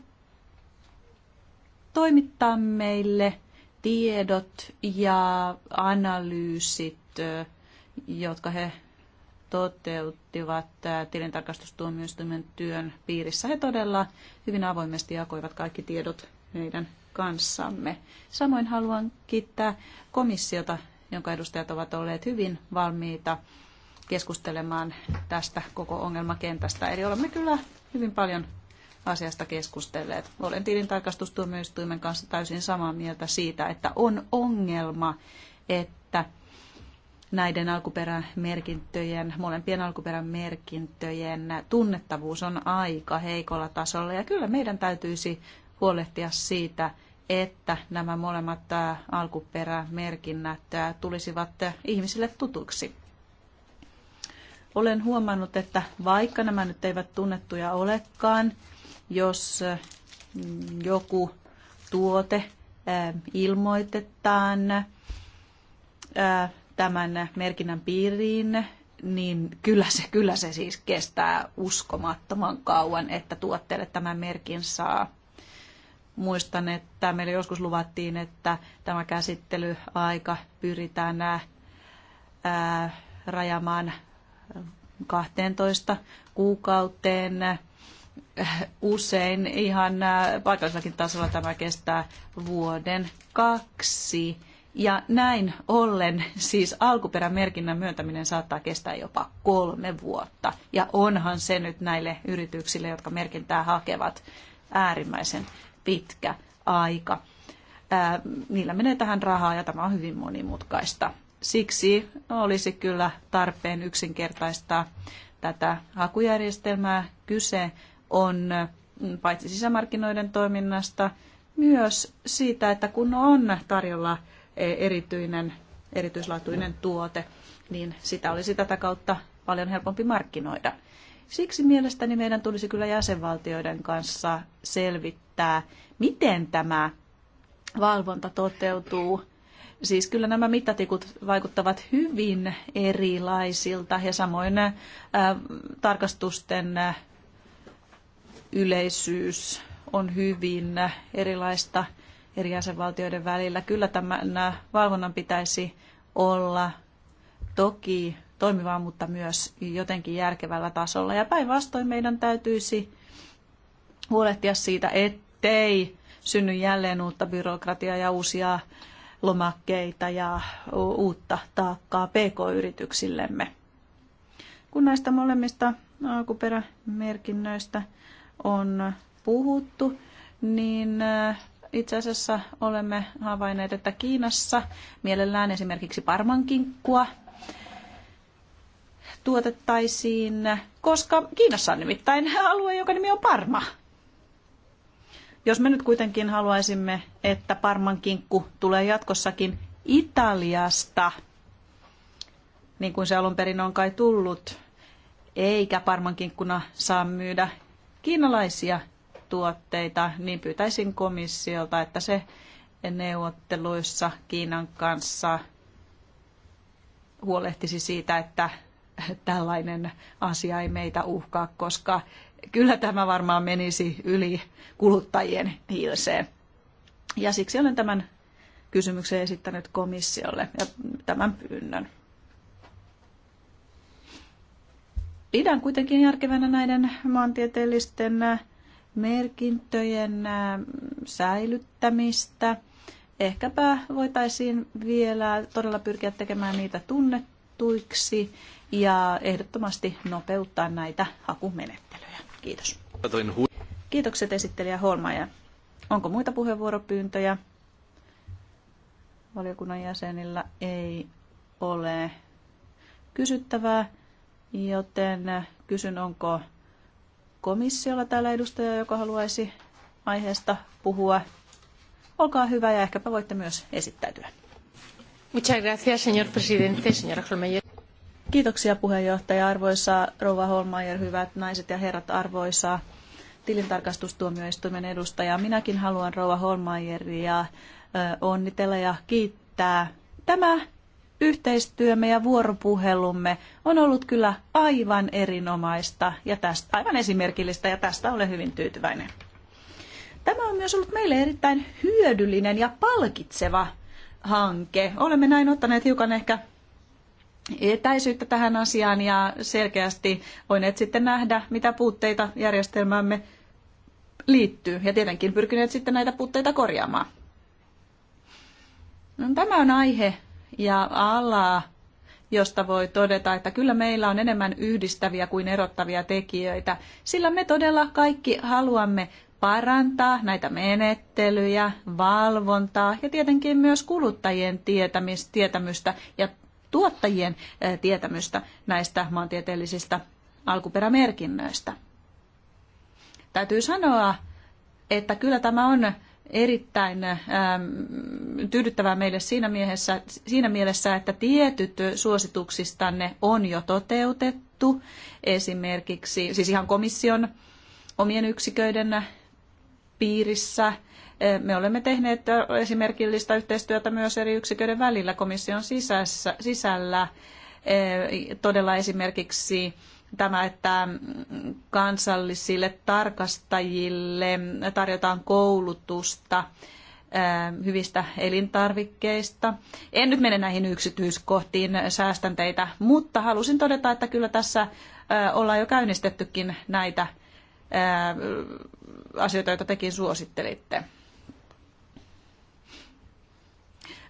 toimittaa meille tiedot ja analyysit jotka he toteuttivat tilintarkastustuomioistuimen työn piirissä. He todella hyvin avoimesti jakoivat kaikki tiedot meidän kanssamme. Samoin haluan kiittää komissiota, jonka edustajat ovat olleet hyvin valmiita keskustelemaan tästä koko ongelmakentästä. Eli olemme kyllä hyvin paljon asiasta keskustelleet. Olen tilintarkastustuomioistuimen kanssa täysin samaa mieltä siitä, että on ongelma, että näiden alkuperämerkintöjen, molempien alkuperämerkintöjen tunnettavuus on aika heikolla tasolla. Ja kyllä meidän täytyisi huolehtia siitä, että nämä molemmat alkuperämerkinnät tulisivat ihmisille tutuksi. Olen huomannut, että vaikka nämä nyt eivät tunnettuja olekaan, jos joku tuote ilmoitetaan tämän merkinnän piiriin, niin kyllä se, kyllä se siis kestää uskomattoman kauan, että tuotteelle tämän merkin saa. Muistan, että meillä joskus luvattiin, että tämä käsittelyaika pyritään ää, rajamaan 12 kuukauteen. Usein ihan paikallisellakin tasolla tämä kestää vuoden kaksi ja näin ollen siis alkuperämerkinnän myöntäminen saattaa kestää jopa kolme vuotta. Ja onhan se nyt näille yrityksille, jotka merkintää hakevat, äärimmäisen pitkä aika. Ää, niillä menee tähän rahaa ja tämä on hyvin monimutkaista. Siksi olisi kyllä tarpeen yksinkertaistaa tätä hakujärjestelmää. Kyse on mm, paitsi sisämarkkinoiden toiminnasta, myös siitä, että kun on tarjolla – erityinen, erityislaatuinen tuote, niin sitä olisi tätä kautta paljon helpompi markkinoida. Siksi mielestäni meidän tulisi kyllä jäsenvaltioiden kanssa selvittää, miten tämä valvonta toteutuu. Siis kyllä nämä mittatikut vaikuttavat hyvin erilaisilta ja samoin ää, äh, tarkastusten äh, yleisyys on hyvin erilaista eri jäsenvaltioiden välillä. Kyllä tämän äh, valvonnan pitäisi olla toki toimivaa, mutta myös jotenkin järkevällä tasolla. Ja päinvastoin meidän täytyisi huolehtia siitä, ettei synny jälleen uutta byrokratiaa ja uusia lomakkeita ja uutta taakkaa pk-yrityksillemme. Kun näistä molemmista alkuperämerkinnöistä on puhuttu, niin äh, itse asiassa olemme havainneet, että Kiinassa mielellään esimerkiksi parmankinkkua tuotettaisiin, koska Kiinassa on nimittäin alue, joka nimi on Parma. Jos me nyt kuitenkin haluaisimme, että parmankinkku tulee jatkossakin Italiasta, niin kuin se alun perin on kai tullut, eikä parmankinkkuna saa myydä kiinalaisia tuotteita, niin pyytäisin komissiolta, että se neuvotteluissa Kiinan kanssa huolehtisi siitä, että tällainen asia ei meitä uhkaa, koska kyllä tämä varmaan menisi yli kuluttajien hiilseen. Ja siksi olen tämän kysymyksen esittänyt komissiolle ja tämän pyynnön. Pidän kuitenkin järkevänä näiden maantieteellisten merkintöjen säilyttämistä. Ehkäpä voitaisiin vielä todella pyrkiä tekemään niitä tunnettuiksi ja ehdottomasti nopeuttaa näitä hakumenettelyjä. Kiitos. Kiitokset esittelijä Holmaja. Onko muita puheenvuoropyyntöjä? Valiokunnan jäsenillä ei ole kysyttävää, joten kysyn, onko komissiolla täällä edustaja, joka haluaisi aiheesta puhua. Olkaa hyvä ja ehkäpä voitte myös esittäytyä. Muchas gracias, señor presidente, señora Holmeyer. Kiitoksia puheenjohtaja, arvoisa rouva Holmeyer, hyvät naiset ja herrat, arvoisa tilintarkastustuomioistuimen edustaja. Minäkin haluan rouva Holmeyeria onnitella ja kiittää. Tämä yhteistyömme ja vuoropuhelumme on ollut kyllä aivan erinomaista ja tästä, aivan esimerkillistä ja tästä olen hyvin tyytyväinen. Tämä on myös ollut meille erittäin hyödyllinen ja palkitseva hanke. Olemme näin ottaneet hiukan ehkä etäisyyttä tähän asiaan ja selkeästi voineet sitten nähdä, mitä puutteita järjestelmäämme liittyy ja tietenkin pyrkineet sitten näitä puutteita korjaamaan. No, tämä on aihe, ja alaa, josta voi todeta, että kyllä meillä on enemmän yhdistäviä kuin erottavia tekijöitä, sillä me todella kaikki haluamme parantaa näitä menettelyjä, valvontaa ja tietenkin myös kuluttajien tietämystä ja tuottajien tietämystä näistä maantieteellisistä alkuperämerkinnöistä. Täytyy sanoa, että kyllä tämä on erittäin ähm, tyydyttävää meille siinä, miehessä, siinä mielessä, että tietyt suosituksistanne on jo toteutettu, esimerkiksi siis ihan komission omien yksiköiden piirissä. Äh, me olemme tehneet äh, esimerkillistä yhteistyötä myös eri yksiköiden välillä komission sisässä, sisällä äh, todella esimerkiksi tämä, että kansallisille tarkastajille tarjotaan koulutusta hyvistä elintarvikkeista. En nyt mene näihin yksityiskohtiin, säästän teitä, mutta halusin todeta, että kyllä tässä ollaan jo käynnistettykin näitä asioita, joita tekin suosittelitte.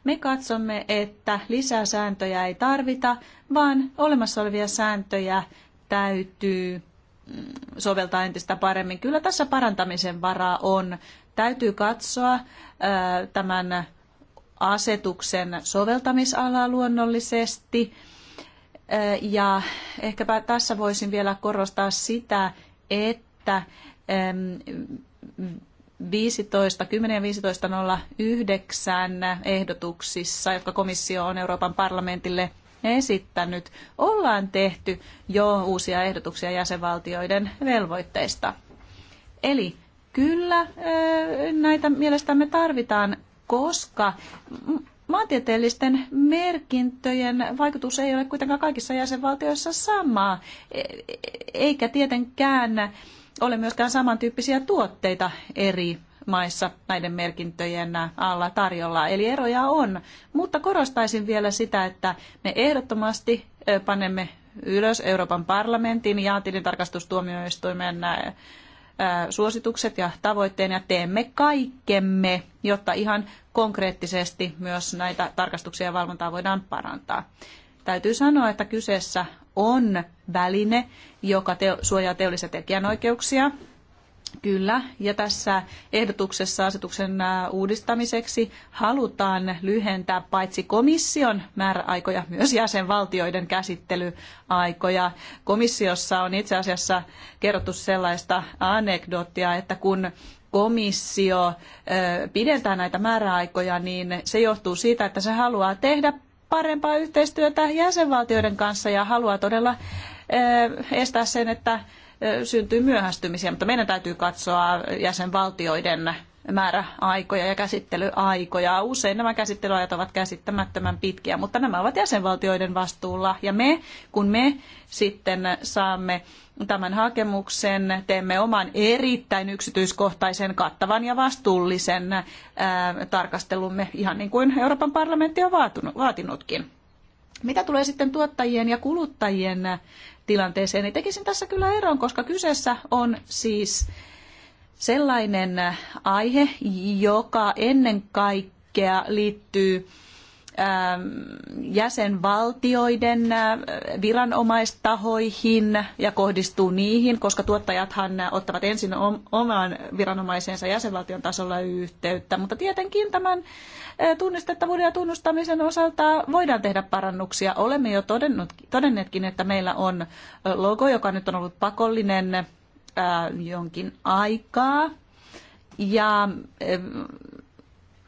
Me katsomme, että lisää sääntöjä ei tarvita, vaan olemassa olevia sääntöjä täytyy mm, soveltaa entistä paremmin. Kyllä tässä parantamisen varaa on. Täytyy katsoa tämän asetuksen soveltamisalaa luonnollisesti. Ja ehkäpä tässä voisin vielä korostaa sitä, että 15, 10 ja 15.09 ehdotuksissa, jotka komissio on Euroopan parlamentille esittänyt, ollaan tehty jo uusia ehdotuksia jäsenvaltioiden velvoitteista. Eli kyllä näitä mielestämme tarvitaan, koska maantieteellisten merkintöjen vaikutus ei ole kuitenkaan kaikissa jäsenvaltioissa samaa, e-, e-, eikä tietenkään ole myöskään samantyyppisiä tuotteita eri maissa näiden merkintöjen alla tarjolla. Eli eroja on, mutta korostaisin vielä sitä, että me ehdottomasti panemme ylös Euroopan parlamentin ja tilintarkastustuomioistuimen suositukset ja tavoitteen ja teemme kaikkemme, jotta ihan konkreettisesti myös näitä tarkastuksia ja valvontaa voidaan parantaa. Täytyy sanoa, että kyseessä on väline, joka te- suojaa teollisia tekijänoikeuksia, Kyllä, ja tässä ehdotuksessa asetuksen uudistamiseksi halutaan lyhentää paitsi komission määräaikoja, myös jäsenvaltioiden käsittelyaikoja. Komissiossa on itse asiassa kerrottu sellaista anekdoottia, että kun komissio pidentää näitä määräaikoja, niin se johtuu siitä, että se haluaa tehdä parempaa yhteistyötä jäsenvaltioiden kanssa ja haluaa todella estää sen, että syntyy myöhästymisiä, mutta meidän täytyy katsoa jäsenvaltioiden määräaikoja ja käsittelyaikoja. Usein nämä käsittelyajat ovat käsittämättömän pitkiä, mutta nämä ovat jäsenvaltioiden vastuulla. Ja me, kun me sitten saamme tämän hakemuksen, teemme oman erittäin yksityiskohtaisen, kattavan ja vastuullisen ää, tarkastelumme, ihan niin kuin Euroopan parlamentti on vaatunut, vaatinutkin. Mitä tulee sitten tuottajien ja kuluttajien tilanteeseen, niin tekisin tässä kyllä eron, koska kyseessä on siis sellainen aihe, joka ennen kaikkea liittyy Ähm, jäsenvaltioiden äh, viranomaistahoihin ja kohdistuu niihin, koska tuottajathan äh, ottavat ensin omaan viranomaisensa jäsenvaltion tasolla yhteyttä, mutta tietenkin tämän äh, tunnistettavuuden ja tunnustamisen osalta voidaan tehdä parannuksia. Olemme jo todenneetkin, että meillä on logo, joka nyt on ollut pakollinen jonkin aikaa, ja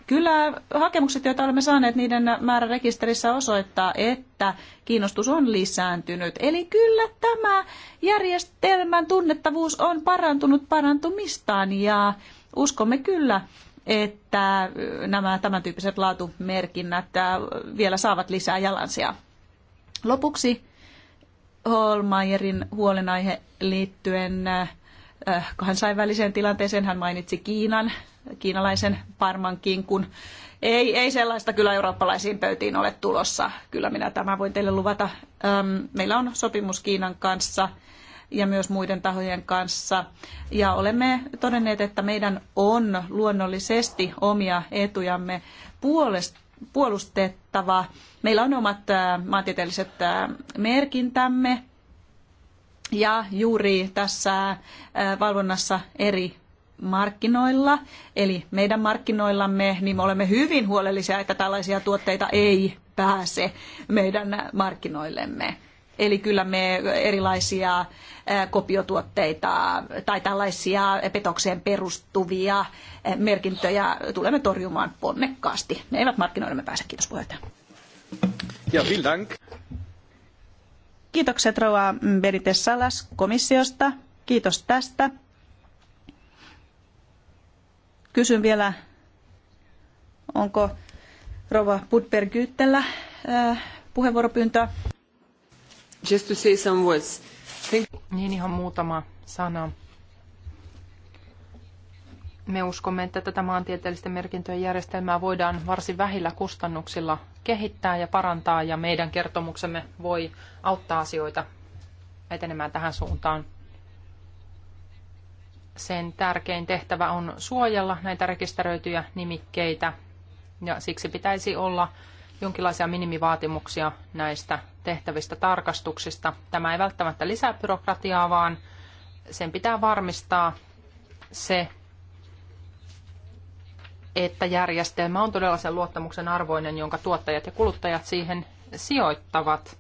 Kyllä hakemukset, joita olemme saaneet, niiden määrä rekisterissä osoittaa, että kiinnostus on lisääntynyt. Eli kyllä tämä järjestelmän tunnettavuus on parantunut parantumistaan ja uskomme kyllä, että nämä tämän tyyppiset laatumerkinnät vielä saavat lisää jalansia. Lopuksi Holmeierin huolenaihe liittyen äh, kansainväliseen tilanteeseen. Hän mainitsi Kiinan kiinalaisen kun Ei, ei sellaista kyllä eurooppalaisiin pöytiin ole tulossa. Kyllä minä tämä voin teille luvata. meillä on sopimus Kiinan kanssa ja myös muiden tahojen kanssa. Ja olemme todenneet, että meidän on luonnollisesti omia etujamme puolesta puolustettava. Meillä on omat maantieteelliset merkintämme ja juuri tässä valvonnassa eri markkinoilla, eli meidän markkinoillamme, niin me olemme hyvin huolellisia, että tällaisia tuotteita ei pääse meidän markkinoillemme. Eli kyllä me erilaisia kopiotuotteita tai tällaisia petokseen perustuvia merkintöjä tulemme torjumaan ponnekkaasti. Ne eivät markkinoillemme pääse. Kiitos puheenjohtaja. Ja, dank. Kiitokset rouva Benitez Salas komissiosta. Kiitos tästä. Kysyn vielä, onko rouva Budberg Gyttellä äh, puheenvuoropyyntöä? Just to say some words. Think... Niin ihan muutama sana. Me uskomme, että tätä maantieteellisten merkintöjen järjestelmää voidaan varsin vähillä kustannuksilla kehittää ja parantaa, ja meidän kertomuksemme voi auttaa asioita etenemään tähän suuntaan sen tärkein tehtävä on suojella näitä rekisteröityjä nimikkeitä ja siksi pitäisi olla jonkinlaisia minimivaatimuksia näistä tehtävistä tarkastuksista. Tämä ei välttämättä lisää byrokratiaa, vaan sen pitää varmistaa se, että järjestelmä on todella sen luottamuksen arvoinen, jonka tuottajat ja kuluttajat siihen sijoittavat.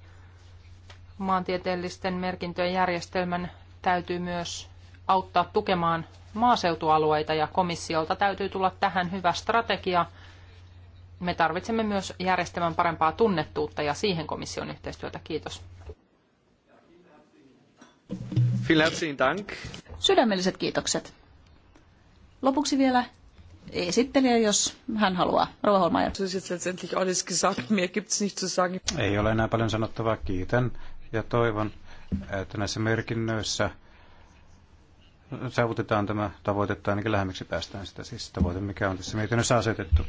Maantieteellisten merkintöjen järjestelmän täytyy myös auttaa tukemaan maaseutualueita ja komissiolta täytyy tulla tähän hyvä strategia. Me tarvitsemme myös järjestelmän parempaa tunnettuutta ja siihen komission yhteistyötä. Kiitos. Sydämelliset kiitokset. Lopuksi vielä esittelijä, jos hän haluaa. Rova Holmaier. Ei ole enää paljon sanottavaa. Kiitän ja toivon, että näissä merkinnöissä – saavutetaan tämä tavoite, tai ainakin lähemmäksi päästään sitä, siis tavoite, mikä on tässä mietinnössä asetettu.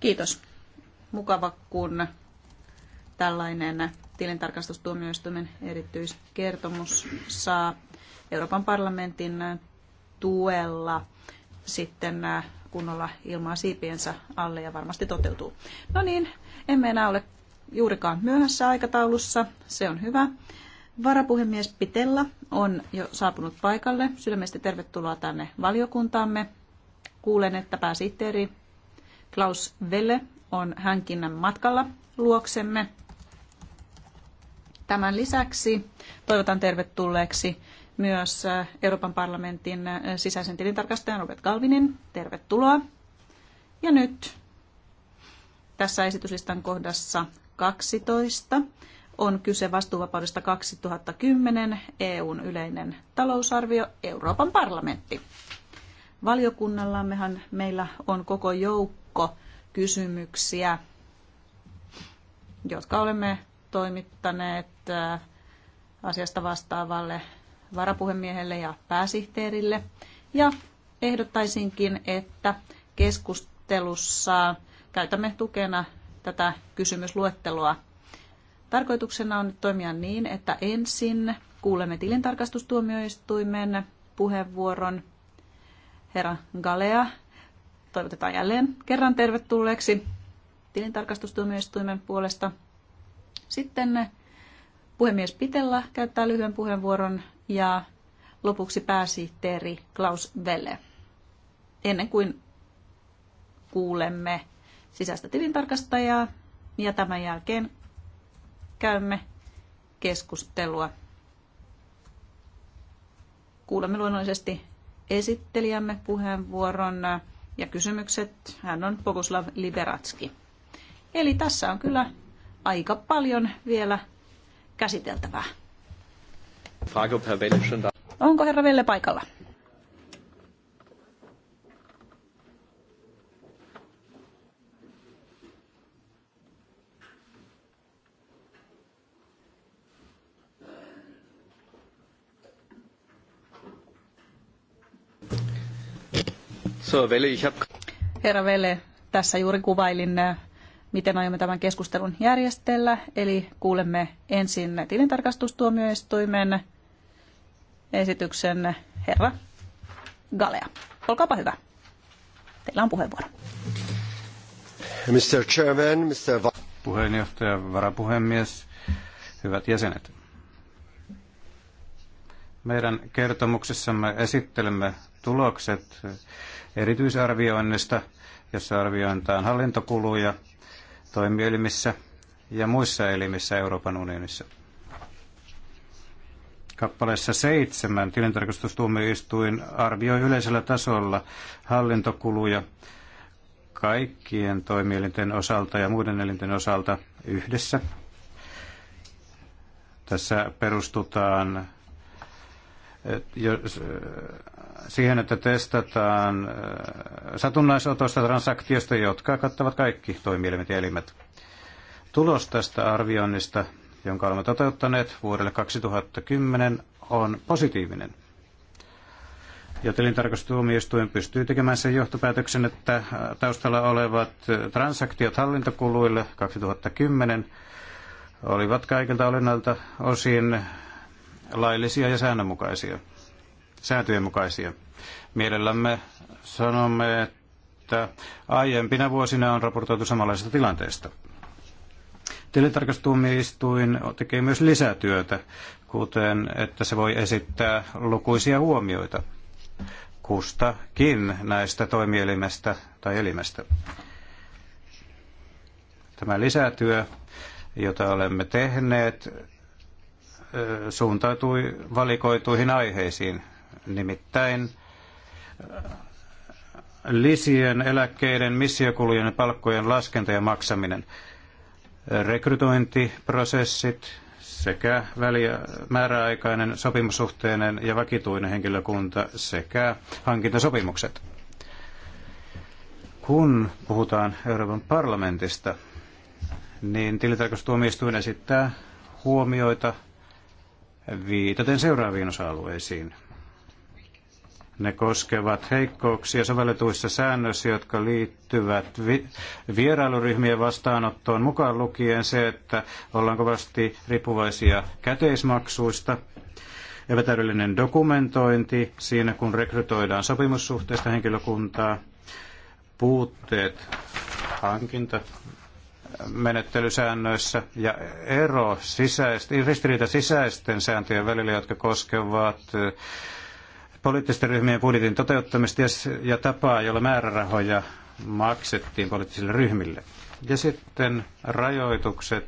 Kiitos. Mukava, kun tällainen tilintarkastustuomioistuimen erityiskertomus saa Euroopan parlamentin tuella sitten äh, kunnolla ilmaa siipiensä alle ja varmasti toteutuu. No niin, emme enää ole juurikaan myöhässä aikataulussa, se on hyvä. Varapuhemies Pitella on jo saapunut paikalle. Sydämestä tervetuloa tänne valiokuntaamme. Kuulen, että pääsihteeri Klaus Velle on hänkin matkalla luoksemme. Tämän lisäksi toivotan tervetulleeksi myös äh, Euroopan parlamentin äh, sisäisen tilintarkastajan Robert Galvinin. Tervetuloa. Ja nyt tässä esityslistan kohdassa 12 on kyse vastuuvapaudesta 2010, EUn yleinen talousarvio, Euroopan parlamentti. Valiokunnallammehan meillä on koko joukko kysymyksiä, jotka olemme toimittaneet äh, asiasta vastaavalle varapuhemiehelle ja pääsihteerille. Ja ehdottaisinkin, että keskustelussa käytämme tukena tätä kysymysluetteloa Tarkoituksena on nyt toimia niin, että ensin kuulemme tilintarkastustuomioistuimen puheenvuoron. Herra Galea, toivotetaan jälleen kerran tervetulleeksi tilintarkastustuomioistuimen puolesta. Sitten puhemies Pitella käyttää lyhyen puheenvuoron ja lopuksi pääsihteeri Klaus Velle. Ennen kuin kuulemme sisäistä tilintarkastajaa ja tämän jälkeen käymme keskustelua. Kuulemme luonnollisesti esittelijämme puheenvuoron ja kysymykset. Hän on Boguslav Liberatski. Eli tässä on kyllä aika paljon vielä käsiteltävää. Onko herra Velle paikalla? Herra Vele, tässä juuri kuvailin, äh, miten aiomme tämän keskustelun järjestellä. Eli kuulemme ensin tilintarkastustuomioistuimen esityksen herra Galea. Olkaapa hyvä. Teillä on puheenvuoro. Mr. Chairman, Mr. Va- Puheenjohtaja, varapuhemies, hyvät jäsenet. Meidän kertomuksessamme esittelemme tulokset erityisarvioinnista, jossa arviointaan hallintokuluja toimielimissä ja muissa elimissä Euroopan unionissa. Kappaleessa seitsemän tilintarkastustuomioistuin arvioi yleisellä tasolla hallintokuluja kaikkien toimielinten osalta ja muiden elinten osalta yhdessä. Tässä perustutaan siihen, että testataan äh, satunnaisotosta transaktiosta, jotka kattavat kaikki toimielimet ja elimet. Tulos tästä arvioinnista, jonka olemme toteuttaneet vuodelle 2010, on positiivinen. Ja tilintarkastustuomioistuin pystyy tekemään sen johtopäätöksen, että äh, taustalla olevat äh, transaktiot hallintokuluille 2010 olivat kaikilta olennalta osin laillisia ja säännönmukaisia sääntöjen mukaisia. Mielellämme sanomme, että aiempina vuosina on raportoitu samanlaisesta tilanteesta. Tilintarkastustuomioistuin tekee myös lisätyötä, kuten että se voi esittää lukuisia huomioita kustakin näistä toimielimestä tai elimestä. Tämä lisätyö, jota olemme tehneet, suuntautui valikoituihin aiheisiin, nimittäin äh, lisien, eläkkeiden, missiokulujen ja palkkojen laskenta ja maksaminen, rekrytointiprosessit sekä väliä, määräaikainen sopimussuhteinen ja vakituinen henkilökunta sekä hankintasopimukset. Kun puhutaan Euroopan parlamentista, niin tilintarkastustuomioistuin esittää huomioita viitaten seuraaviin osa-alueisiin – ne koskevat heikkouksia sovelletuissa säännöissä, jotka liittyvät vi- vierailuryhmien vastaanottoon mukaan lukien se, että ollaan kovasti riippuvaisia käteismaksuista, epätäydellinen dokumentointi siinä, kun rekrytoidaan sopimussuhteista henkilökuntaa, puutteet hankinta menettelysäännöissä ja ero sisäist, ristiriita sisäisten sääntöjen välillä, jotka koskevat poliittisten ryhmien budjetin toteuttamista ja tapaa, jolla määrärahoja maksettiin poliittisille ryhmille. Ja sitten rajoitukset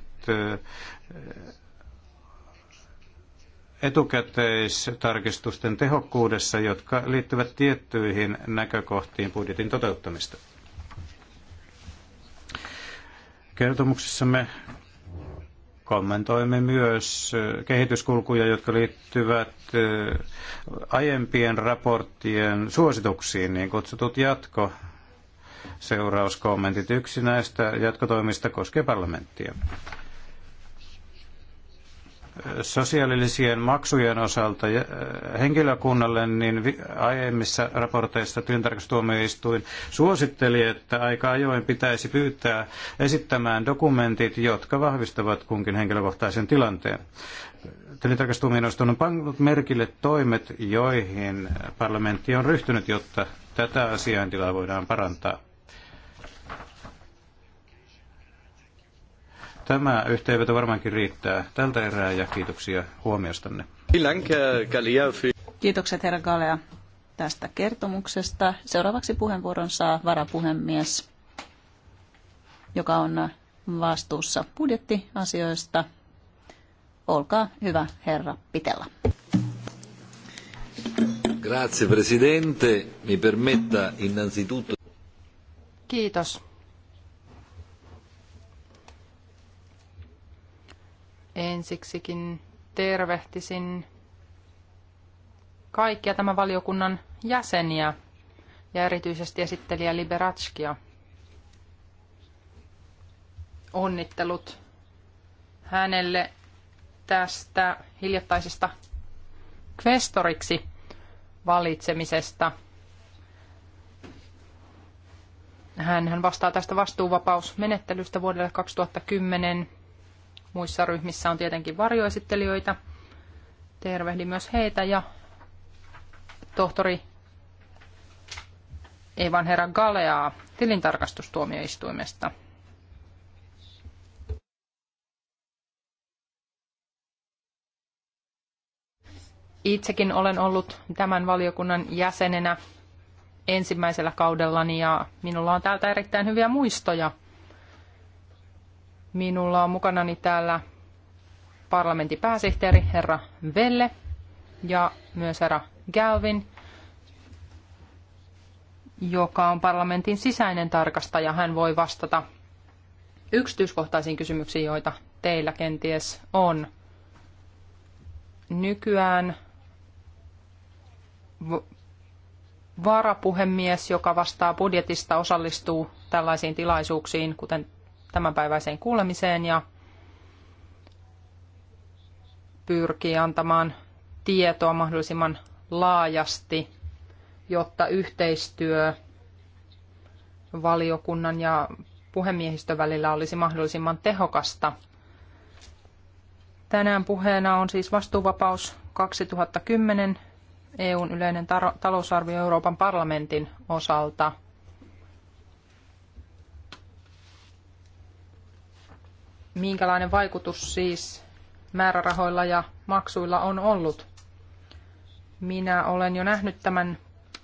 etukäteistarkistusten tehokkuudessa, jotka liittyvät tiettyihin näkökohtiin budjetin toteuttamista. Kertomuksessamme kommentoimme myös kehityskulkuja, jotka liittyvät aiempien raporttien suosituksiin, niin kutsutut jatko seurauskommentit. Yksi näistä jatkotoimista koskee parlamenttia sosiaalisien maksujen osalta äh, henkilökunnalle, niin aiemmissa raporteissa tyyntarkastuomioistuin suositteli, että aika ajoin pitäisi pyytää esittämään dokumentit, jotka vahvistavat kunkin henkilökohtaisen tilanteen. Tilintarkastustuomioistuin on pannut merkille toimet, joihin parlamentti on ryhtynyt, jotta tätä asiaintilaa voidaan parantaa. Tämä yhteenveto varmaankin riittää tältä erää ja kiitoksia huomiostanne. Kiitokset herra Galea tästä kertomuksesta. Seuraavaksi puheenvuoron saa varapuhemies, joka on vastuussa budjettiasioista. Olkaa hyvä, herra Pitella. Grazie Presidente, mi permetta innanzitutto... Kiitos Ensiksikin tervehtisin kaikkia tämän valiokunnan jäseniä ja erityisesti esittelijä Liberatskia. Onnittelut hänelle tästä hiljattaisesta kvestoriksi valitsemisesta. Hän vastaa tästä vastuuvapausmenettelystä vuodelle 2010 Muissa ryhmissä on tietenkin varjoesittelijöitä. Tervehdin myös heitä ja tohtori Evan herra Galeaa tilintarkastustuomioistuimesta. Itsekin olen ollut tämän valiokunnan jäsenenä ensimmäisellä kaudellani ja minulla on täältä erittäin hyviä muistoja. Minulla on mukanani täällä parlamentin pääsihteeri herra Velle ja myös herra Galvin, joka on parlamentin sisäinen tarkastaja. Hän voi vastata yksityiskohtaisiin kysymyksiin, joita teillä kenties on. Nykyään varapuhemies, joka vastaa budjetista, osallistuu tällaisiin tilaisuuksiin, kuten tämänpäiväiseen kuulemiseen ja pyrkii antamaan tietoa mahdollisimman laajasti, jotta yhteistyö valiokunnan ja puhemiehistön välillä olisi mahdollisimman tehokasta. Tänään puheena on siis vastuuvapaus 2010 EUn yleinen talousarvio Euroopan parlamentin osalta – minkälainen vaikutus siis määrärahoilla ja maksuilla on ollut. Minä olen jo nähnyt tämän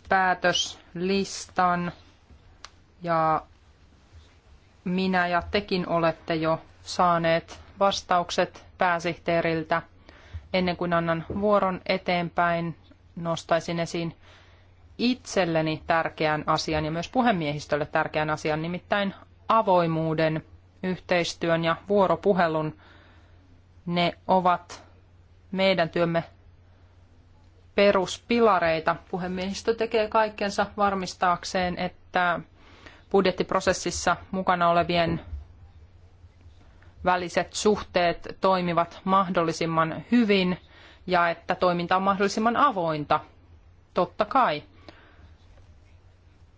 päätöslistan ja minä ja tekin olette jo saaneet vastaukset pääsihteeriltä. Ennen kuin annan vuoron eteenpäin, nostaisin esiin itselleni tärkeän asian ja myös puhemiehistölle tärkeän asian, nimittäin avoimuuden – yhteistyön ja vuoropuhelun. Ne ovat meidän työmme peruspilareita. Puhemiehistö tekee kaikkensa varmistaakseen, että budjettiprosessissa mukana olevien väliset suhteet toimivat mahdollisimman hyvin ja että toiminta on mahdollisimman avointa. Totta kai.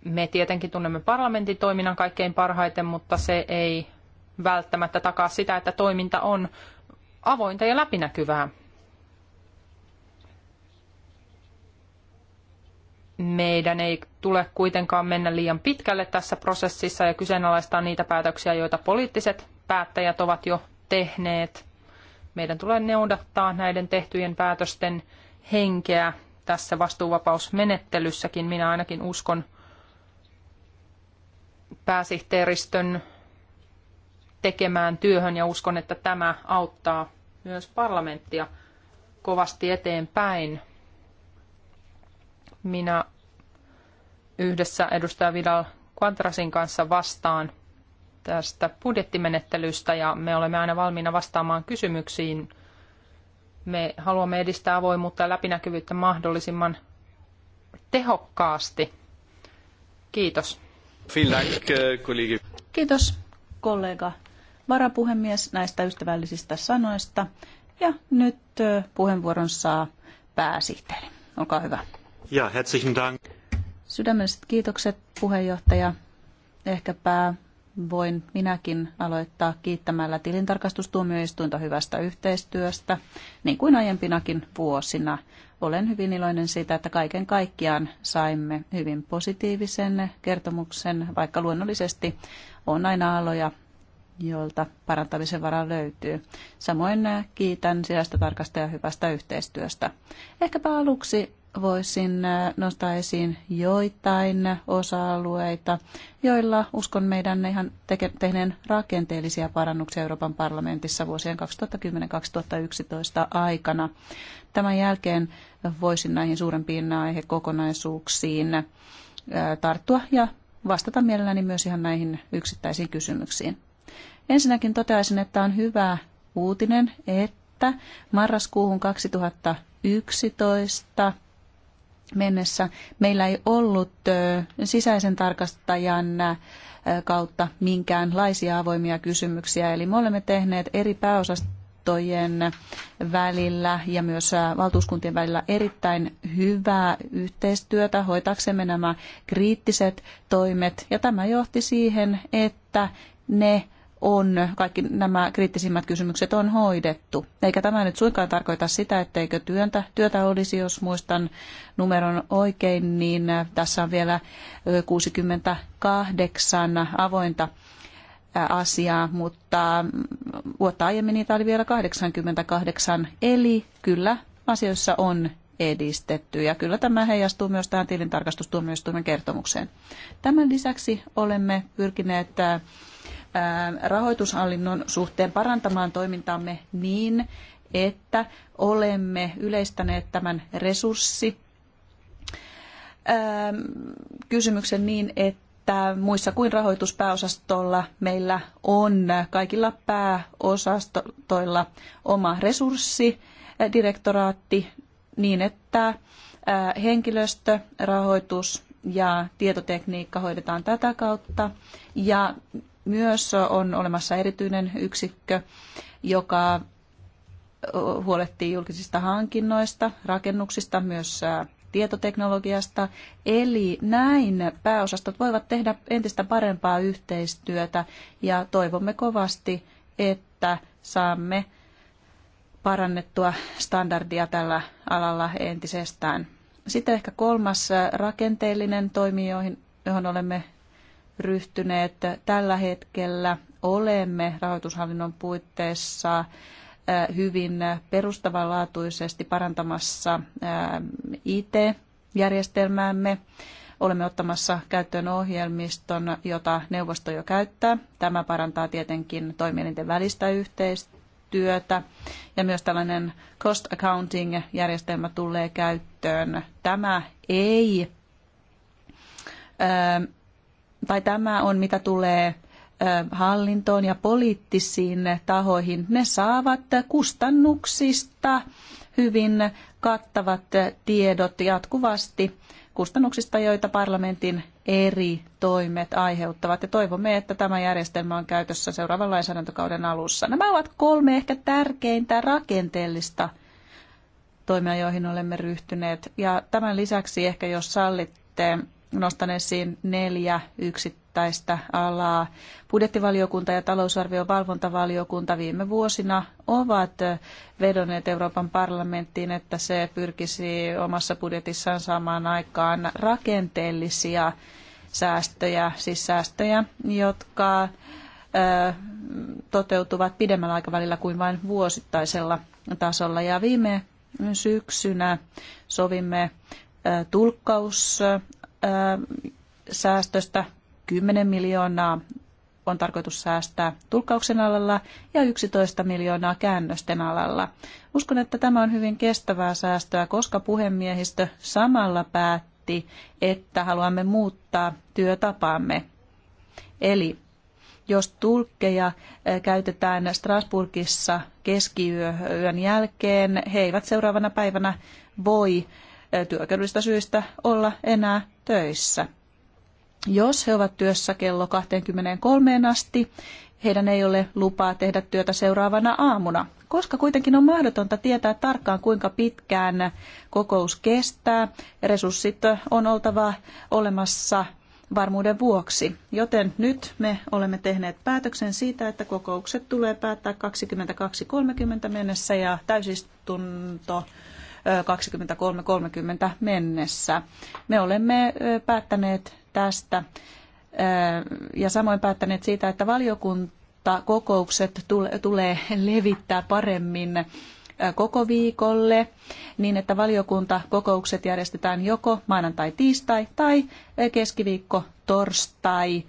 Me tietenkin tunnemme parlamentin toiminnan kaikkein parhaiten, mutta se ei välttämättä takaa sitä, että toiminta on avointa ja läpinäkyvää. Meidän ei tule kuitenkaan mennä liian pitkälle tässä prosessissa ja kyseenalaistaa niitä päätöksiä, joita poliittiset päättäjät ovat jo tehneet. Meidän tulee neudattaa näiden tehtyjen päätösten henkeä tässä vastuuvapausmenettelyssäkin. Minä ainakin uskon pääsihteeristön tekemään työhön ja uskon, että tämä auttaa myös parlamenttia kovasti eteenpäin. Minä yhdessä edustaja Vidal Quantrasin kanssa vastaan tästä budjettimenettelystä ja me olemme aina valmiina vastaamaan kysymyksiin. Me haluamme edistää avoimuutta ja läpinäkyvyyttä mahdollisimman tehokkaasti. Kiitos. Kiitos kollega varapuhemies näistä ystävällisistä sanoista. Ja nyt puheenvuoron saa pääsihteeri. Olkaa hyvä. Ja, herzlichen Dank. Sydämelliset kiitokset puheenjohtaja. Ehkäpä voin minäkin aloittaa kiittämällä tilintarkastustuomioistuinta hyvästä yhteistyöstä. Niin kuin aiempinakin vuosina, olen hyvin iloinen siitä, että kaiken kaikkiaan saimme hyvin positiivisen kertomuksen, vaikka luonnollisesti on aina aloja, jolta parantamisen varaa löytyy. Samoin kiitän sijasta tarkasta ja hyvästä yhteistyöstä. Ehkäpä aluksi voisin nostaa esiin joitain osa-alueita, joilla uskon meidän ihan teke- tehneen rakenteellisia parannuksia Euroopan parlamentissa vuosien 2010-2011 aikana. Tämän jälkeen voisin näihin suurempiin aihekokonaisuuksiin tarttua ja vastata mielelläni myös ihan näihin yksittäisiin kysymyksiin. Ensinnäkin toteaisin, että on hyvä uutinen, että marraskuuhun 2011 mennessä meillä ei ollut sisäisen tarkastajan kautta minkäänlaisia avoimia kysymyksiä. Eli me olemme tehneet eri pääosastojen välillä ja myös valtuuskuntien välillä erittäin hyvää yhteistyötä hoitaksemme nämä kriittiset toimet. Ja tämä johti siihen, että ne on, kaikki nämä kriittisimmät kysymykset on hoidettu. Eikä tämä nyt suinkaan tarkoita sitä, etteikö työntä, työtä olisi, jos muistan numeron oikein, niin tässä on vielä 68 avointa asiaa, mutta mm, vuotta aiemmin niitä oli vielä 88. Eli kyllä asioissa on edistetty ja kyllä tämä heijastuu myös tähän tilintarkastustuomioistuimen kertomukseen. Tämän lisäksi olemme pyrkineet rahoitushallinnon suhteen parantamaan toimintaamme niin, että olemme yleistäneet tämän resurssi kysymyksen niin, että muissa kuin rahoituspääosastolla meillä on kaikilla pääosastoilla oma resurssi, direktoraatti niin, että henkilöstö, rahoitus ja tietotekniikka hoidetaan tätä kautta. Ja myös on olemassa erityinen yksikkö, joka huolehtii julkisista hankinnoista, rakennuksista, myös tietoteknologiasta. Eli näin pääosastot voivat tehdä entistä parempaa yhteistyötä ja toivomme kovasti, että saamme parannettua standardia tällä alalla entisestään. Sitten ehkä kolmas rakenteellinen toimi, johon, johon olemme ryhtyneet. Tällä hetkellä olemme rahoitushallinnon puitteissa hyvin perustavanlaatuisesti parantamassa IT-järjestelmäämme. Olemme ottamassa käyttöön ohjelmiston, jota neuvosto jo käyttää. Tämä parantaa tietenkin toimielinten välistä yhteistyötä ja myös tällainen cost accounting-järjestelmä tulee käyttöön. Tämä ei tai tämä on mitä tulee hallintoon ja poliittisiin tahoihin, ne saavat kustannuksista hyvin kattavat tiedot jatkuvasti kustannuksista, joita parlamentin eri toimet aiheuttavat. Ja toivomme, että tämä järjestelmä on käytössä seuraavan lainsäädäntökauden alussa. Nämä ovat kolme ehkä tärkeintä rakenteellista toimia, joihin olemme ryhtyneet. Ja tämän lisäksi ehkä, jos sallitte, nostan esiin neljä yksittäistä alaa. Budjettivaliokunta ja talousarvion valvontavaliokunta viime vuosina ovat vedonneet Euroopan parlamenttiin, että se pyrkisi omassa budjetissaan saamaan aikaan rakenteellisia säästöjä, siis säästöjä, jotka toteutuvat pidemmällä aikavälillä kuin vain vuosittaisella tasolla. Ja viime syksynä sovimme tulkkaus säästöstä 10 miljoonaa on tarkoitus säästää tulkkauksen alalla ja 11 miljoonaa käännösten alalla. Uskon, että tämä on hyvin kestävää säästöä, koska puhemiehistö samalla päätti, että haluamme muuttaa työtapaamme. Eli jos tulkkeja käytetään Strasburgissa keskiyön jälkeen, he eivät seuraavana päivänä voi työoikeudellisista syistä olla enää töissä. Jos he ovat työssä kello 23 asti, heidän ei ole lupaa tehdä työtä seuraavana aamuna, koska kuitenkin on mahdotonta tietää tarkkaan, kuinka pitkään kokous kestää. Resurssit on oltava olemassa varmuuden vuoksi. Joten nyt me olemme tehneet päätöksen siitä, että kokoukset tulee päättää 22.30 mennessä ja täysistunto 2330 mennessä. Me olemme päättäneet tästä ja samoin päättäneet siitä, että valiokunta kokoukset tulee levittää paremmin koko viikolle, niin että valiokuntakokoukset järjestetään joko maanantai, tiistai tai keskiviikko, torstai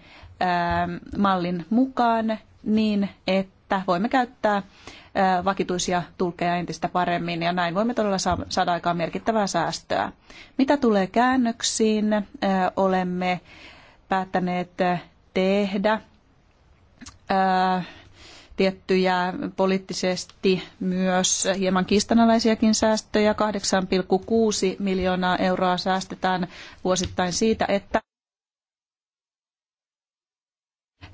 mallin mukaan niin, että voimme käyttää vakituisia tulkeja entistä paremmin ja näin voimme todella saada aikaan merkittävää säästöä. Mitä tulee käännöksiin, olemme päättäneet tehdä tiettyjä poliittisesti myös hieman kiistanalaisiakin säästöjä. 8,6 miljoonaa euroa säästetään vuosittain siitä, että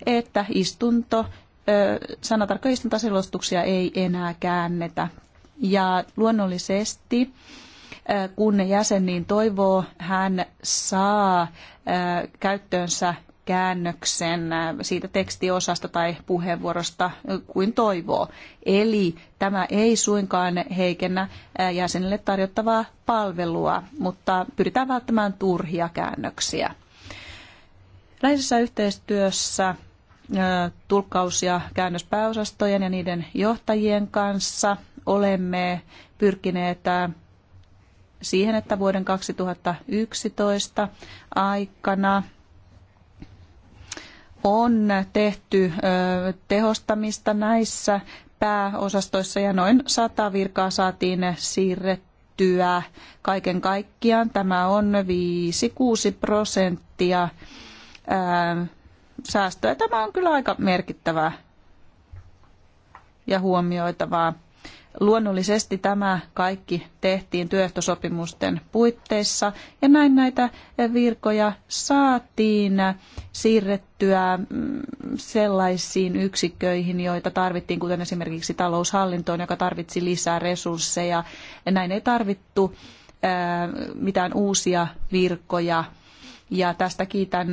että istunto sanatarkka istuntaselostuksia ei enää käännetä. Ja luonnollisesti kun jäsen niin toivoo, hän saa käyttöönsä käännöksen siitä tekstiosasta tai puheenvuorosta kuin toivoo. Eli tämä ei suinkaan heikennä jäsenille tarjottavaa palvelua, mutta pyritään välttämään turhia käännöksiä. Läheisessä yhteistyössä tulkkaus- ja käännöspääosastojen ja niiden johtajien kanssa olemme pyrkineet siihen, että vuoden 2011 aikana on tehty tehostamista näissä pääosastoissa ja noin sata virkaa saatiin siirrettyä kaiken kaikkiaan. Tämä on 5-6 prosenttia säästöä. Tämä on kyllä aika merkittävää ja huomioitavaa. Luonnollisesti tämä kaikki tehtiin työehtosopimusten puitteissa ja näin näitä virkoja saatiin siirrettyä mm, sellaisiin yksiköihin, joita tarvittiin, kuten esimerkiksi taloushallintoon, joka tarvitsi lisää resursseja. Ja näin ei tarvittu mitään uusia virkoja ja tästä kiitän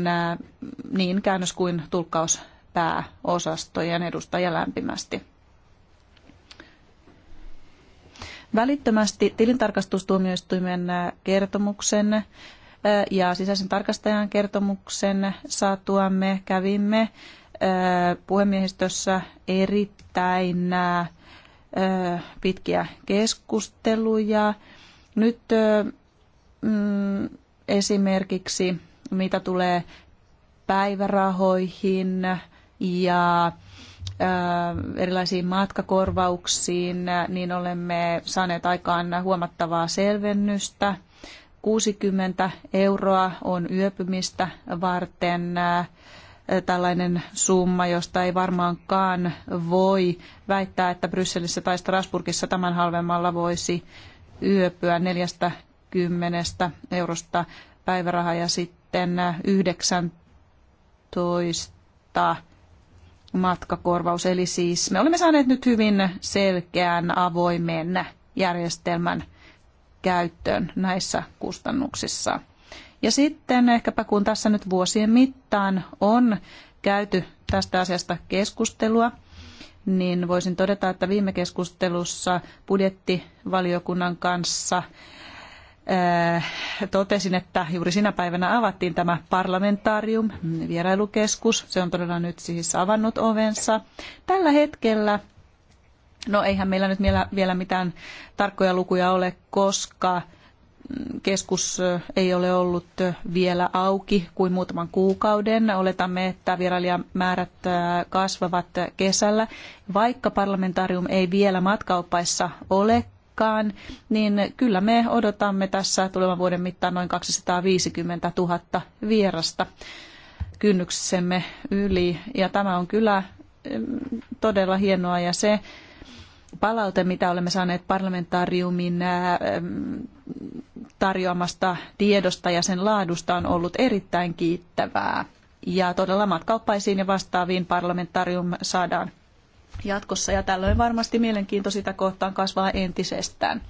niin käännös- kuin tulkkauspääosastojen edustajia lämpimästi. Välittömästi tilintarkastustuomioistuimen kertomuksen ja sisäisen tarkastajan kertomuksen saatuamme kävimme puhemiehistössä erittäin pitkiä keskusteluja. Nyt mm, esimerkiksi mitä tulee päivärahoihin ja erilaisiin matkakorvauksiin, niin olemme saaneet aikaan huomattavaa selvennystä. 60 euroa on yöpymistä varten tällainen summa, josta ei varmaankaan voi väittää, että Brysselissä tai Strasburgissa tämän halvemmalla voisi yöpyä neljästä 10 eurosta päiväraha ja sitten 19 matkakorvaus. Eli siis me olemme saaneet nyt hyvin selkeän avoimen järjestelmän käyttöön näissä kustannuksissa. Ja sitten ehkäpä kun tässä nyt vuosien mittaan on käyty tästä asiasta keskustelua, niin voisin todeta, että viime keskustelussa budjettivaliokunnan kanssa Äh, totesin, että juuri sinä päivänä avattiin tämä parlamentaarium, vierailukeskus. Se on todella nyt siis avannut ovensa. Tällä hetkellä, no eihän meillä nyt vielä mitään tarkkoja lukuja ole, koska mm, keskus äh, ei ole ollut äh, vielä auki kuin muutaman kuukauden. Oletamme, että vierailijamäärät kasvavat kesällä. Vaikka parlamentarium ei vielä matkaoppaissa ole, paikkaan, niin kyllä me odotamme tässä tulevan vuoden mittaan noin 250 000 vierasta kynnyksemme yli. Ja tämä on kyllä todella hienoa ja se palaute, mitä olemme saaneet parlamentaariumin tarjoamasta tiedosta ja sen laadusta on ollut erittäin kiittävää. Ja todella matkauppaisiin ja vastaaviin parlamentaarium saadaan jatkossa ja tällöin varmasti mielenkiinto sitä kohtaan kasvaa entisestään.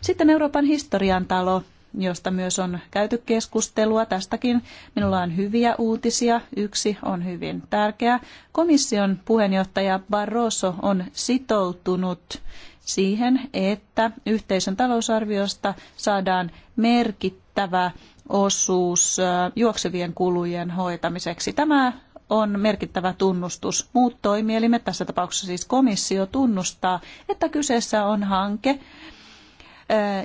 Sitten Euroopan historian talo, josta myös on käyty keskustelua. Tästäkin minulla on hyviä uutisia. Yksi on hyvin tärkeä. Komission puheenjohtaja Barroso on sitoutunut siihen, että yhteisön talousarviosta saadaan merkittävä osuus äh, juoksevien kulujen hoitamiseksi. Tämä on merkittävä tunnustus. Muut toimielimet, tässä tapauksessa siis komissio, tunnustaa, että kyseessä on hanke,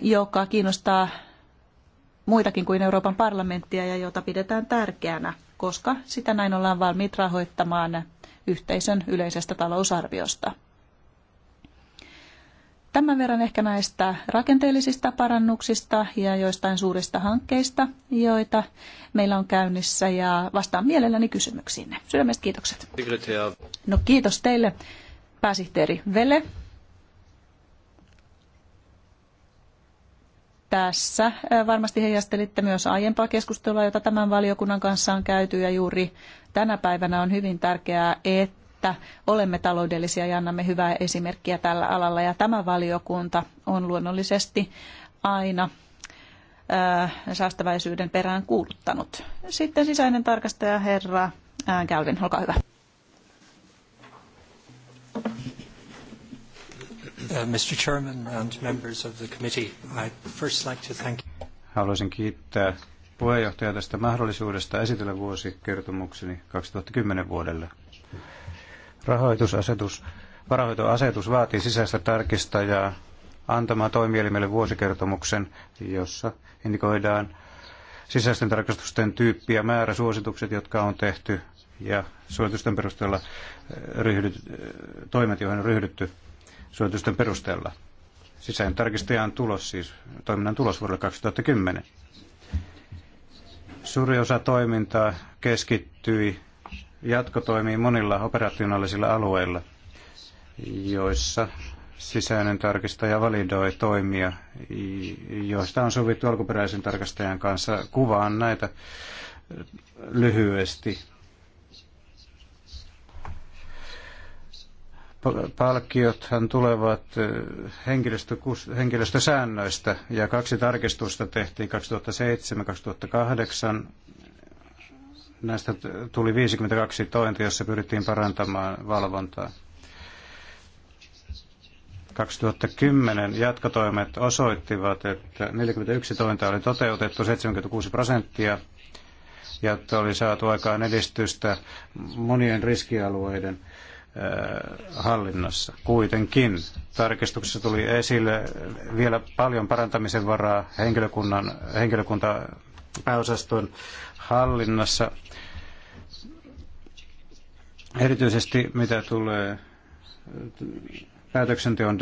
joka kiinnostaa muitakin kuin Euroopan parlamenttia ja jota pidetään tärkeänä, koska sitä näin ollaan valmiit rahoittamaan yhteisön yleisestä talousarviosta. Tämän verran ehkä näistä rakenteellisista parannuksista ja joistain suurista hankkeista, joita meillä on käynnissä ja vastaan mielelläni kysymyksiinne. Sydämestä kiitokset. No kiitos teille, pääsihteeri Vele. tässä. Varmasti heijastelitte myös aiempaa keskustelua, jota tämän valiokunnan kanssa on käyty ja juuri tänä päivänä on hyvin tärkeää, että että olemme taloudellisia ja annamme hyvää esimerkkiä tällä alalla. Ja tämä valiokunta on luonnollisesti aina äh, säästäväisyyden perään kuuluttanut. Sitten sisäinen tarkastaja herra Kälvin, äh, olkaa hyvä. Uh, Mr. Chairman and members of the committee, I'd first like to thank Haluaisin kiittää puheenjohtajaa tästä mahdollisuudesta esitellä vuosikertomukseni 2010 vuodelle. Rahoitusasetus, varahoitoasetus vaatii sisäistä tarkistajaa antamaan toimielimelle vuosikertomuksen, jossa indikoidaan sisäisten tarkastusten tyyppi ja määrä, suositukset, jotka on tehty ja suositusten perusteella eh, ryhdyt, eh, toimet, joihin on ryhdytty suositusten perusteella. Sisäinen on tulos, siis toiminnan tulos vuodelle 2010. Suuri osa toimintaa keskittyi Jatko toimii monilla operationaalisilla alueilla, joissa sisäinen tarkistaja validoi toimia, joista on sovittu alkuperäisen tarkastajan kanssa. Kuvaan näitä lyhyesti. Palkkiothan tulevat henkilöstö, henkilöstösäännöistä ja kaksi tarkistusta tehtiin 2007-2008 Näistä tuli 52 tointa, jossa pyrittiin parantamaan valvontaa. 2010 jatkotoimet osoittivat, että 41 tointa oli toteutettu, 76 prosenttia, ja että oli saatu aikaan edistystä monien riskialueiden äh, hallinnassa. Kuitenkin tarkistuksessa tuli esille vielä paljon parantamisen varaa henkilökunnan, henkilökunta pääosaston hallinnassa. Erityisesti mitä tulee päätöksenteon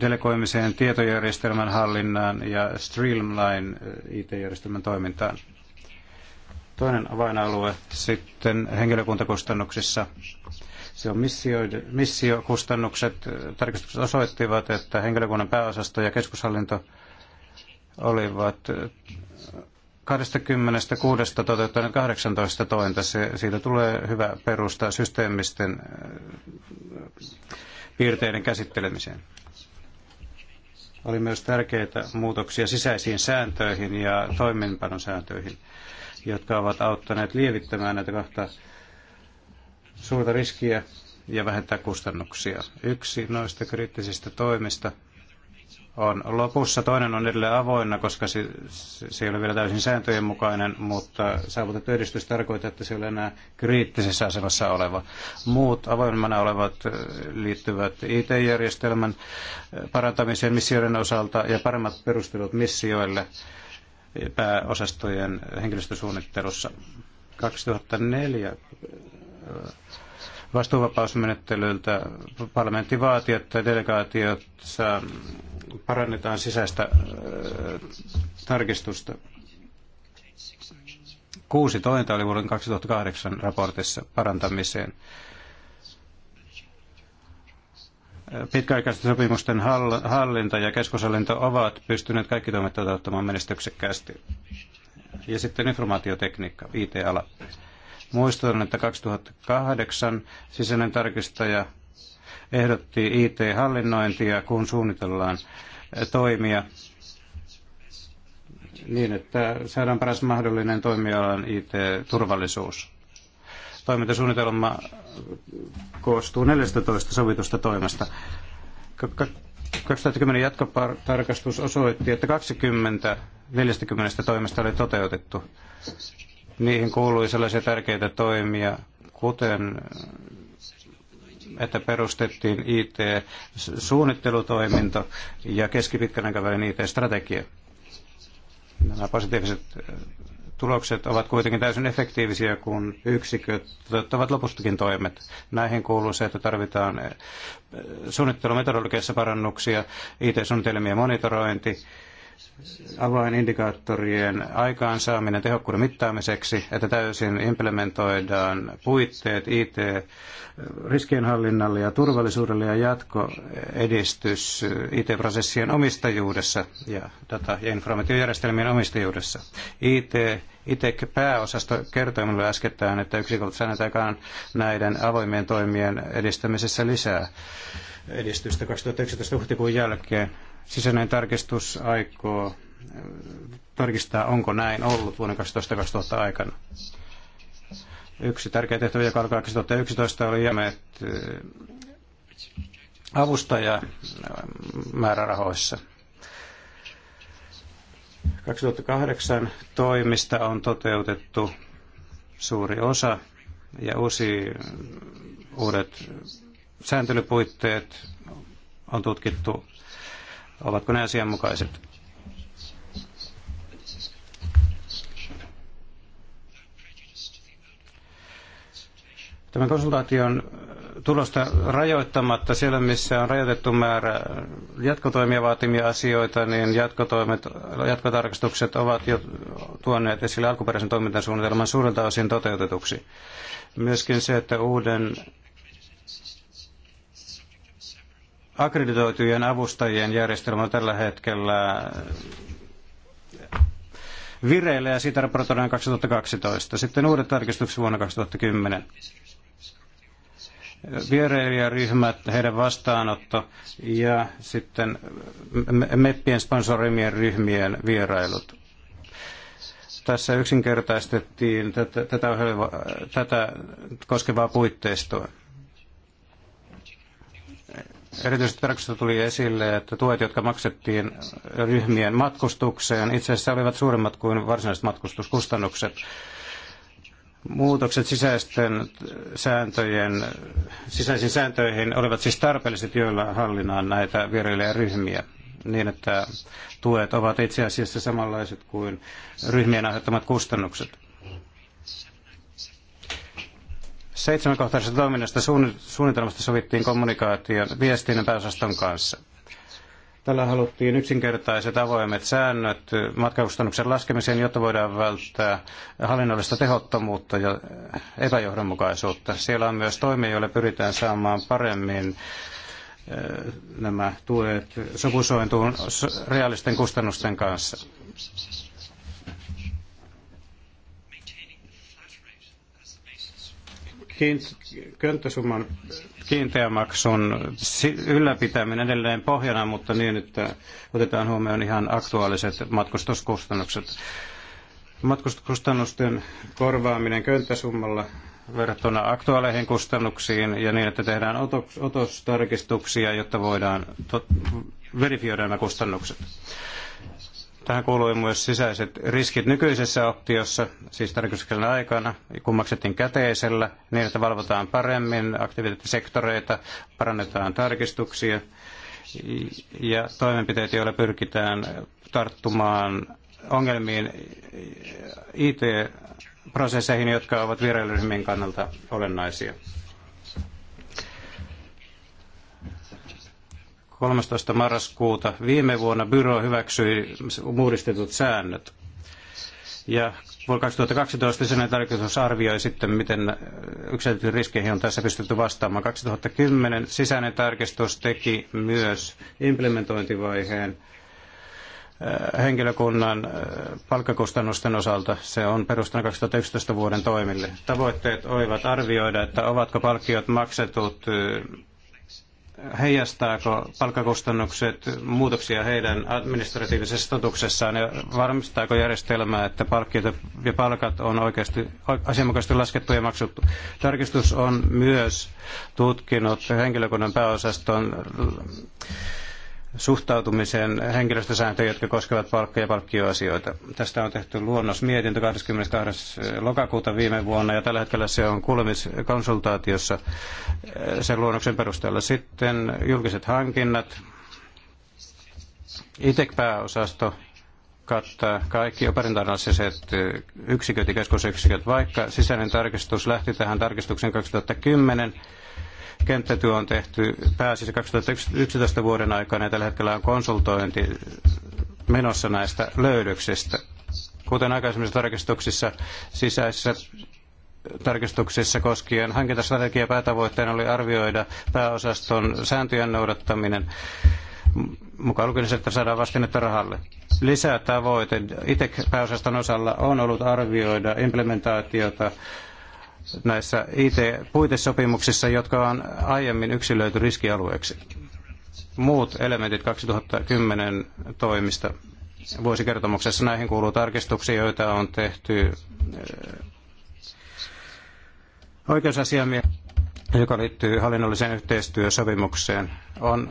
delegoimiseen, tietojärjestelmän hallinnaan ja Streamline eh, IT-järjestelmän toimintaan. Toinen avainalue sitten henkilökuntakustannuksissa. Se on missiokustannukset. Tarkistukset osoittivat, että henkilökunnan pääosasto ja keskushallinto olivat eh, 26 toteuttaneet kahdeksantoista tointa. Se, siitä tulee hyvä perusta systeemisten äh, piirteiden käsittelemiseen. Oli myös tärkeitä muutoksia sisäisiin sääntöihin ja sääntöihin, jotka ovat auttaneet lievittämään näitä kahta suurta riskiä ja vähentää kustannuksia. Yksi noista kriittisistä toimista on lopussa. Toinen on edelleen avoinna, koska se, se ei ole vielä täysin sääntöjen mukainen, mutta saavutettu edistys tarkoittaa, että se ei ole enää kriittisessä asemassa oleva. Muut avoimena olevat liittyvät IT-järjestelmän parantamiseen missioiden osalta ja paremmat perustelut missioille pääosastojen henkilöstösuunnittelussa. 2004 vastuuvapausmenettelyltä parlamentti vaati, että delegaatiossa parannetaan sisäistä tarkistusta. Kuusi tointa oli vuoden 2008 raportissa parantamiseen. Pitkäaikaisten sopimusten hallinta ja keskushallinto ovat pystyneet kaikki toimet toteuttamaan menestyksekkäästi. Ja sitten informaatiotekniikka, IT-ala. Muistutan, että 2008 sisäinen tarkistaja ehdotti IT-hallinnointia, kun suunnitellaan eh, toimia niin, että saadaan paras mahdollinen toimialan IT-turvallisuus. Toimintasuunnitelma koostuu 14 sovitusta toimesta. 2010 jatkotarkastus osoitti, että 20 40 toimesta oli toteutettu. Niihin kuului sellaisia tärkeitä toimia, kuten että perustettiin IT-suunnittelutoiminto ja keskipitkän aikavälin IT-strategia. Nämä positiiviset eh, tulokset ovat kuitenkin täysin efektiivisiä, kun yksiköt toteuttavat lopustakin toimet. Näihin kuuluu se, että tarvitaan eh, suunnittelumetodologiassa parannuksia, IT-suunnitelmien monitorointi, avainindikaattorien aikaansaaminen tehokkuuden mittaamiseksi, että täysin implementoidaan puitteet IT eh, riskienhallinnalle ja turvallisuudelle ja jatkoedistys eh, IT-prosessien omistajuudessa ja data- ja informaatiojärjestelmien omistajuudessa. IT itse pääosasto kertoi minulle äskettäin, että yksiköt sanotaan näiden avoimien toimien edistämisessä lisää edistystä 2019 huhtikuun jälkeen Sisäinen tarkistus aikoo äh, tarkistaa, onko näin ollut vuonna 2012-2000 aikana. Yksi tärkeä tehtävä, joka alkaa 2011, oli jämeet äh, avustaja äh, määrärahoissa. 2008 toimista on toteutettu suuri osa ja uusi, uudet sääntelypuitteet on tutkittu Ovatko ne asianmukaiset? Tämän konsultaation tulosta rajoittamatta siellä, missä on rajoitettu määrä jatkotoimia vaatimia asioita, niin jatkotoimet, jatkotarkastukset ovat jo tuoneet esille alkuperäisen toimintasuunnitelman suurelta osin toteutetuksi. Myöskin se, että uuden akkreditoitujen avustajien järjestelmä on tällä hetkellä vireillä ja siitä raportoidaan 2012. Sitten uudet tarkistukset vuonna 2010. Vierailijäryhmät, heidän vastaanotto ja sitten meppien sponsorimien ryhmien vierailut. Tässä yksinkertaistettiin tätä, tätä, tätä koskevaa puitteistoa. Erityisesti tarkastuksessa tuli esille, että tuet, jotka maksettiin ryhmien matkustukseen, itse asiassa olivat suuremmat kuin varsinaiset matkustuskustannukset. Muutokset sisäisten sääntöjen, sisäisiin sääntöihin olivat siis tarpeelliset, joilla hallinnaan näitä vierailijaryhmiä niin, että tuet ovat itse asiassa samanlaiset kuin ryhmien aiheuttamat kustannukset. Seitsemänkohtaisesta toiminnasta suunnitelmasta sovittiin kommunikaation viestinnän pääosaston kanssa. Tällä haluttiin yksinkertaiset avoimet säännöt matkakustannuksen laskemiseen, jotta voidaan välttää hallinnollista tehottomuutta ja epäjohdonmukaisuutta. Siellä on myös toimia, joilla pyritään saamaan paremmin eh, nämä tuet sopusointuun realisten kustannusten kanssa. könttäsumman kiinteämaksun ylläpitäminen edelleen pohjana, mutta niin, että otetaan huomioon ihan aktuaaliset matkustuskustannukset. Matkustuskustannusten korvaaminen könttäsummalla verrattuna aktuaaleihin kustannuksiin ja niin, että tehdään otostarkistuksia, jotta voidaan tot, verifioida nämä kustannukset. Tähän kuului myös sisäiset riskit nykyisessä optiossa, siis tarkistuskellon aikana, kun maksettiin käteisellä, niin että valvotaan paremmin aktiviteettisektoreita, parannetaan tarkistuksia ja toimenpiteitä joilla pyrkitään tarttumaan ongelmiin IT-prosesseihin, jotka ovat virheryhmien kannalta olennaisia. 13. marraskuuta viime vuonna byro hyväksyi uudistetut säännöt. Ja vuonna 2012 sen tarkoitus arvioi sitten, miten yksilöityihin riskeihin on tässä pystytty vastaamaan. 2010 sisäinen tarkistus teki myös implementointivaiheen äh, henkilökunnan äh, palkkakustannusten osalta. Se on perustana 2011 vuoden toimille. Tavoitteet olivat arvioida, että ovatko palkkiot maksetut äh, heijastaako palkkakustannukset muutoksia heidän administratiivisessa statuksessaan ja varmistaako järjestelmä, että palkkiot ja palkat on oikeasti asianmukaisesti laskettu ja maksuttu. Tarkistus on myös tutkinut henkilökunnan pääosaston suhtautumiseen henkilöstösääntöjä, jotka koskevat palkka- ja palkkioasioita. Tästä on tehty luonnos mietintö 22. lokakuuta viime vuonna ja tällä hetkellä se on kuulemiskonsultaatiossa äh, sen luonnoksen perusteella. Sitten julkiset hankinnat. ITEC-pääosasto kattaa kaikki operintoanalysiset äh, yksiköt ja keskusyksiköt, vaikka sisäinen tarkistus lähti tähän tarkistuksen 2010 Kenttätyö on tehty pääasiassa 2011 vuoden aikana ja tällä hetkellä on konsultointi menossa näistä löydöksistä. Kuten aikaisemmissa tarkistuksissa sisäisissä tarkistuksissa koskien hankintastrategia päätavoitteena oli arvioida pääosaston sääntöjen noudattaminen mukaan lukien että saadaan vastinetta rahalle. Lisätavoite ITEC-pääosaston osalla on ollut arvioida implementaatiota näissä IT-puitesopimuksissa, jotka on aiemmin yksilöity riskialueeksi. Muut elementit 2010 toimista vuosikertomuksessa näihin kuuluu tarkistuksia, joita on tehty eh, oikeusasiamies, joka liittyy hallinnolliseen yhteistyösopimukseen, on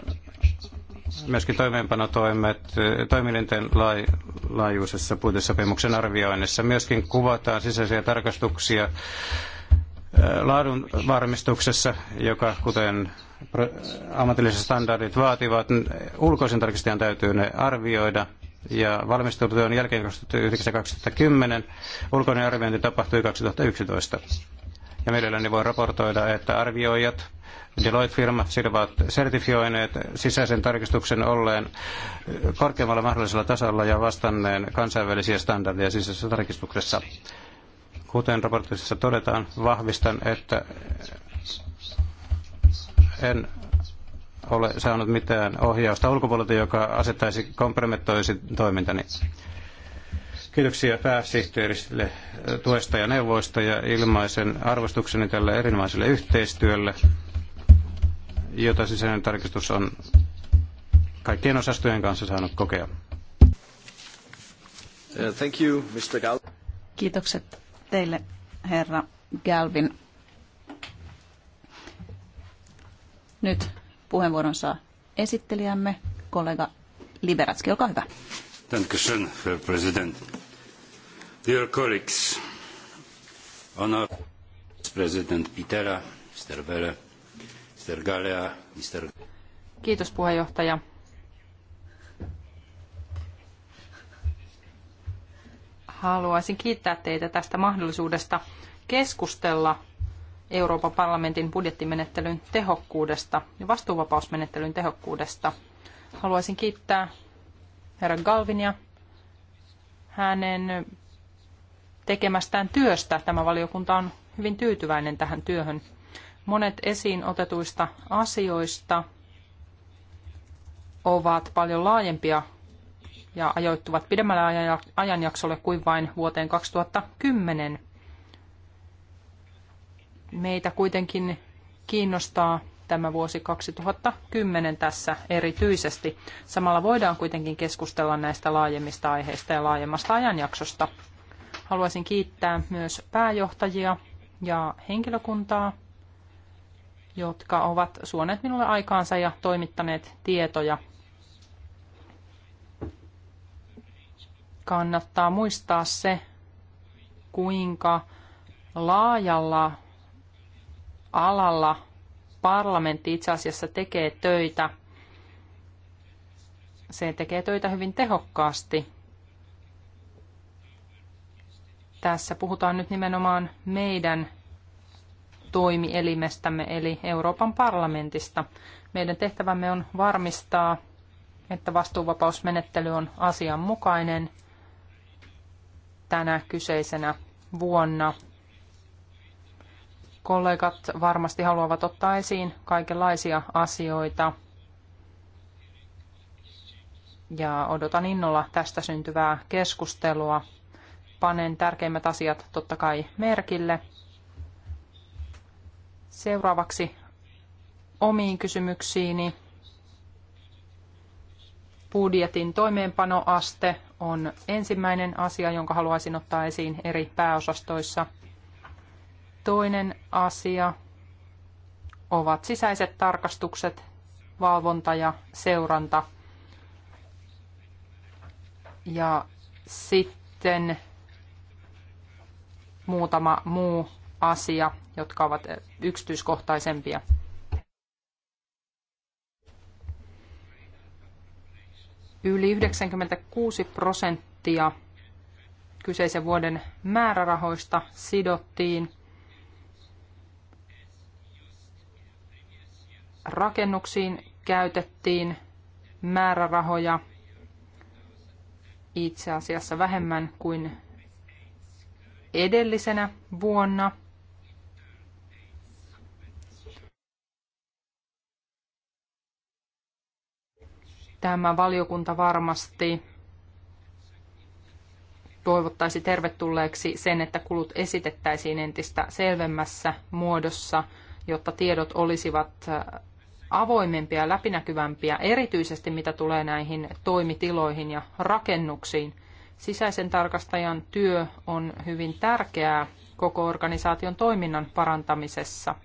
myöskin toimeenpanotoimet eh, toimielinten laaj- laajuisessa puitesopimuksen arvioinnissa. Myöskin kuvataan sisäisiä tarkastuksia Laadunvarmistuksessa, joka kuten ammatilliset standardit vaativat, ulkoisen tarkistajan täytyy ne arvioida. Ja valmistelutyön jälkeen 2009-2010 ulkoinen arviointi tapahtui 2011. Ja mielelläni voi raportoida, että arvioijat, Deloitte-firma, ovat sertifioineet sisäisen tarkistuksen olleen korkeammalla mahdollisella tasolla ja vastanneen kansainvälisiä standardeja sisäisessä tarkistuksessa. Kuten raportissa todetaan, vahvistan, että en ole saanut mitään ohjausta ulkopuolelta, joka asettaisi, kompromettoisi toimintani. Kiitoksia pääsihteerille tuesta ja neuvoista ja ilmaisen arvostukseni tälle erinomaiselle yhteistyölle, jota sisäinen tarkistus on kaikkien osastojen kanssa saanut kokea. Uh, thank you, Mr. Gal- Kiitokset teille, herra Galvin. Nyt puheenvuoron saa esittelijämme, kollega Liberatski, olkaa hyvä. Dankeschön, Herr President. Dear colleagues, honor President Pitera, Mr. Vere, Mr. Galea, Mr. Kiitos puheenjohtaja. haluaisin kiittää teitä tästä mahdollisuudesta keskustella Euroopan parlamentin budjettimenettelyn tehokkuudesta ja vastuuvapausmenettelyn tehokkuudesta. Haluaisin kiittää herra Galvinia hänen tekemästään työstä. Tämä valiokunta on hyvin tyytyväinen tähän työhön. Monet esiin otetuista asioista ovat paljon laajempia ja ajoittuvat pidemmälle ajanjaksolle kuin vain vuoteen 2010. Meitä kuitenkin kiinnostaa tämä vuosi 2010 tässä erityisesti. Samalla voidaan kuitenkin keskustella näistä laajemmista aiheista ja laajemmasta ajanjaksosta. Haluaisin kiittää myös pääjohtajia ja henkilökuntaa, jotka ovat suoneet minulle aikaansa ja toimittaneet tietoja kannattaa muistaa se, kuinka laajalla alalla parlamentti itse asiassa tekee töitä. Se tekee töitä hyvin tehokkaasti. Tässä puhutaan nyt nimenomaan meidän toimielimestämme eli Euroopan parlamentista. Meidän tehtävämme on varmistaa, että vastuuvapausmenettely on asianmukainen – tänä kyseisenä vuonna. Kollegat varmasti haluavat ottaa esiin kaikenlaisia asioita ja odotan innolla tästä syntyvää keskustelua. Panen tärkeimmät asiat totta kai merkille. Seuraavaksi omiin kysymyksiini budjetin toimeenpanoaste on ensimmäinen asia, jonka haluaisin ottaa esiin eri pääosastoissa. Toinen asia ovat sisäiset tarkastukset, valvonta ja seuranta. Ja sitten muutama muu asia, jotka ovat yksityiskohtaisempia. yli 96 prosenttia kyseisen vuoden määrärahoista sidottiin rakennuksiin käytettiin määrärahoja itse asiassa vähemmän kuin edellisenä vuonna – Tämä valiokunta varmasti toivottaisi tervetulleeksi sen, että kulut esitettäisiin entistä selvemmässä muodossa, jotta tiedot olisivat äh, avoimempia ja läpinäkyvämpiä, erityisesti mitä tulee näihin toimitiloihin ja rakennuksiin. Sisäisen tarkastajan työ on hyvin tärkeää koko organisaation toiminnan parantamisessa.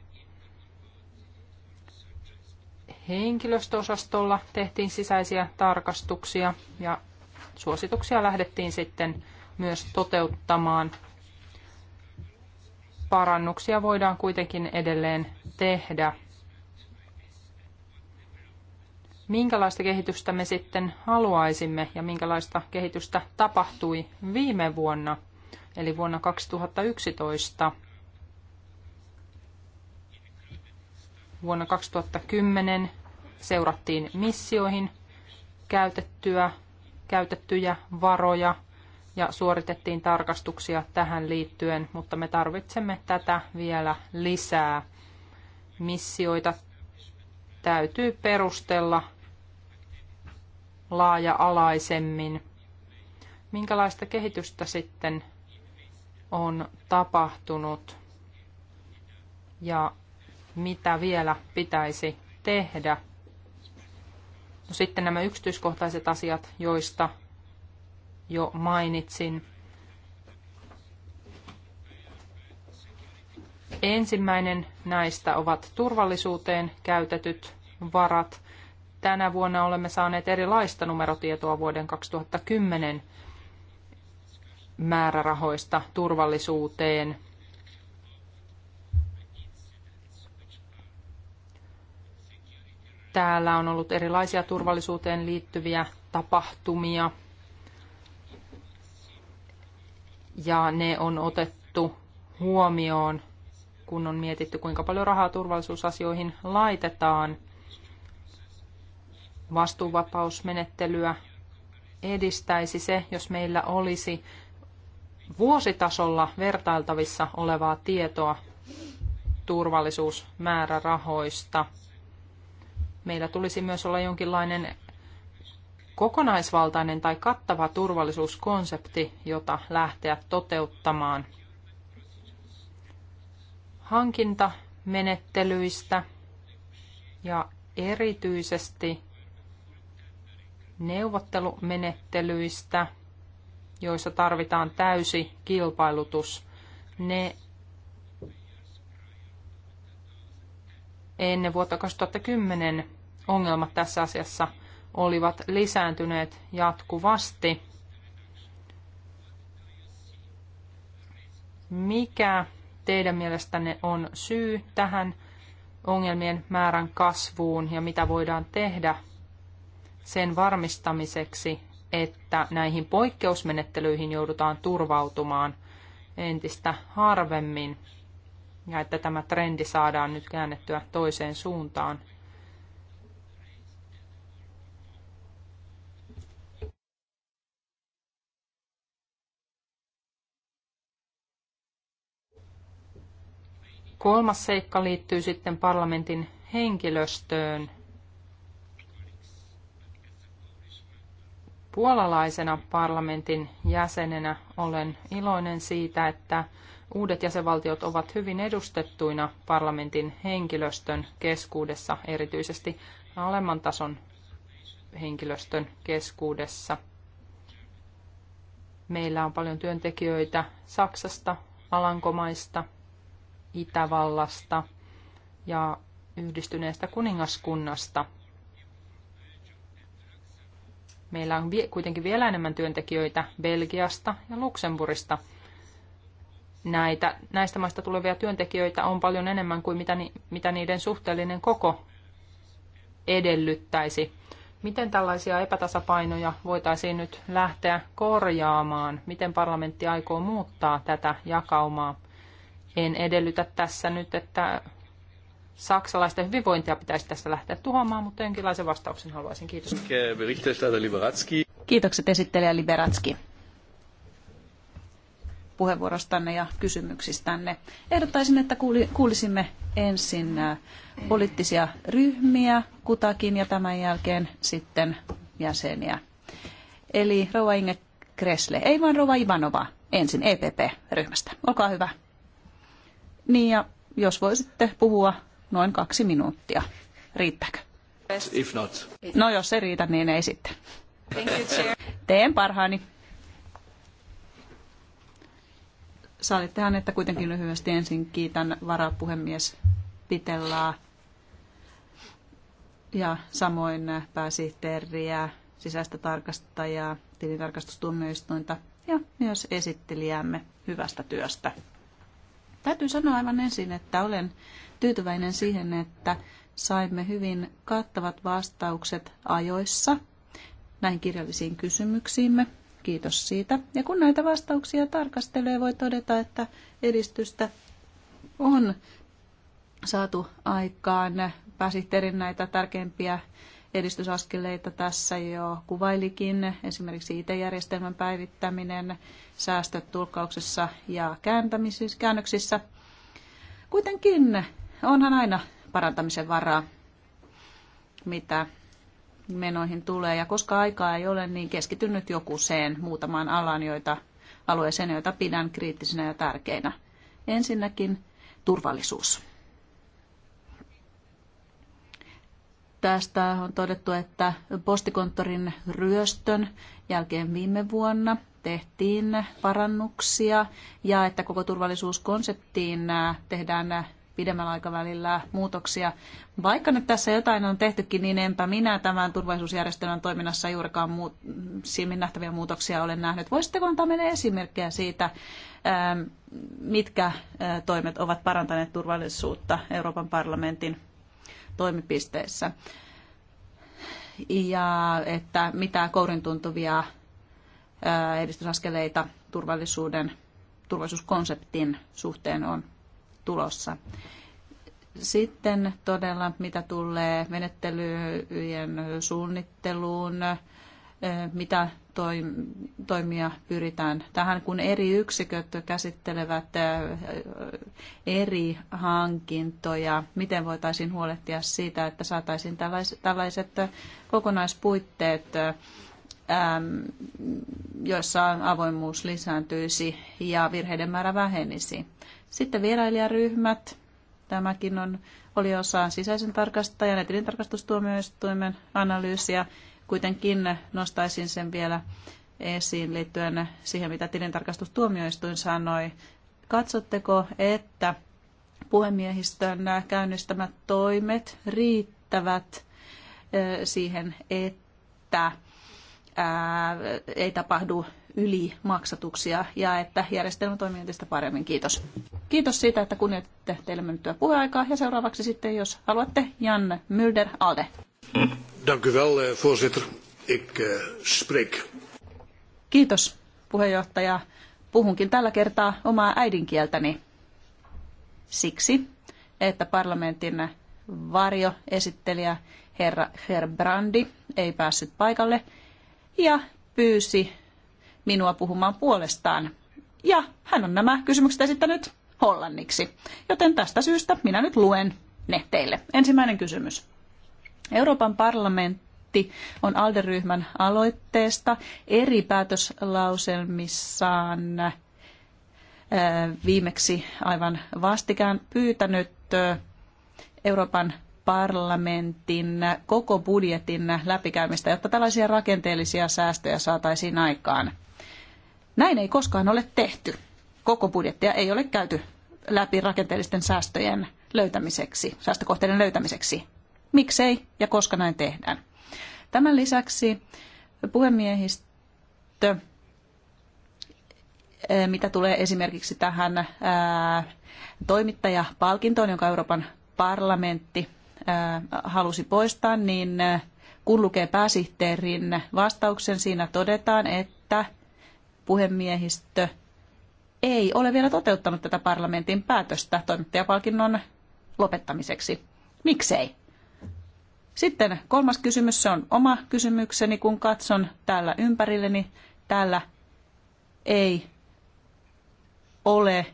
henkilöstöosastolla tehtiin sisäisiä tarkastuksia ja suosituksia lähdettiin sitten myös toteuttamaan. Parannuksia voidaan kuitenkin edelleen tehdä. Minkälaista kehitystä me sitten haluaisimme ja minkälaista kehitystä tapahtui viime vuonna, eli vuonna 2011? Vuonna 2010 seurattiin missioihin käytettyä, käytettyjä varoja ja suoritettiin tarkastuksia tähän liittyen, mutta me tarvitsemme tätä vielä lisää. Missioita täytyy perustella laaja-alaisemmin. Minkälaista kehitystä sitten on tapahtunut ja mitä vielä pitäisi tehdä? No sitten nämä yksityiskohtaiset asiat, joista jo mainitsin. Ensimmäinen näistä ovat turvallisuuteen käytetyt varat. Tänä vuonna olemme saaneet erilaista numerotietoa vuoden 2010 määrärahoista turvallisuuteen – Täällä on ollut erilaisia turvallisuuteen liittyviä tapahtumia ja ne on otettu huomioon, kun on mietitty, kuinka paljon rahaa turvallisuusasioihin laitetaan. Vastuuvapausmenettelyä edistäisi se, jos meillä olisi vuositasolla vertailtavissa olevaa tietoa turvallisuusmäärärahoista – Meillä tulisi myös olla jonkinlainen kokonaisvaltainen tai kattava turvallisuuskonsepti, jota lähteä toteuttamaan. Hankintamenettelyistä ja erityisesti neuvottelumenettelyistä, joissa tarvitaan täysi kilpailutus. Ne ennen vuotta 2010 ongelmat tässä asiassa olivat lisääntyneet jatkuvasti. Mikä teidän mielestänne on syy tähän ongelmien määrän kasvuun ja mitä voidaan tehdä sen varmistamiseksi, että näihin poikkeusmenettelyihin joudutaan turvautumaan entistä harvemmin? ja että tämä trendi saadaan nyt käännettyä toiseen suuntaan. Kolmas seikka liittyy sitten parlamentin henkilöstöön. Puolalaisena parlamentin jäsenenä olen iloinen siitä, että Uudet jäsenvaltiot ovat hyvin edustettuina parlamentin henkilöstön keskuudessa, erityisesti alemman tason henkilöstön keskuudessa. Meillä on paljon työntekijöitä Saksasta, Alankomaista, Itävallasta ja yhdistyneestä kuningaskunnasta. Meillä on kuitenkin vielä enemmän työntekijöitä Belgiasta ja Luxemburista – näitä, näistä maista tulevia työntekijöitä on paljon enemmän kuin mitä, ni, mitä niiden suhteellinen koko edellyttäisi. Miten tällaisia epätasapainoja voitaisiin nyt lähteä korjaamaan? Miten parlamentti aikoo muuttaa tätä jakaumaa? En edellytä tässä nyt, että saksalaisten hyvinvointia pitäisi tässä lähteä tuhoamaan, mutta jonkinlaisen vastauksen haluaisin. Kiitos. Kiitokset esittelijä Liberatski puheenvuorostanne ja kysymyksistänne. Ehdottaisin, että kuulisimme ensin poliittisia ryhmiä kutakin ja tämän jälkeen sitten jäseniä. Eli Rova Inge Kresle, ei vaan Rova Ivanova ensin EPP-ryhmästä. Olkaa hyvä. Niin ja jos voisitte puhua noin kaksi minuuttia. Riittääkö? If not. No jos ei riitä, niin ei sitten. Thank you, Teen parhaani. sallittehan, että kuitenkin lyhyesti ensin kiitän varapuhemies Pitellaa ja samoin pääsihteeriä, sisäistä tarkastajaa, tilintarkastustuomioistuinta ja myös esittelijämme hyvästä työstä. Täytyy sanoa aivan ensin, että olen tyytyväinen siihen, että saimme hyvin kattavat vastaukset ajoissa näihin kirjallisiin kysymyksiimme. Kiitos siitä. Ja kun näitä vastauksia tarkastelee, voi todeta, että edistystä on saatu aikaan. Pääsihteerin näitä tärkeimpiä edistysaskeleita tässä jo kuvailikin, esimerkiksi IT-järjestelmän päivittäminen, säästöt tulkkauksessa ja käännöksissä. Kuitenkin onhan aina parantamisen varaa, mitä menoihin tulee. Ja koska aikaa ei ole, niin keskityn nyt jokuseen muutamaan alaan, joita, alueeseen, joita pidän kriittisinä ja tärkeinä. Ensinnäkin turvallisuus. Tästä on todettu, että postikonttorin ryöstön jälkeen viime vuonna tehtiin parannuksia ja että koko turvallisuuskonseptiin äh, tehdään äh, pidemmällä aikavälillä muutoksia. Vaikka nyt tässä jotain on tehtykin, niin enpä minä tämän turvallisuusjärjestelmän toiminnassa juurikaan muu- silmin nähtäviä muutoksia olen nähnyt. Voisitteko antaa meille esimerkkejä siitä, ähm, mitkä äh, toimet ovat parantaneet turvallisuutta Euroopan parlamentin toimipisteissä? Ja että mitä kourin tuntuvia äh, edistysaskeleita turvallisuuden, turvallisuuskonseptin suhteen on tulossa. Sitten todella, mitä tulee menettelyjen suunnitteluun, mitä toimia pyritään tähän, kun eri yksiköt käsittelevät eri hankintoja, miten voitaisiin huolehtia siitä, että saataisiin tällaiset kokonaispuitteet Ähm, joissa avoimuus lisääntyisi ja virheiden määrä vähenisi. Sitten vierailijaryhmät. Tämäkin on, oli osa sisäisen tarkastajan ja tilintarkastustuomioistuimen analyysiä. Kuitenkin nostaisin sen vielä esiin liittyen siihen, mitä tilintarkastustuomioistuin sanoi. Katsotteko, että puhemiehistön käynnistämät toimet riittävät siihen, että ää, ei tapahdu ylimaksatuksia ja että järjestelmä toimii entistä paremmin. Kiitos. Kiitos siitä, että kunnioititte teille mennyttyä puheaikaa ja seuraavaksi sitten, jos haluatte, Jan Mylder, ALDE. Dank u wel, eh, voorzitter. Ik eh, spreek. Kiitos, puheenjohtaja. Puhunkin tällä kertaa omaa äidinkieltäni siksi, että parlamentin varjoesittelijä herra Herbrandi ei päässyt paikalle – ja pyysi minua puhumaan puolestaan. Ja hän on nämä kysymykset esittänyt hollanniksi. Joten tästä syystä minä nyt luen ne teille. Ensimmäinen kysymys. Euroopan parlamentti on Alderyhmän aloitteesta eri päätöslauselmissaan viimeksi aivan vastikään pyytänyt Euroopan parlamentin koko budjetin läpikäymistä, jotta tällaisia rakenteellisia säästöjä saataisiin aikaan. Näin ei koskaan ole tehty. Koko budjettia ei ole käyty läpi rakenteellisten säästöjen löytämiseksi, säästökohteiden löytämiseksi. Miksei ja koska näin tehdään? Tämän lisäksi puhemiehistö, mitä tulee esimerkiksi tähän toimittajapalkintoon, jonka Euroopan parlamentti halusi poistaa, niin kun lukee pääsihteerin vastauksen, siinä todetaan, että puhemiehistö ei ole vielä toteuttanut tätä parlamentin päätöstä toimittajapalkinnon lopettamiseksi. Miksei? Sitten kolmas kysymys, se on oma kysymykseni, kun katson täällä ympärilleni, täällä ei ole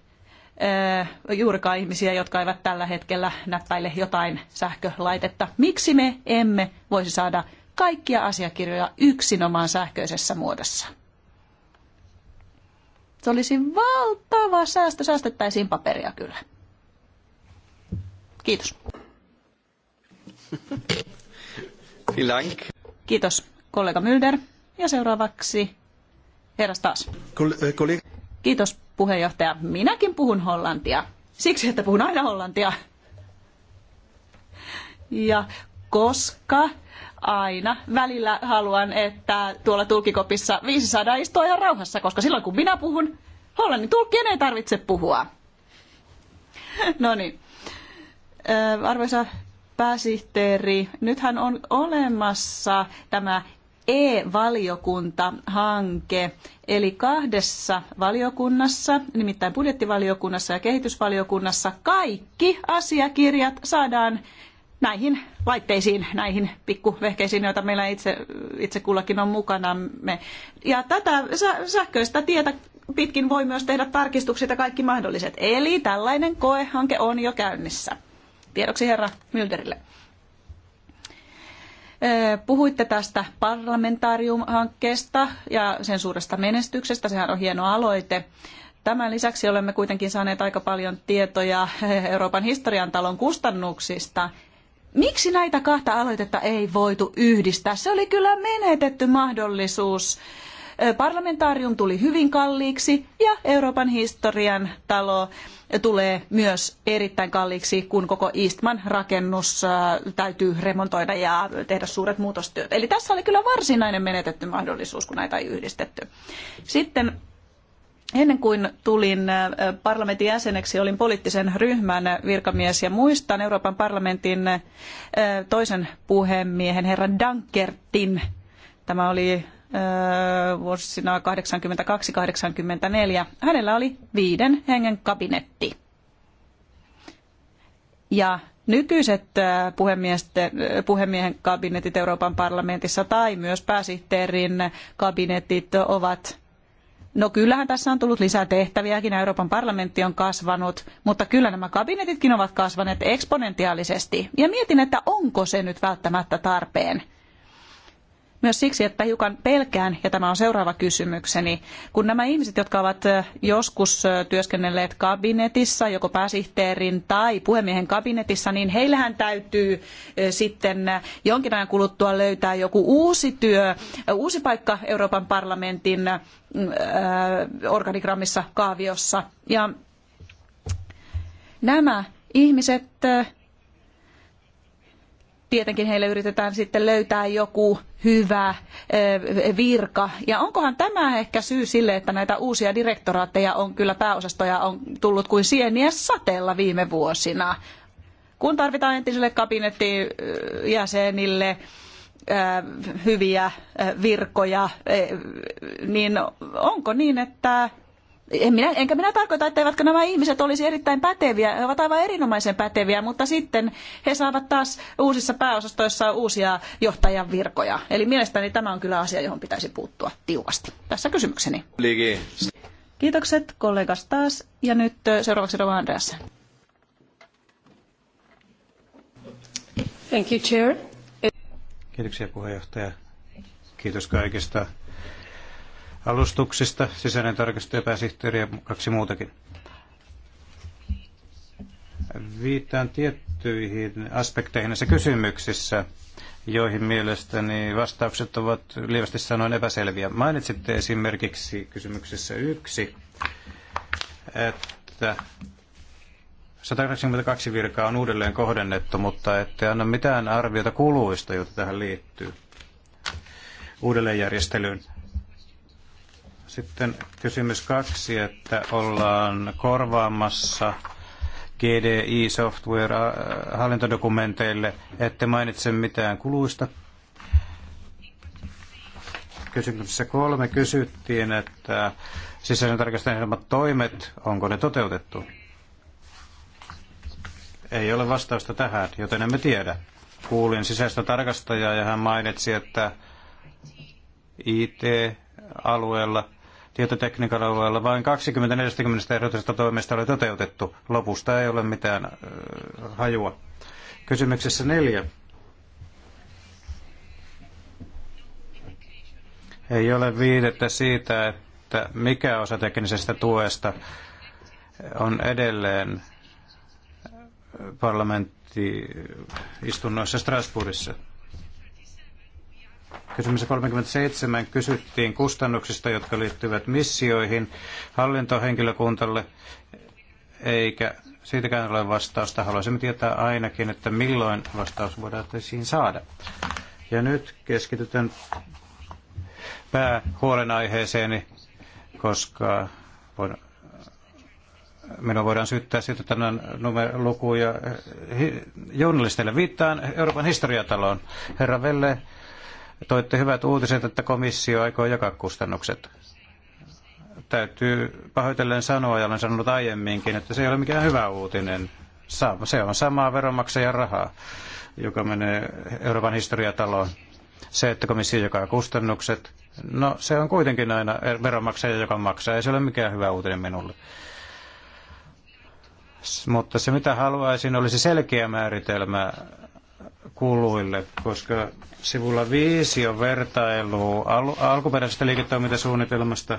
juurikaan ihmisiä, jotka eivät tällä hetkellä näppäile jotain sähkölaitetta. Miksi me emme voisi saada kaikkia asiakirjoja yksinomaan sähköisessä muodossa? Se olisi valtava säästö. Säästettäisiin paperia kyllä. Kiitos. Kiitos kollega Mylder. Ja seuraavaksi herras taas. Kol- Kiitos puheenjohtaja. Minäkin puhun hollantia. Siksi, että puhun aina hollantia. Ja koska aina välillä haluan, että tuolla tulkikopissa 500 saadaan istua ihan rauhassa, koska silloin kun minä puhun, hollannin tulkkien ei tarvitse puhua. No niin. Arvoisa pääsihteeri, nythän on olemassa tämä E-valiokunta-hanke, eli kahdessa valiokunnassa, nimittäin budjettivaliokunnassa ja kehitysvaliokunnassa, kaikki asiakirjat saadaan näihin laitteisiin, näihin pikkuvehkeisiin, joita meillä itse, itse kullakin on mukanamme. Ja tätä sähköistä tietä pitkin voi myös tehdä tarkistukset ja kaikki mahdolliset. Eli tällainen koehanke on jo käynnissä. Tiedoksi herra Mylderille. Puhuitte tästä parlamentaarium-hankkeesta ja sen suuresta menestyksestä. Sehän on hieno aloite. Tämän lisäksi olemme kuitenkin saaneet aika paljon tietoja Euroopan historian talon kustannuksista. Miksi näitä kahta aloitetta ei voitu yhdistää? Se oli kyllä menetetty mahdollisuus Parlamentaarium tuli hyvin kalliiksi ja Euroopan historian talo tulee myös erittäin kalliiksi, kun koko Eastman rakennus äh, täytyy remontoida ja tehdä suuret muutostyöt. Eli tässä oli kyllä varsinainen menetetty mahdollisuus, kun näitä ei yhdistetty. Sitten Ennen kuin tulin äh, parlamentin jäseneksi, olin poliittisen ryhmän virkamies ja muistan Euroopan parlamentin äh, toisen puhemiehen herran Dankertin. Tämä oli vuosina 82-84, hänellä oli viiden hengen kabinetti. Ja nykyiset puhemiehen kabinetit Euroopan parlamentissa tai myös pääsihteerin kabinetit ovat No kyllähän tässä on tullut lisää tehtäviäkin, Euroopan parlamentti on kasvanut, mutta kyllä nämä kabinetitkin ovat kasvaneet eksponentiaalisesti. Ja mietin, että onko se nyt välttämättä tarpeen myös siksi, että hiukan pelkään, ja tämä on seuraava kysymykseni, kun nämä ihmiset, jotka ovat joskus työskennelleet kabinetissa, joko pääsihteerin tai puhemiehen kabinetissa, niin heillähän täytyy sitten jonkin ajan kuluttua löytää joku uusi työ, uusi paikka Euroopan parlamentin organigrammissa, kaaviossa. Ja nämä ihmiset tietenkin heille yritetään sitten löytää joku hyvä virka. Ja onkohan tämä ehkä syy sille, että näitä uusia direktoraatteja on kyllä pääosastoja on tullut kuin sieniä sateella viime vuosina? Kun tarvitaan entisille kabinettijäsenille hyviä virkoja, niin onko niin, että en minä, enkä minä tarkoita, että eivätkö nämä ihmiset olisi erittäin päteviä, he ovat aivan erinomaisen päteviä, mutta sitten he saavat taas uusissa pääosastoissa uusia johtajan virkoja. Eli mielestäni tämä on kyllä asia, johon pitäisi puuttua tiukasti. Tässä kysymykseni. Ligi. Kiitokset kollegas taas ja nyt seuraavaksi Rova Andreas. Thank you, Chair. Kiitoksia puheenjohtaja. Kiitos kaikista alustuksista, sisäinen tarkastaja, pääsihteeri ja kaksi muutakin. Viittaan tiettyihin aspekteihin näissä kysymyksissä, joihin mielestäni vastaukset ovat lievästi sanoen epäselviä. Mainitsitte esimerkiksi kysymyksessä yksi, että 182 virkaa on uudelleen kohdennettu, mutta ette anna mitään arviota kuluista, joita tähän liittyy uudelleenjärjestelyyn. Sitten kysymys kaksi, että ollaan korvaamassa GDI Software äh, hallintodokumenteille. Ette mainitse mitään kuluista. Kysymyksessä kolme kysyttiin, että sisäisen tarkastajan toimet, onko ne toteutettu? Ei ole vastausta tähän, joten emme tiedä. Kuulin sisäistä tarkastajaa ja hän mainitsi, että IT-alueella tietotekniikan alueella vain 20-40 ehdotusta toimesta oli toteutettu. Lopusta ei ole mitään hajua. Kysymyksessä neljä. Ei ole viidettä siitä, että mikä osa teknisestä tuesta on edelleen parlamentti istunnoissa Strasbourgissa. Kysymys 37 kysyttiin kustannuksista, jotka liittyvät missioihin hallintohenkilökuntalle, eikä siitäkään ole vastausta. Haluaisimme tietää ainakin, että milloin vastaus voidaan siinä saada. Ja nyt keskitytään päähuolenaiheeseeni, koska voin, minua voidaan syyttää siitä tämän numero, lukuja journalisteille. Viittaan Euroopan historiataloon. Herra Velle Toitte hyvät uutiset, että komissio aikoo jakaa kustannukset. Täytyy pahoitellen sanoa, ja olen sanonut aiemminkin, että se ei ole mikään hyvä uutinen. Se on samaa veronmaksajan rahaa, joka menee Euroopan historiataloon. Se, että komissio jakaa kustannukset, no se on kuitenkin aina veronmaksaja, joka maksaa. Ei se ole mikään hyvä uutinen minulle mutta se mitä haluaisin olisi selkeä määritelmä kuluille, koska sivulla viisi on vertailu al- alkuperäisestä liiketoimintasuunnitelmasta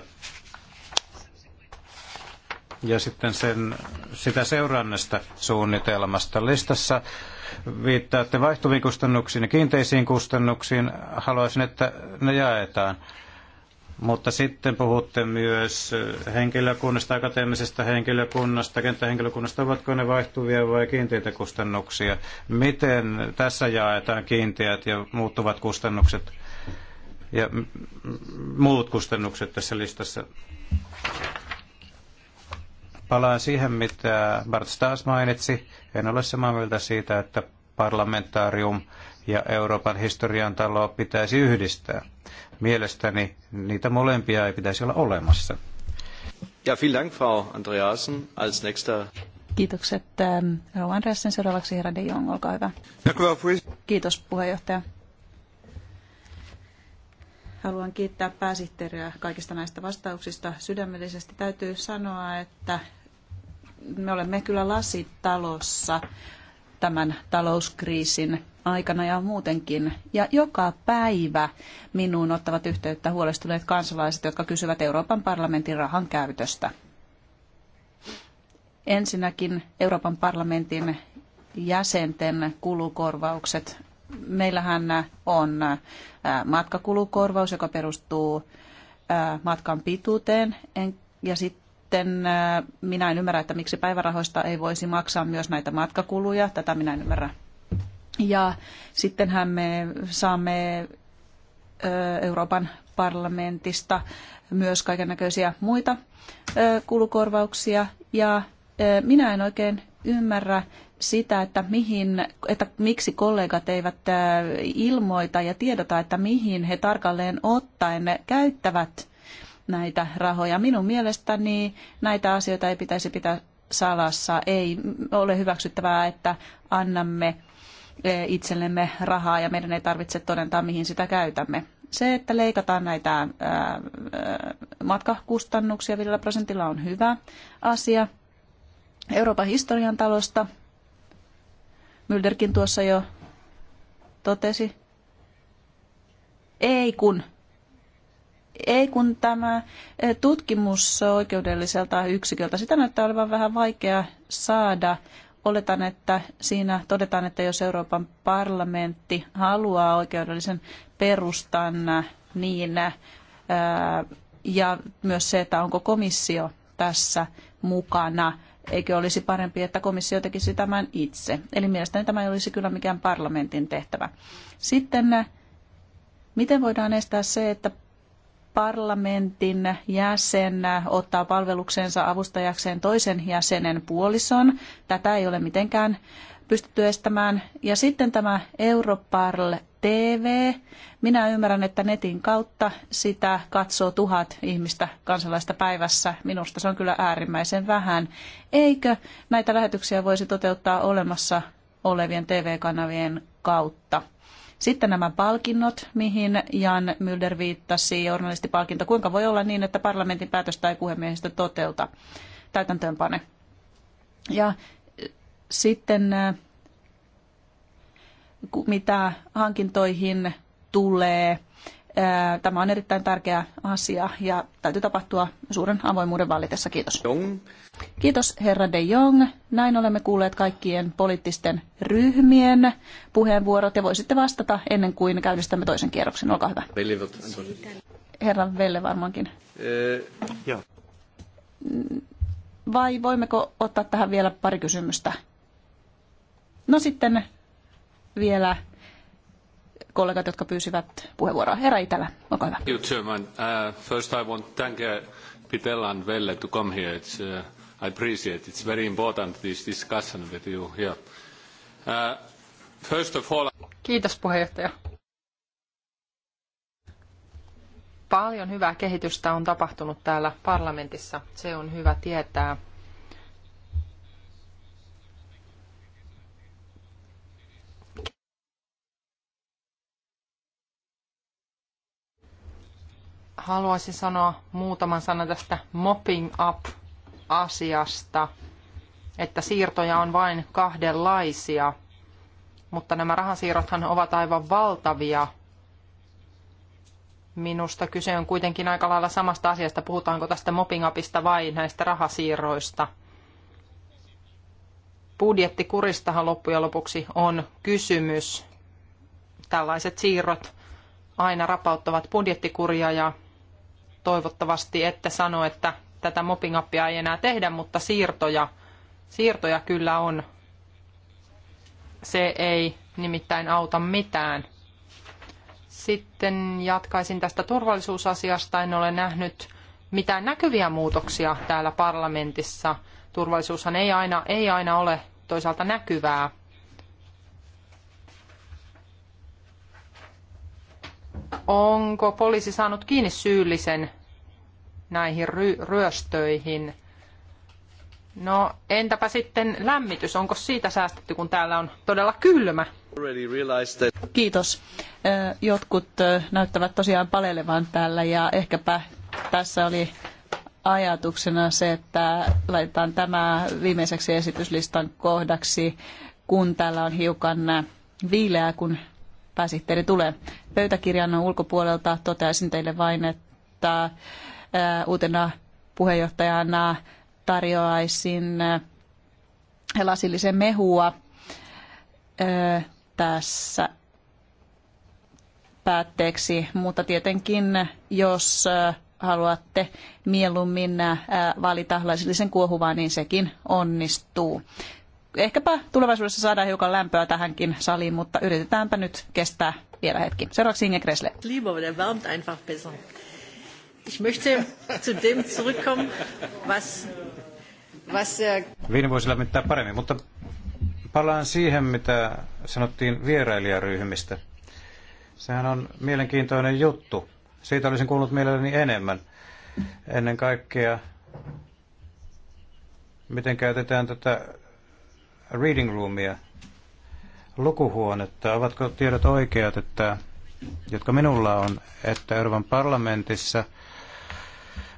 ja sitten sen, sitä seurannasta suunnitelmasta. Listassa viittaatte vaihtuviin kustannuksiin ja kiinteisiin kustannuksiin. Haluaisin, että ne jaetaan. Mutta sitten puhutte myös henkilökunnasta, akateemisesta henkilökunnasta, kenttähenkilökunnasta, ovatko ne vaihtuvia vai kiinteitä kustannuksia? Miten tässä jaetaan kiinteät ja muuttuvat kustannukset ja muut kustannukset tässä listassa? Palaan siihen, mitä Bart Stas mainitsi. En ole samaa mieltä siitä, että parlamentaarium ja Euroopan historian talo pitäisi yhdistää. Mielestäni niitä molempia ei pitäisi olla olemassa. Ja vielen Dank, Frau Andreasen. Als nächster... Kiitokset. Ähm, Rauha Andreasen seuraavaksi herra de Jong, olkaa hyvä. Kiitos puheenjohtaja. Haluan kiittää pääsihteeriä kaikista näistä vastauksista. Sydämellisesti täytyy sanoa, että me olemme kyllä lasitalossa, tämän talouskriisin aikana ja muutenkin. Ja joka päivä minuun ottavat yhteyttä huolestuneet kansalaiset, jotka kysyvät Euroopan parlamentin rahan käytöstä. Ensinnäkin Euroopan parlamentin jäsenten kulukorvaukset. Meillähän on äh, matkakulukorvaus, joka perustuu äh, matkan pituuteen, ja sitten sitten minä en ymmärrä, että miksi päivärahoista ei voisi maksaa myös näitä matkakuluja. Tätä minä en ymmärrä. Ja sittenhän me saamme Euroopan parlamentista myös kaiken näköisiä muita kulukorvauksia. Ja minä en oikein ymmärrä sitä, että, mihin, että miksi kollegat eivät ilmoita ja tiedota, että mihin he tarkalleen ottaen käyttävät näitä rahoja. Minun mielestäni näitä asioita ei pitäisi pitää salassa. Ei ole hyväksyttävää, että annamme e, itsellemme rahaa ja meidän ei tarvitse todentaa, mihin sitä käytämme. Se, että leikataan näitä matkakustannuksia 5 prosentilla on hyvä asia. Euroopan historian talosta, Mylderkin tuossa jo totesi, ei kun ei kun tämä eh, tutkimus oikeudelliselta yksiköltä, sitä näyttää olevan vähän vaikea saada. Oletan, että siinä todetaan, että jos Euroopan parlamentti haluaa oikeudellisen perustan, niin eh, ja myös se, että onko komissio tässä mukana, eikö olisi parempi, että komissio tekisi tämän itse. Eli mielestäni tämä ei olisi kyllä mikään parlamentin tehtävä. Sitten eh, Miten voidaan estää se, että parlamentin jäsen ottaa palveluksensa avustajakseen toisen jäsenen puolison. Tätä ei ole mitenkään pystytty estämään. Ja sitten tämä Europarl TV. Minä ymmärrän, että netin kautta sitä katsoo tuhat ihmistä kansalaista päivässä. Minusta se on kyllä äärimmäisen vähän. Eikö näitä lähetyksiä voisi toteuttaa olemassa olevien TV-kanavien kautta? Sitten nämä palkinnot, mihin Jan Mylder viittasi, journalistipalkinto. Kuinka voi olla niin, että parlamentin päätöstä ei puhemiehistö toteuta täytäntöönpane? Ja äh, sitten äh, mitä hankintoihin tulee, Tämä on erittäin tärkeä asia ja täytyy tapahtua suuren avoimuuden vallitessa. Kiitos. Jong. Kiitos herra de Jong. Näin olemme kuulleet kaikkien poliittisten ryhmien puheenvuorot ja voisitte vastata ennen kuin käynnistämme toisen kierroksen. Olkaa hyvä. Herra Velle varmaankin. Vai voimmeko ottaa tähän vielä pari kysymystä? No sitten vielä kollegat, jotka pyysivät puheenvuoroa. Herra Itälä, olkaa hyvä. You, Chairman. Uh, first I want to thank uh, Pitella and Velle to come here. It's, uh, I appreciate it. It's very important this discussion with you here. Uh, first of all... Kiitos puheenjohtaja. Paljon hyvää kehitystä on tapahtunut täällä parlamentissa. Se on hyvä tietää. haluaisin sanoa muutaman sanan tästä mopping up asiasta, että siirtoja on vain kahdenlaisia, mutta nämä rahasiirrothan ovat aivan valtavia. Minusta kyse on kuitenkin aika lailla samasta asiasta, puhutaanko tästä mopping upista vai näistä rahasiirroista. Budjettikuristahan loppujen lopuksi on kysymys. Tällaiset siirrot aina rapauttavat budjettikuria ja toivottavasti ette sano, että tätä moppingappia ei enää tehdä, mutta siirtoja, siirtoja kyllä on. Se ei nimittäin auta mitään. Sitten jatkaisin tästä turvallisuusasiasta. En ole nähnyt mitään näkyviä muutoksia täällä parlamentissa. Turvallisuushan ei aina, ei aina ole toisaalta näkyvää. Onko poliisi saanut kiinni syyllisen näihin ry- ryöstöihin? No entäpä sitten lämmitys, onko siitä säästetty, kun täällä on todella kylmä? Kiitos. Jotkut näyttävät tosiaan palelevan täällä ja ehkäpä tässä oli ajatuksena se, että laitetaan tämä viimeiseksi esityslistan kohdaksi, kun täällä on hiukan viileää, kun pääsihteeri tulee. Pöytäkirjan ulkopuolelta toteaisin teille vain, että äh, uutena puheenjohtajana tarjoaisin äh, lasillisen mehua äh, tässä päätteeksi, mutta tietenkin jos haluatte mieluummin valita lasillisen kuohuvaa, niin sekin onnistuu ehkäpä tulevaisuudessa saadaan hiukan lämpöä tähänkin saliin, mutta yritetäänpä nyt kestää vielä hetki. Seuraavaksi Inge Kresle. Lieber, der wärmt einfach besser. Ich möchte zu dem zurückkommen, was, was... Äh, Viini voisi lämmittää paremmin, mutta palaan siihen, mitä sanottiin vierailijaryhmistä. Sehän on mielenkiintoinen juttu. Siitä olisin kuullut mielelläni enemmän. Ennen kaikkea, miten käytetään tätä reading roomia, lukuhuonetta. Ovatko tiedot oikeat, että, jotka minulla on, että Euroopan parlamentissa,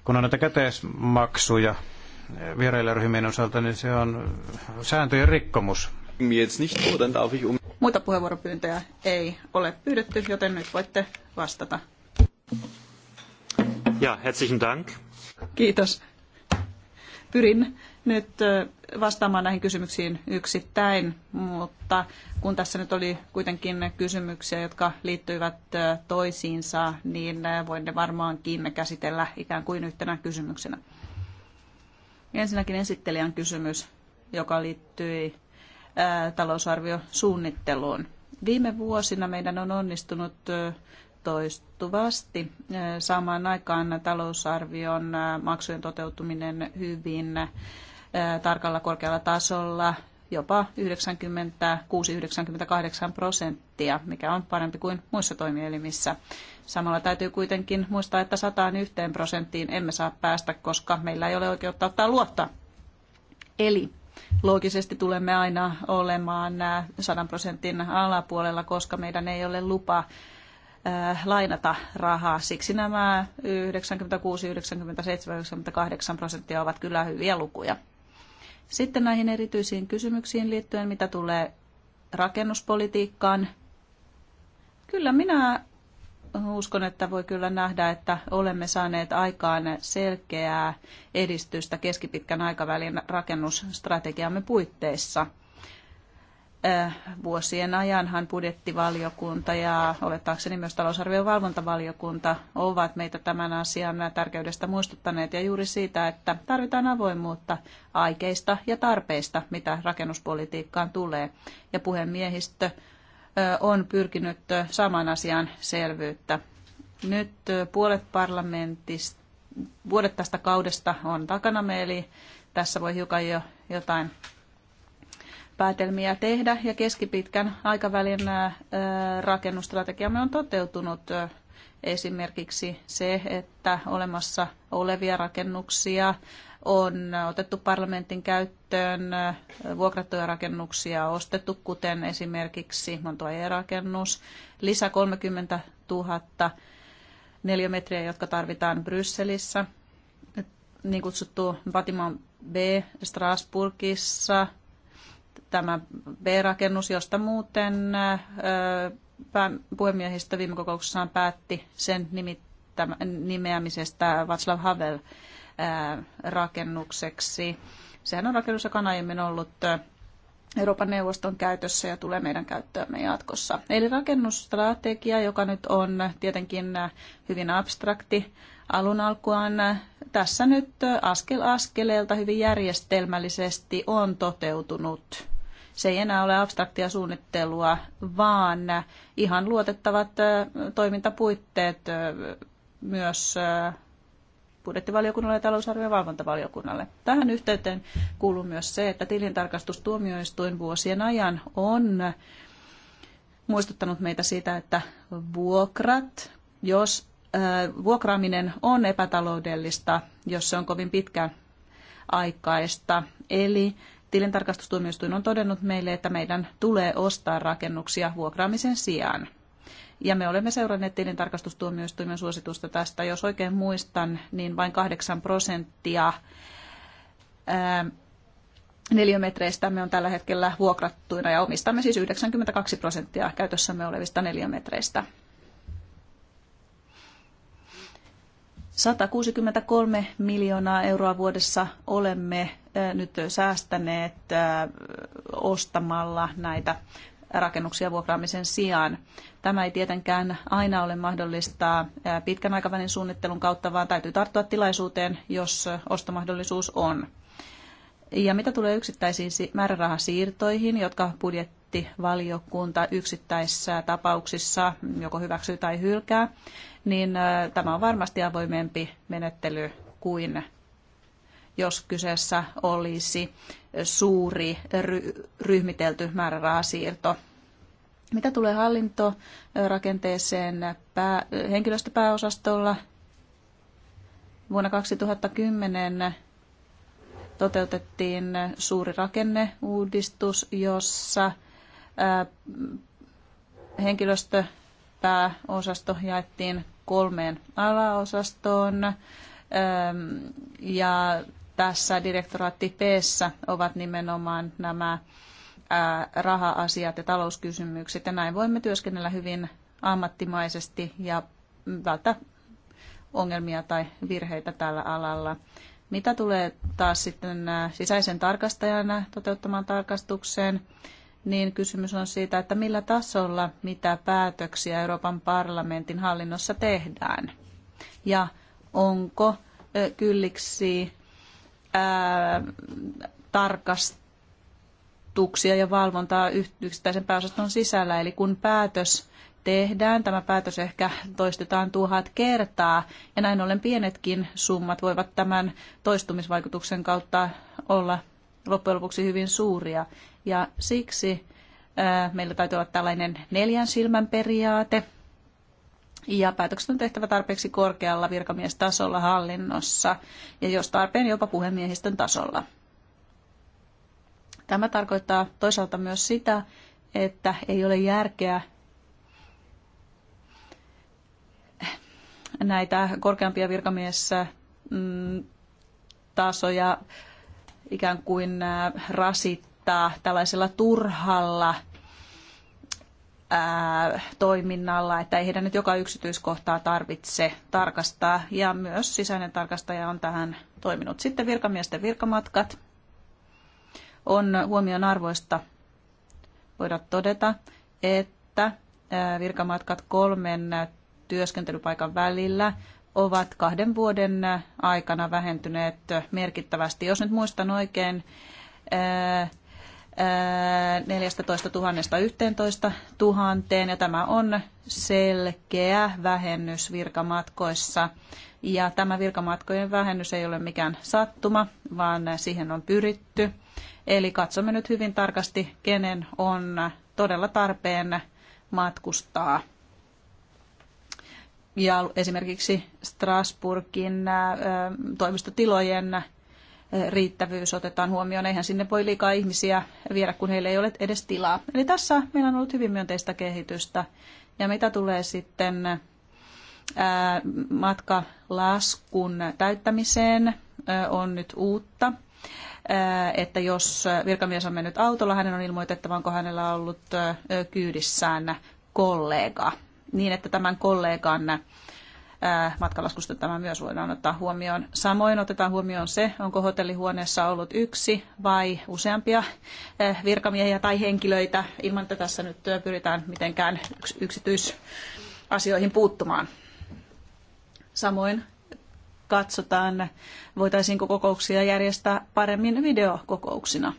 kun on näitä käteismaksuja vieraille ryhmien osalta, niin se on sääntöjen rikkomus. Um- Muita puheenvuoropyyntöjä ei ole pyydetty, joten nyt voitte vastata. Ja, herzlichen Dank. Kiitos. Pyrin nyt vastaamaan näihin kysymyksiin yksittäin, mutta kun tässä nyt oli kuitenkin kysymyksiä, jotka liittyivät toisiinsa, niin voin ne varmaankin käsitellä ikään kuin yhtenä kysymyksenä. Ensinnäkin esittelijän kysymys, joka liittyi talousarviosuunnitteluun. Viime vuosina meidän on onnistunut toistuvasti saamaan aikaan talousarvion maksujen toteutuminen hyvin tarkalla korkealla tasolla jopa 96-98 prosenttia, mikä on parempi kuin muissa toimielimissä. Samalla täytyy kuitenkin muistaa, että 101 prosenttiin emme saa päästä, koska meillä ei ole oikeutta ottaa luottaa. Eli loogisesti tulemme aina olemaan 100 prosentin alapuolella, koska meidän ei ole lupa lainata rahaa. Siksi nämä 96, 97, 98 prosenttia ovat kyllä hyviä lukuja. Sitten näihin erityisiin kysymyksiin liittyen, mitä tulee rakennuspolitiikkaan. Kyllä minä uskon, että voi kyllä nähdä, että olemme saaneet aikaan selkeää edistystä keskipitkän aikavälin rakennusstrategiamme puitteissa – Äh, vuosien ajanhan budjettivaliokunta ja olettaakseni myös talousarvion valvontavaliokunta ovat meitä tämän asian tärkeydestä muistuttaneet ja juuri siitä, että tarvitaan avoimuutta aikeista ja tarpeista, mitä rakennuspolitiikkaan tulee. Ja puhemiehistö äh, on pyrkinyt saman asian selvyyttä. Nyt puolet parlamentista, vuodet tästä kaudesta on takana eli tässä voi hiukan jo jotain päätelmiä tehdä ja keskipitkän aikavälin rakennustrategiamme on toteutunut esimerkiksi se, että olemassa olevia rakennuksia on otettu parlamentin käyttöön, vuokrattuja rakennuksia on ostettu, kuten esimerkiksi Montoyer-rakennus, lisä 30 000 neliömetriä, jotka tarvitaan Brysselissä, niin kutsuttu Batiman B Strasbourgissa tämä B-rakennus, josta muuten puhemiehistö viime kokouksessaan päätti sen nimeämisestä Václav Havel rakennukseksi. Sehän on rakennus, joka on aiemmin ollut Euroopan neuvoston käytössä ja tulee meidän käyttöömme jatkossa. Eli rakennusstrategia, joka nyt on tietenkin hyvin abstrakti alun alkuaan, tässä nyt askel askeleelta hyvin järjestelmällisesti on toteutunut se ei enää ole abstraktia suunnittelua, vaan ihan luotettavat toimintapuitteet myös budjettivaliokunnalle ja ja valvontavaliokunnalle. Tähän yhteyteen kuuluu myös se, että tilintarkastustuomioistuin vuosien ajan on muistuttanut meitä siitä, että vuokrat, jos äh, vuokraaminen on epätaloudellista, jos se on kovin pitkäaikaista, eli Tilintarkastustuomioistuin on todennut meille, että meidän tulee ostaa rakennuksia vuokraamisen sijaan. Ja me olemme seuranneet tilintarkastustuomioistuimen suositusta tästä. Jos oikein muistan, niin vain 8 prosenttia neliömetreistämme on tällä hetkellä vuokrattuina ja omistamme siis 92 prosenttia käytössämme olevista neliömetreistä. 163 miljoonaa euroa vuodessa olemme nyt säästäneet ostamalla näitä rakennuksia vuokraamisen sijaan. Tämä ei tietenkään aina ole mahdollista pitkän aikavälin suunnittelun kautta, vaan täytyy tarttua tilaisuuteen, jos ostomahdollisuus on. Ja mitä tulee yksittäisiin määrärahasiirtoihin, jotka budjettivaliokunta yksittäisissä tapauksissa joko hyväksyy tai hylkää, niin tämä on varmasti avoimempi menettely kuin jos kyseessä olisi suuri ryhmitelty määrärahasiirto. Mitä tulee hallintorakenteeseen pää, henkilöstöpääosastolla vuonna 2010 toteutettiin suuri rakenneuudistus, jossa henkilöstöpääosasto jaettiin kolmeen alaosastoon ja tässä direktoraatti p ovat nimenomaan nämä raha-asiat ja talouskysymykset ja näin voimme työskennellä hyvin ammattimaisesti ja välttää ongelmia tai virheitä tällä alalla. Mitä tulee taas sitten äh, sisäisen tarkastajana äh, toteuttamaan tarkastukseen, niin kysymys on siitä, että millä tasolla mitä päätöksiä Euroopan parlamentin hallinnossa tehdään. Ja onko äh, kylliksi ää, tarkastuksia ja valvontaa yksittäisen pääosaston sisällä. Eli kun päätös tehdään. Tämä päätös ehkä toistetaan tuhat kertaa ja näin ollen pienetkin summat voivat tämän toistumisvaikutuksen kautta olla loppujen lopuksi hyvin suuria. Ja siksi äh, meillä täytyy olla tällainen neljän silmän periaate ja päätökset on tehtävä tarpeeksi korkealla virkamiestasolla hallinnossa ja jos tarpeen jopa puhemiehistön tasolla. Tämä tarkoittaa toisaalta myös sitä, että ei ole järkeä näitä korkeampia virkamiestasoja ikään kuin rasittaa tällaisella turhalla ää, toiminnalla, että ei heidän nyt joka yksityiskohtaa tarvitse tarkastaa. Ja myös sisäinen tarkastaja on tähän toiminut. Sitten virkamiesten virkamatkat on arvoista voida todeta, että virkamatkat kolmen työskentelypaikan välillä ovat kahden vuoden aikana vähentyneet merkittävästi. Jos nyt muistan oikein, 14 000 11 000 ja tämä on selkeä vähennys virkamatkoissa. Ja tämä virkamatkojen vähennys ei ole mikään sattuma, vaan siihen on pyritty. Eli katsomme nyt hyvin tarkasti, kenen on todella tarpeen matkustaa ja esimerkiksi Strasburgin äh, toimistotilojen äh, riittävyys otetaan huomioon. Eihän sinne voi liikaa ihmisiä viedä, kun heillä ei ole edes tilaa. Eli tässä meillä on ollut hyvin myönteistä kehitystä. Ja mitä tulee sitten äh, matkalaskun täyttämiseen, on nyt uutta että jos virkamies on mennyt autolla, hänen on ilmoitettava, onko hänellä ollut kyydissään kollega niin, että tämän kollegan äh, matkalaskusta tämä myös voidaan ottaa huomioon. Samoin otetaan huomioon se, onko hotellihuoneessa ollut yksi vai useampia äh, virkamiehiä tai henkilöitä, ilman että tässä nyt äh, pyritään mitenkään yksityisasioihin puuttumaan. Samoin katsotaan, voitaisiinko kokouksia järjestää paremmin videokokouksina.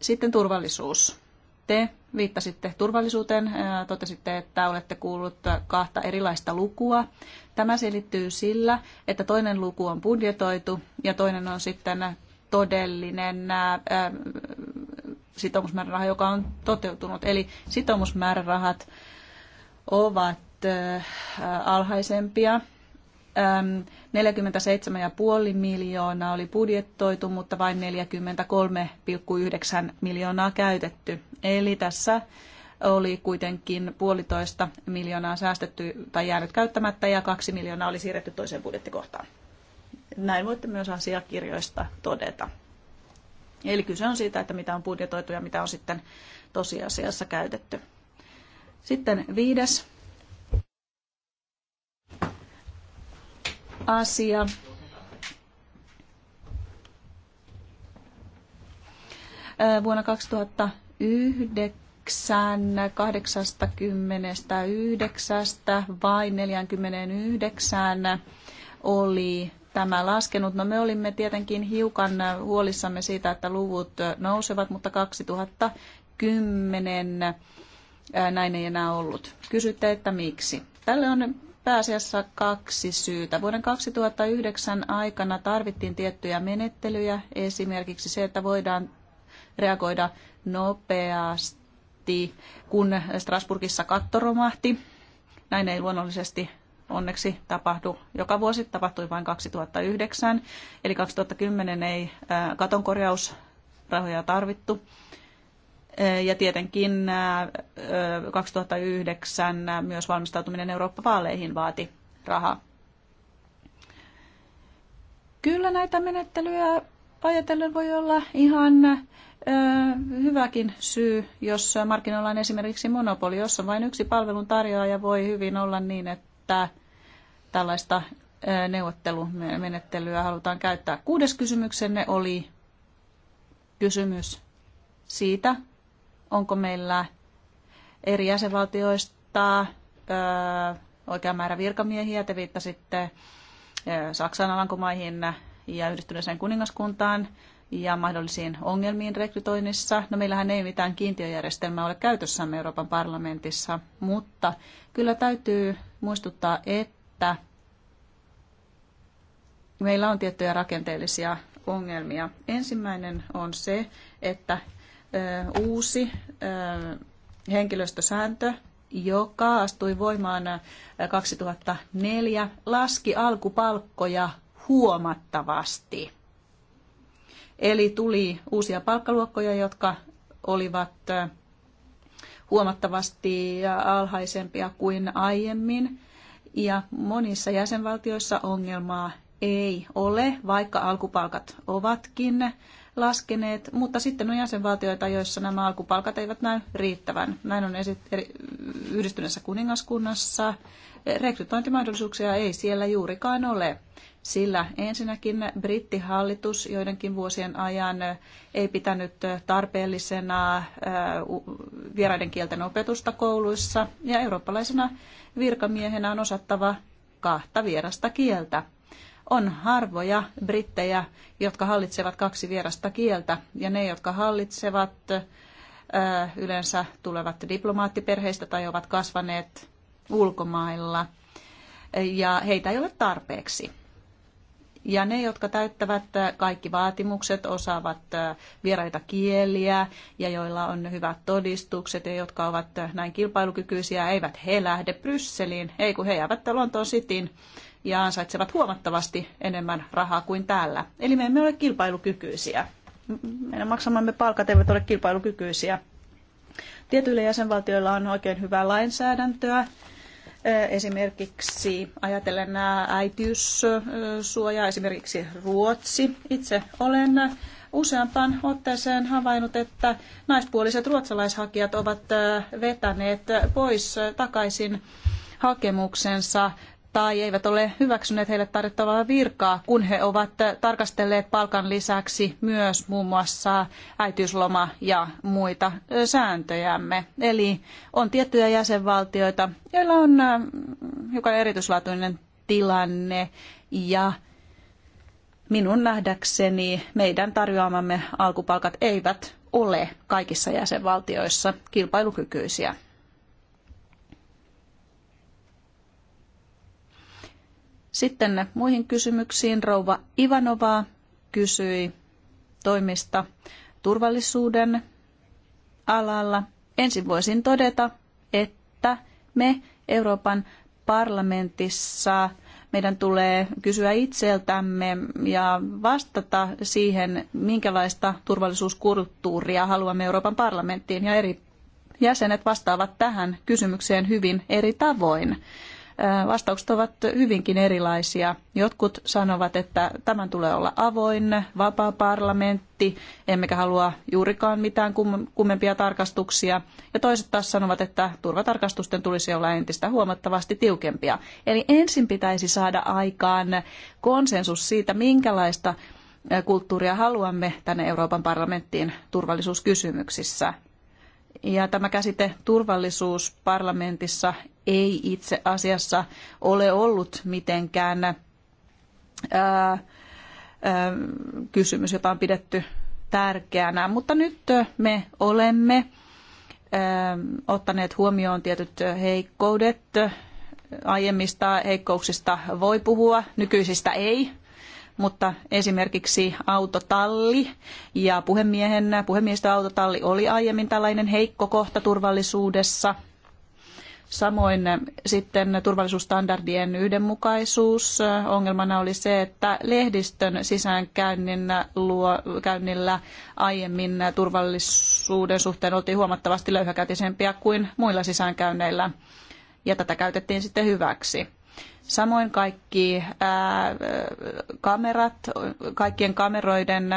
Sitten turvallisuus. Te Viittasitte turvallisuuteen, totesitte, että olette kuullut kahta erilaista lukua. Tämä selittyy sillä, että toinen luku on budjetoitu ja toinen on sitten todellinen sitoumusmääräraha, joka on toteutunut. Eli sitoumusmäärärahat ovat alhaisempia 47,5 miljoonaa oli budjettoitu, mutta vain 43,9 miljoonaa käytetty. Eli tässä oli kuitenkin puolitoista miljoonaa säästetty tai jäänyt käyttämättä ja kaksi miljoonaa oli siirretty toiseen budjettikohtaan. Näin voitte myös asiakirjoista todeta. Eli kyse on siitä, että mitä on budjetoitu ja mitä on sitten tosiasiassa käytetty. Sitten viides asia. Vuonna 2009 89 vain 49 oli tämä laskenut. No me olimme tietenkin hiukan huolissamme siitä, että luvut nousevat, mutta 2010 näin ei enää ollut. Kysytte, että miksi. Tälle on pääasiassa kaksi syytä. Vuoden 2009 aikana tarvittiin tiettyjä menettelyjä, esimerkiksi se, että voidaan reagoida nopeasti, kun Strasburgissa katto romahti. Näin ei luonnollisesti onneksi tapahdu joka vuosi, tapahtui vain 2009, eli 2010 ei katonkorjausrahoja tarvittu. Ja tietenkin 2009 myös valmistautuminen Eurooppa-vaaleihin vaati rahaa. Kyllä näitä menettelyjä ajatellen voi olla ihan hyväkin syy, jos markkinoilla on esimerkiksi monopoli, jossa vain yksi palvelun tarjoaja, voi hyvin olla niin, että tällaista neuvottelumenettelyä halutaan käyttää. Kuudes kysymyksenne oli kysymys siitä, onko meillä eri jäsenvaltioista oikea määrä virkamiehiä. Te viittasitte Saksan alankomaihin ja yhdistyneeseen kuningaskuntaan ja mahdollisiin ongelmiin rekrytoinnissa. No meillähän ei mitään kiintiöjärjestelmää ole käytössämme Euroopan parlamentissa, mutta kyllä täytyy muistuttaa, että meillä on tiettyjä rakenteellisia ongelmia. Ensimmäinen on se, että uusi henkilöstösääntö, joka astui voimaan 2004, laski alkupalkkoja huomattavasti. Eli tuli uusia palkkaluokkoja, jotka olivat huomattavasti alhaisempia kuin aiemmin. Ja monissa jäsenvaltioissa ongelmaa ei ole, vaikka alkupalkat ovatkin laskeneet, mutta sitten on jäsenvaltioita, joissa nämä alkupalkat eivät näy riittävän. Näin on esit- eri, yhdistyneessä kuningaskunnassa. Rekrytointimahdollisuuksia ei siellä juurikaan ole, sillä ensinnäkin brittihallitus joidenkin vuosien ajan ei pitänyt tarpeellisena vieraiden kielten opetusta kouluissa ja eurooppalaisena virkamiehenä on osattava kahta vierasta kieltä. On harvoja brittejä, jotka hallitsevat kaksi vierasta kieltä, ja ne, jotka hallitsevat, yleensä tulevat diplomaattiperheistä tai ovat kasvaneet ulkomailla, ja heitä ei ole tarpeeksi. Ja ne, jotka täyttävät kaikki vaatimukset, osaavat vieraita kieliä ja joilla on hyvät todistukset ja jotka ovat näin kilpailukykyisiä, eivät he lähde Brysseliin, ei kun he jäävät Lontoon Cityin ja ansaitsevat huomattavasti enemmän rahaa kuin täällä. Eli me emme ole kilpailukykyisiä. Meidän maksamamme palkat eivät ole kilpailukykyisiä. Tietyillä jäsenvaltioilla on oikein hyvää lainsäädäntöä. Esimerkiksi ajatellen nämä äitiyssuoja, esimerkiksi Ruotsi. Itse olen useampaan otteeseen havainnut, että naispuoliset ruotsalaishakijat ovat vetäneet pois takaisin hakemuksensa tai eivät ole hyväksyneet heille tarjottavaa virkaa, kun he ovat tarkastelleet palkan lisäksi myös muun muassa äitiysloma ja muita sääntöjämme. Eli on tiettyjä jäsenvaltioita, joilla on hiukan äh, erityislaatuinen tilanne ja minun nähdäkseni meidän tarjoamamme alkupalkat eivät ole kaikissa jäsenvaltioissa kilpailukykyisiä. Sitten muihin kysymyksiin rouva Ivanova kysyi toimista turvallisuuden alalla. Ensin voisin todeta, että me Euroopan parlamentissa meidän tulee kysyä itseltämme ja vastata siihen, minkälaista turvallisuuskulttuuria haluamme Euroopan parlamenttiin ja eri jäsenet vastaavat tähän kysymykseen hyvin eri tavoin. Vastaukset ovat hyvinkin erilaisia. Jotkut sanovat, että tämän tulee olla avoin, vapaa parlamentti, emmekä halua juurikaan mitään kummempia tarkastuksia. Ja toiset taas sanovat, että turvatarkastusten tulisi olla entistä huomattavasti tiukempia. Eli ensin pitäisi saada aikaan konsensus siitä, minkälaista kulttuuria haluamme tänne Euroopan parlamenttiin turvallisuuskysymyksissä. Ja tämä käsite turvallisuus parlamentissa ei itse asiassa ole ollut mitenkään ää, ää, kysymys, jota on pidetty tärkeänä. Mutta nyt me olemme ää, ottaneet huomioon tietyt heikkoudet. Aiemmista heikkouksista voi puhua, nykyisistä ei mutta esimerkiksi autotalli ja puhemiehen, puhemiestä autotalli oli aiemmin tällainen heikko kohta turvallisuudessa. Samoin sitten turvallisuusstandardien yhdenmukaisuus. Ongelmana oli se, että lehdistön sisäänkäynnillä käynnillä aiemmin turvallisuuden suhteen oltiin huomattavasti löyhäkätisempiä kuin muilla sisäänkäynneillä. Ja tätä käytettiin sitten hyväksi. Samoin kaikki ää, kamerat, kaikkien kameroiden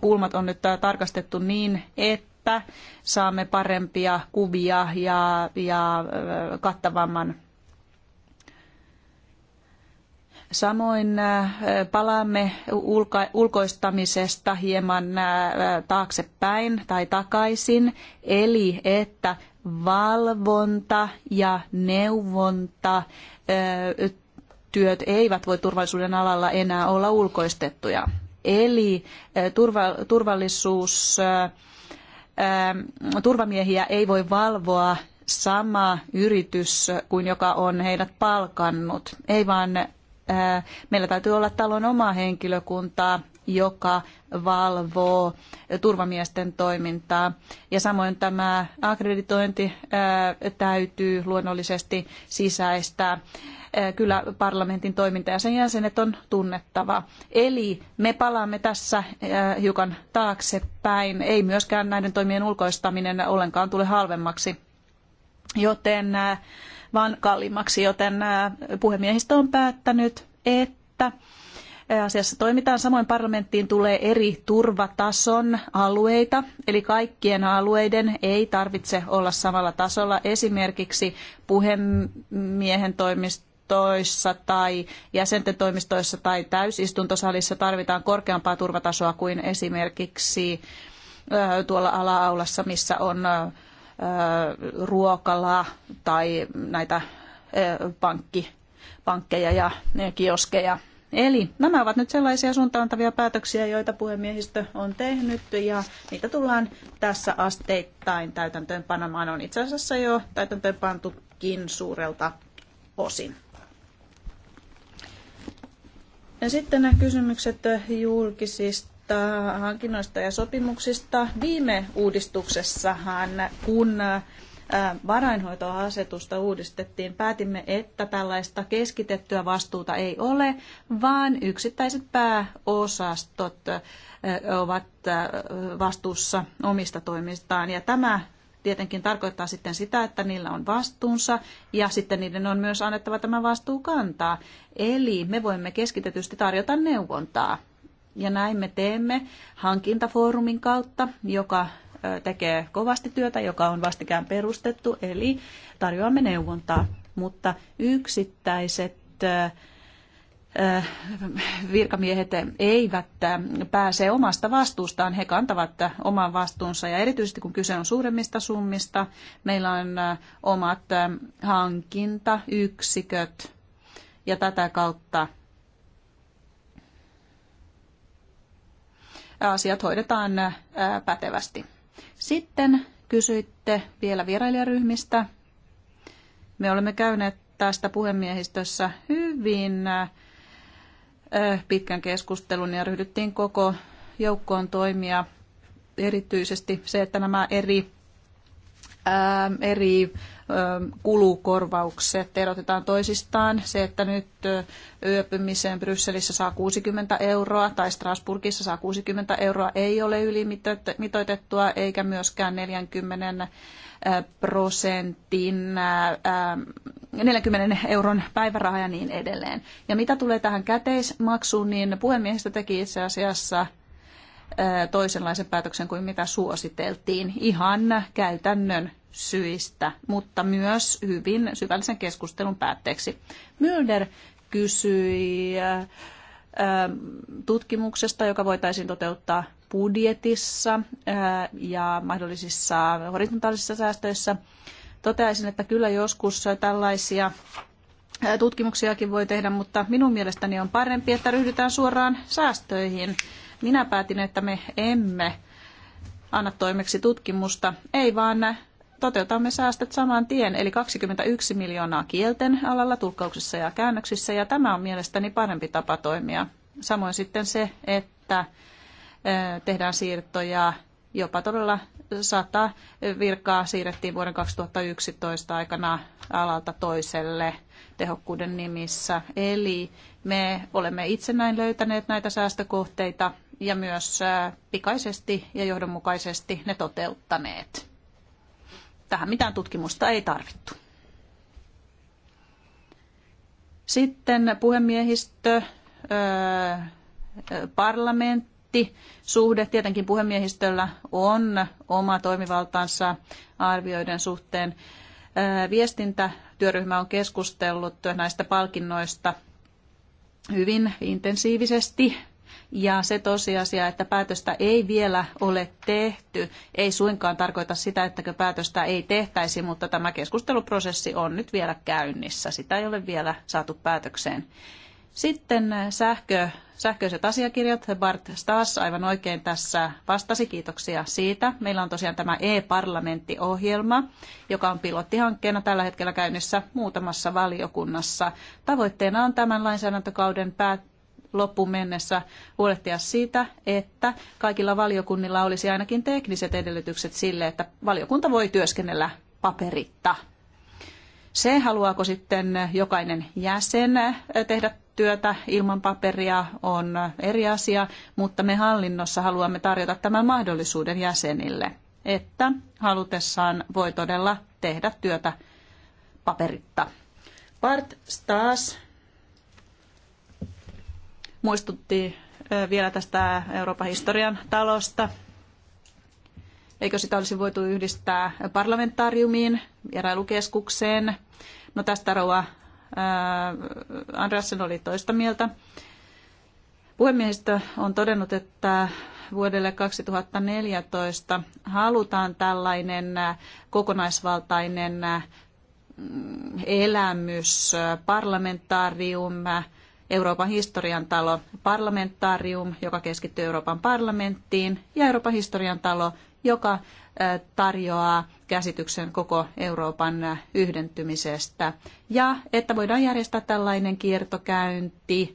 kulmat on nyt tarkastettu niin, että että saamme parempia kuvia ja, ja kattavamman Samoin palaamme ulkoistamisesta hieman taaksepäin tai takaisin, eli että valvonta ja neuvonta työt eivät voi turvallisuuden alalla enää olla ulkoistettuja. Eli turvallisuus turvamiehiä ei voi valvoa sama yritys kuin joka on heidät palkannut. Ei vaan meillä täytyy olla talon omaa henkilökuntaa, joka valvoo turvamiesten toimintaa. Ja samoin tämä akkreditointi täytyy luonnollisesti sisäistää. Eh, kyllä parlamentin toiminta ja sen jäsenet on tunnettava. Eli me palaamme tässä eh, hiukan taaksepäin. Ei myöskään näiden toimien ulkoistaminen ollenkaan tule halvemmaksi, joten, eh, vaan kalliimmaksi, joten puhemiehistö on päättänyt, että asiassa toimitaan. Samoin parlamenttiin tulee eri turvatason alueita, eli kaikkien alueiden ei tarvitse olla samalla tasolla. Esimerkiksi puhemiehen toimisto toimistoissa tai jäsenten toimistoissa tai täysistuntosalissa tarvitaan korkeampaa turvatasoa kuin esimerkiksi tuolla ala-aulassa, missä on ruokala tai näitä pankki, pankkeja ja kioskeja. Eli nämä ovat nyt sellaisia suuntaantavia päätöksiä, joita puhemiehistö on tehnyt ja niitä tullaan tässä asteittain täytäntöönpanemaan. On itse asiassa jo täytäntöönpantukin suurelta osin. Ja sitten nämä kysymykset julkisista hankinnoista ja sopimuksista. Viime uudistuksessahan, kun varainhoitoasetusta uudistettiin, päätimme, että tällaista keskitettyä vastuuta ei ole, vaan yksittäiset pääosastot ovat vastuussa omista toimistaan. Ja tämä tietenkin tarkoittaa sitten sitä, että niillä on vastuunsa ja sitten niiden on myös annettava tämä vastuu kantaa. Eli me voimme keskitetysti tarjota neuvontaa. Ja näin me teemme hankintafoorumin kautta, joka tekee kovasti työtä, joka on vastikään perustettu, eli tarjoamme neuvontaa. Mutta yksittäiset Äh, virkamiehet eivät äh, pääse omasta vastuustaan, he kantavat äh, oman vastuunsa ja erityisesti kun kyse on suuremmista summista, meillä on omat hankintayksiköt ja tätä kautta asiat hoidetaan pätevästi. Sitten kysyitte vielä vierailijaryhmistä. Me olemme käyneet tästä puhemiehistössä hyvin pitkän keskustelun ja ryhdyttiin koko joukkoon toimia. Erityisesti se, että nämä eri Ähm, eri ähm, kulukorvaukset erotetaan toisistaan. Se, että nyt yöpymiseen Brysselissä saa 60 euroa tai Strasburgissa saa 60 euroa, ei ole ylimitoitettua eikä myöskään 40 prosentin, 40 euron päiväraha ja niin edelleen. Ja mitä tulee tähän käteismaksuun, niin puhemiehistä teki itse asiassa toisenlaisen päätöksen kuin mitä suositeltiin. Ihan käytännön syistä, mutta myös hyvin syvällisen keskustelun päätteeksi. Mylder kysyi äh, äh, tutkimuksesta, joka voitaisiin toteuttaa budjetissa äh, ja mahdollisissa horisontaalisissa säästöissä. Toteaisin, että kyllä joskus tällaisia tutkimuksiakin voi tehdä, mutta minun mielestäni on parempi, että ryhdytään suoraan säästöihin. Minä päätin, että me emme anna toimeksi tutkimusta, ei vaan toteutamme säästöt saman tien, eli 21 miljoonaa kielten alalla, tulkkauksessa ja käännöksissä, ja tämä on mielestäni parempi tapa toimia. Samoin sitten se, että tehdään siirtoja jopa todella sata virkaa siirrettiin vuoden 2011 aikana alalta toiselle tehokkuuden nimissä. Eli me olemme itse näin löytäneet näitä säästökohteita ja myös pikaisesti ja johdonmukaisesti ne toteuttaneet. Tähän mitään tutkimusta ei tarvittu. Sitten puhemiehistö, parlamentti, suhde. Tietenkin puhemiehistöllä on oma toimivaltansa arvioiden suhteen. Viestintätyöryhmä on keskustellut näistä palkinnoista hyvin intensiivisesti ja se tosiasia, että päätöstä ei vielä ole tehty, ei suinkaan tarkoita sitä, että päätöstä ei tehtäisi, mutta tämä keskusteluprosessi on nyt vielä käynnissä. Sitä ei ole vielä saatu päätökseen. Sitten äh, sähkö, sähköiset asiakirjat. Bart Stas aivan oikein tässä vastasi. Kiitoksia siitä. Meillä on tosiaan tämä e-parlamenttiohjelma, joka on pilottihankkeena tällä hetkellä käynnissä muutamassa valiokunnassa. Tavoitteena on tämän lainsäädäntökauden päät- loppuun mennessä huolehtia siitä, että kaikilla valiokunnilla olisi ainakin tekniset edellytykset sille, että valiokunta voi työskennellä paperitta. Se, haluaako sitten jokainen jäsen tehdä työtä ilman paperia, on eri asia, mutta me hallinnossa haluamme tarjota tämän mahdollisuuden jäsenille, että halutessaan voi todella tehdä työtä paperitta. Part Stas muistutti vielä tästä Euroopan historian talosta. Eikö sitä olisi voitu yhdistää parlamentaariumiin, vierailukeskukseen? No tästä rouva Andreasen oli toista mieltä. Puhemiehistö on todennut, että vuodelle 2014 halutaan tällainen kokonaisvaltainen mm, elämys, parlamentaarium, Euroopan historian talo Parlamentarium, joka keskittyy Euroopan parlamenttiin, ja Euroopan historian talo, joka tarjoaa käsityksen koko Euroopan yhdentymisestä. Ja että voidaan järjestää tällainen kiertokäynti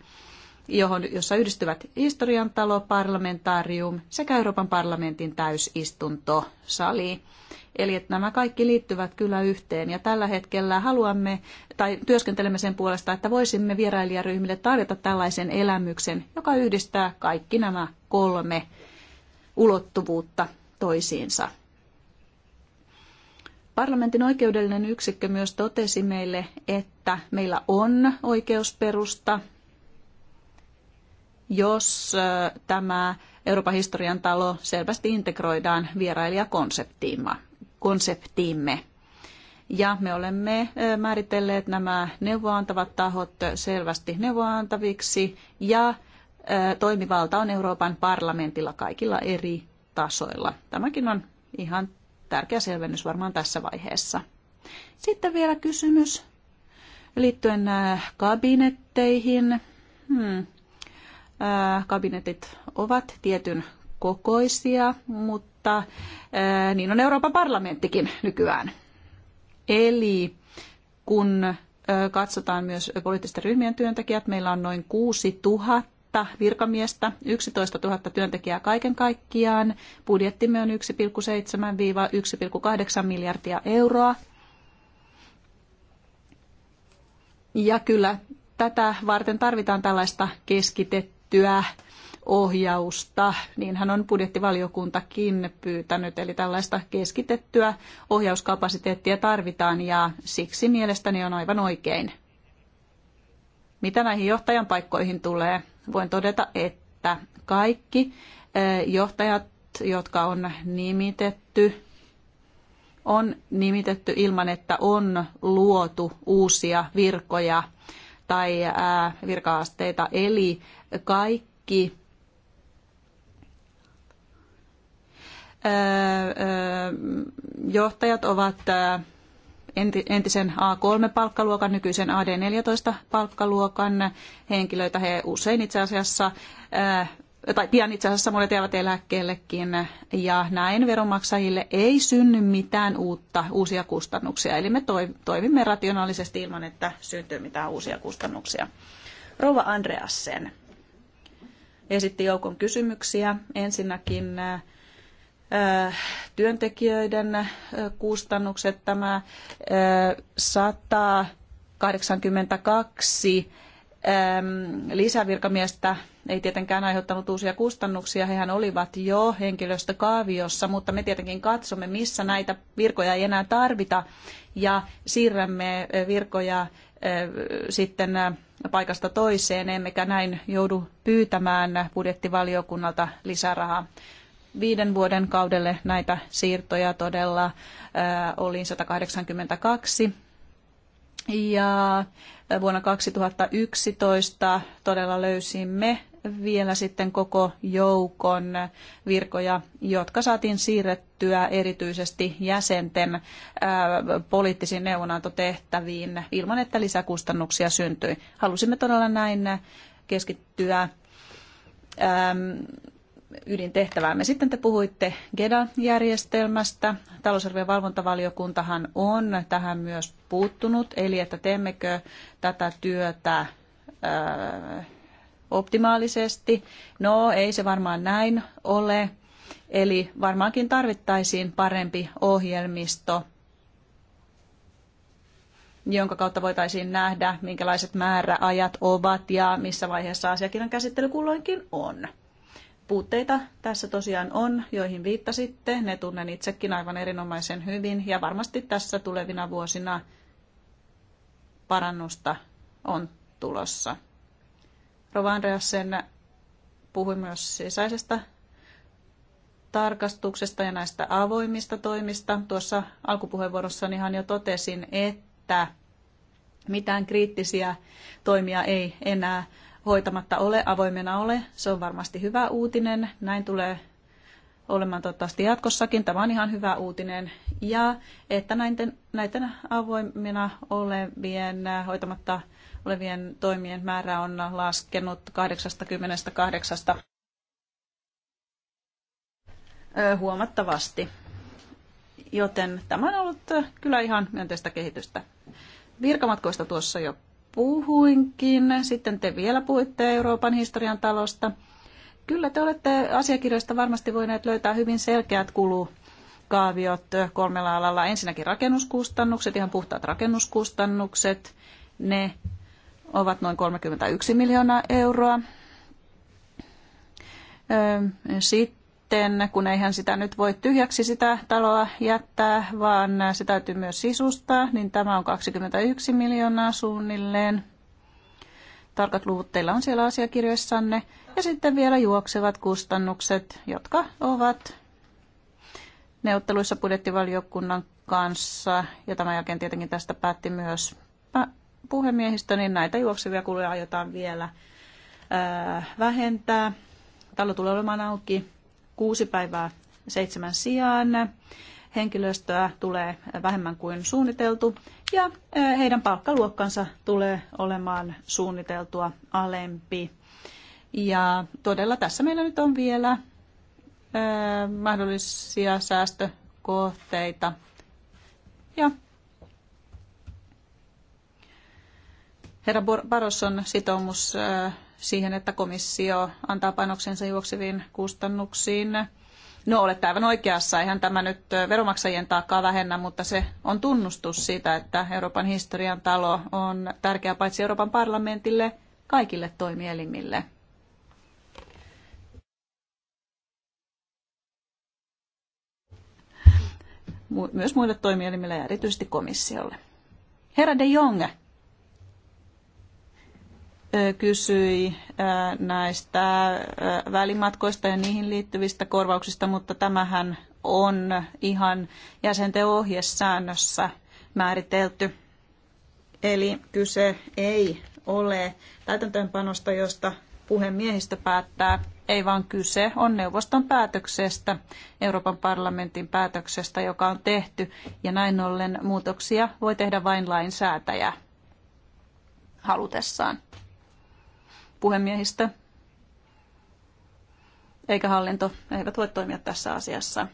johon, jossa yhdistyvät historian talo, parlamentaarium sekä Euroopan parlamentin täysistunto sali. Eli että nämä kaikki liittyvät kyllä yhteen ja tällä hetkellä haluamme tai työskentelemme sen puolesta, että voisimme vierailijaryhmille tarjota tällaisen elämyksen, joka yhdistää kaikki nämä kolme ulottuvuutta toisiinsa. Parlamentin oikeudellinen yksikkö myös totesi meille, että meillä on oikeusperusta jos tämä Euroopan historian talo selvästi integroidaan vierailijakonseptiimme. Ja me olemme määritelleet nämä neuvoantavat tahot selvästi neuvoantaviksi ja toimivalta on Euroopan parlamentilla kaikilla eri tasoilla. Tämäkin on ihan tärkeä selvennys varmaan tässä vaiheessa. Sitten vielä kysymys liittyen kabinetteihin. Hmm kabinetit ovat tietyn kokoisia, mutta niin on Euroopan parlamenttikin nykyään. Eli kun katsotaan myös poliittisten ryhmien työntekijät, meillä on noin 6000 tuhatta virkamiestä, 11 000 työntekijää kaiken kaikkiaan. Budjettimme on 1,7-1,8 miljardia euroa. Ja kyllä tätä varten tarvitaan tällaista keskitettyä tiettyä ohjausta, niin hän on budjettivaliokuntakin pyytänyt, eli tällaista keskitettyä ohjauskapasiteettia tarvitaan ja siksi mielestäni on aivan oikein. Mitä näihin johtajan paikkoihin tulee, voin todeta, että kaikki eh, johtajat, jotka on nimitetty, on nimitetty ilman, että on luotu uusia virkoja tai eh, virkaasteita. Eli kaikki johtajat ovat entisen A3-palkkaluokan, nykyisen AD14-palkkaluokan henkilöitä. He usein itse asiassa, tai pian itse asiassa monet jäävät eläkkeellekin, ja näin veronmaksajille ei synny mitään uutta, uusia kustannuksia. Eli me toimimme rationaalisesti ilman, että syntyy mitään uusia kustannuksia. Rova Andreasen esitti joukon kysymyksiä. Ensinnäkin äh, työntekijöiden äh, kustannukset, tämä 182 äh, ähm, lisävirkamiestä ei tietenkään aiheuttanut uusia kustannuksia. Hehän olivat jo henkilöstökaaviossa, mutta me tietenkin katsomme, missä näitä virkoja ei enää tarvita ja siirrämme virkoja sitten paikasta toiseen, emmekä näin joudu pyytämään budjettivaliokunnalta lisärahaa. Viiden vuoden kaudelle näitä siirtoja todella oli 182 ja äh, vuonna 2011 todella löysimme vielä sitten koko joukon virkoja, jotka saatiin siirrettyä erityisesti jäsenten äh, poliittisiin neuvonantotehtäviin ilman, että lisäkustannuksia syntyi. Halusimme todella näin keskittyä ähm, ydintehtäväämme. Sitten te puhuitte GEDA-järjestelmästä. Talousarvion valvontavaliokuntahan on tähän myös puuttunut, eli että teemmekö tätä työtä äh, optimaalisesti. No, ei se varmaan näin ole. Eli varmaankin tarvittaisiin parempi ohjelmisto, jonka kautta voitaisiin nähdä, minkälaiset määräajat ovat ja missä vaiheessa asiakirjan käsittely kulloinkin on. Puutteita tässä tosiaan on, joihin viittasitte. Ne tunnen itsekin aivan erinomaisen hyvin ja varmasti tässä tulevina vuosina parannusta on tulossa. Rova Andreasen puhui myös sisäisestä tarkastuksesta ja näistä avoimista toimista. Tuossa ihan jo totesin, että mitään kriittisiä toimia ei enää hoitamatta ole, avoimena ole. Se on varmasti hyvä uutinen. Näin tulee olemaan toivottavasti jatkossakin. Tämä on ihan hyvä uutinen. Ja että näiden, näiden avoimena olevien, hoitamatta olevien toimien määrä on laskenut 88 huomattavasti. Joten tämä on ollut kyllä ihan myönteistä kehitystä. Virkamatkoista tuossa jo puhuinkin. Sitten te vielä puhuitte Euroopan historian talosta. Kyllä te olette asiakirjoista varmasti voineet löytää hyvin selkeät kulukaaviot kolmella alalla. Ensinnäkin rakennuskustannukset, ihan puhtaat rakennuskustannukset. Ne ovat noin 31 miljoonaa euroa. Sitten sitten, kun eihän sitä nyt voi tyhjäksi sitä taloa jättää, vaan se täytyy myös sisustaa, niin tämä on 21 miljoonaa suunnilleen. Tarkat luvut teillä on siellä asiakirjoissanne. Ja sitten vielä juoksevat kustannukset, jotka ovat neuvotteluissa budjettivaliokunnan kanssa, ja tämän jälkeen tietenkin tästä päätti myös puhemiehistö, niin näitä juoksevia kuluja aiotaan vielä vähentää. Talo tulee olemaan auki kuusi päivää seitsemän sijaan. Henkilöstöä tulee vähemmän kuin suunniteltu ja eh, heidän palkkaluokkansa tulee olemaan suunniteltua alempi. Ja todella tässä meillä nyt on vielä eh, mahdollisia säästökohteita. Ja herra Barosson sitoumus eh, siihen, että komissio antaa panoksensa juokseviin kustannuksiin. No olette aivan oikeassa, eihän tämä nyt veromaksajien taakkaa vähennä, mutta se on tunnustus siitä, että Euroopan historian talo on tärkeä paitsi Euroopan parlamentille, kaikille toimielimille. Myös muille toimielimille ja erityisesti komissiolle. Herra de Jonge, kysyi näistä välimatkoista ja niihin liittyvistä korvauksista, mutta tämähän on ihan jäsenten ohjesäännössä määritelty. Eli kyse ei ole täytäntöönpanosta, josta puhemiehistö päättää, ei vaan kyse on neuvoston päätöksestä, Euroopan parlamentin päätöksestä, joka on tehty, ja näin ollen muutoksia voi tehdä vain lainsäätäjä halutessaan puhemiehistä eikä hallinto eivät voi toimia tässä asiassa.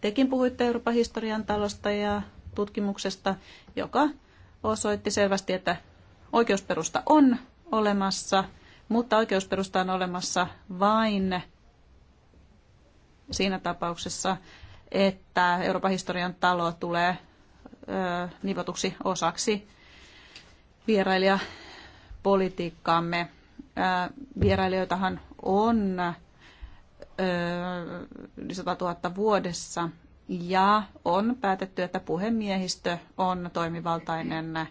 Tekin puhuitte Euroopan historian talosta ja tutkimuksesta, joka osoitti selvästi, että oikeusperusta on olemassa, mutta oikeusperusta on olemassa vain siinä tapauksessa, että Euroopan historian talo tulee ö, nivotuksi osaksi vierailija- politiikkaamme. Vierailijoitahan on 100 000 vuodessa ja on päätetty, että puhemiehistö on toimivaltainen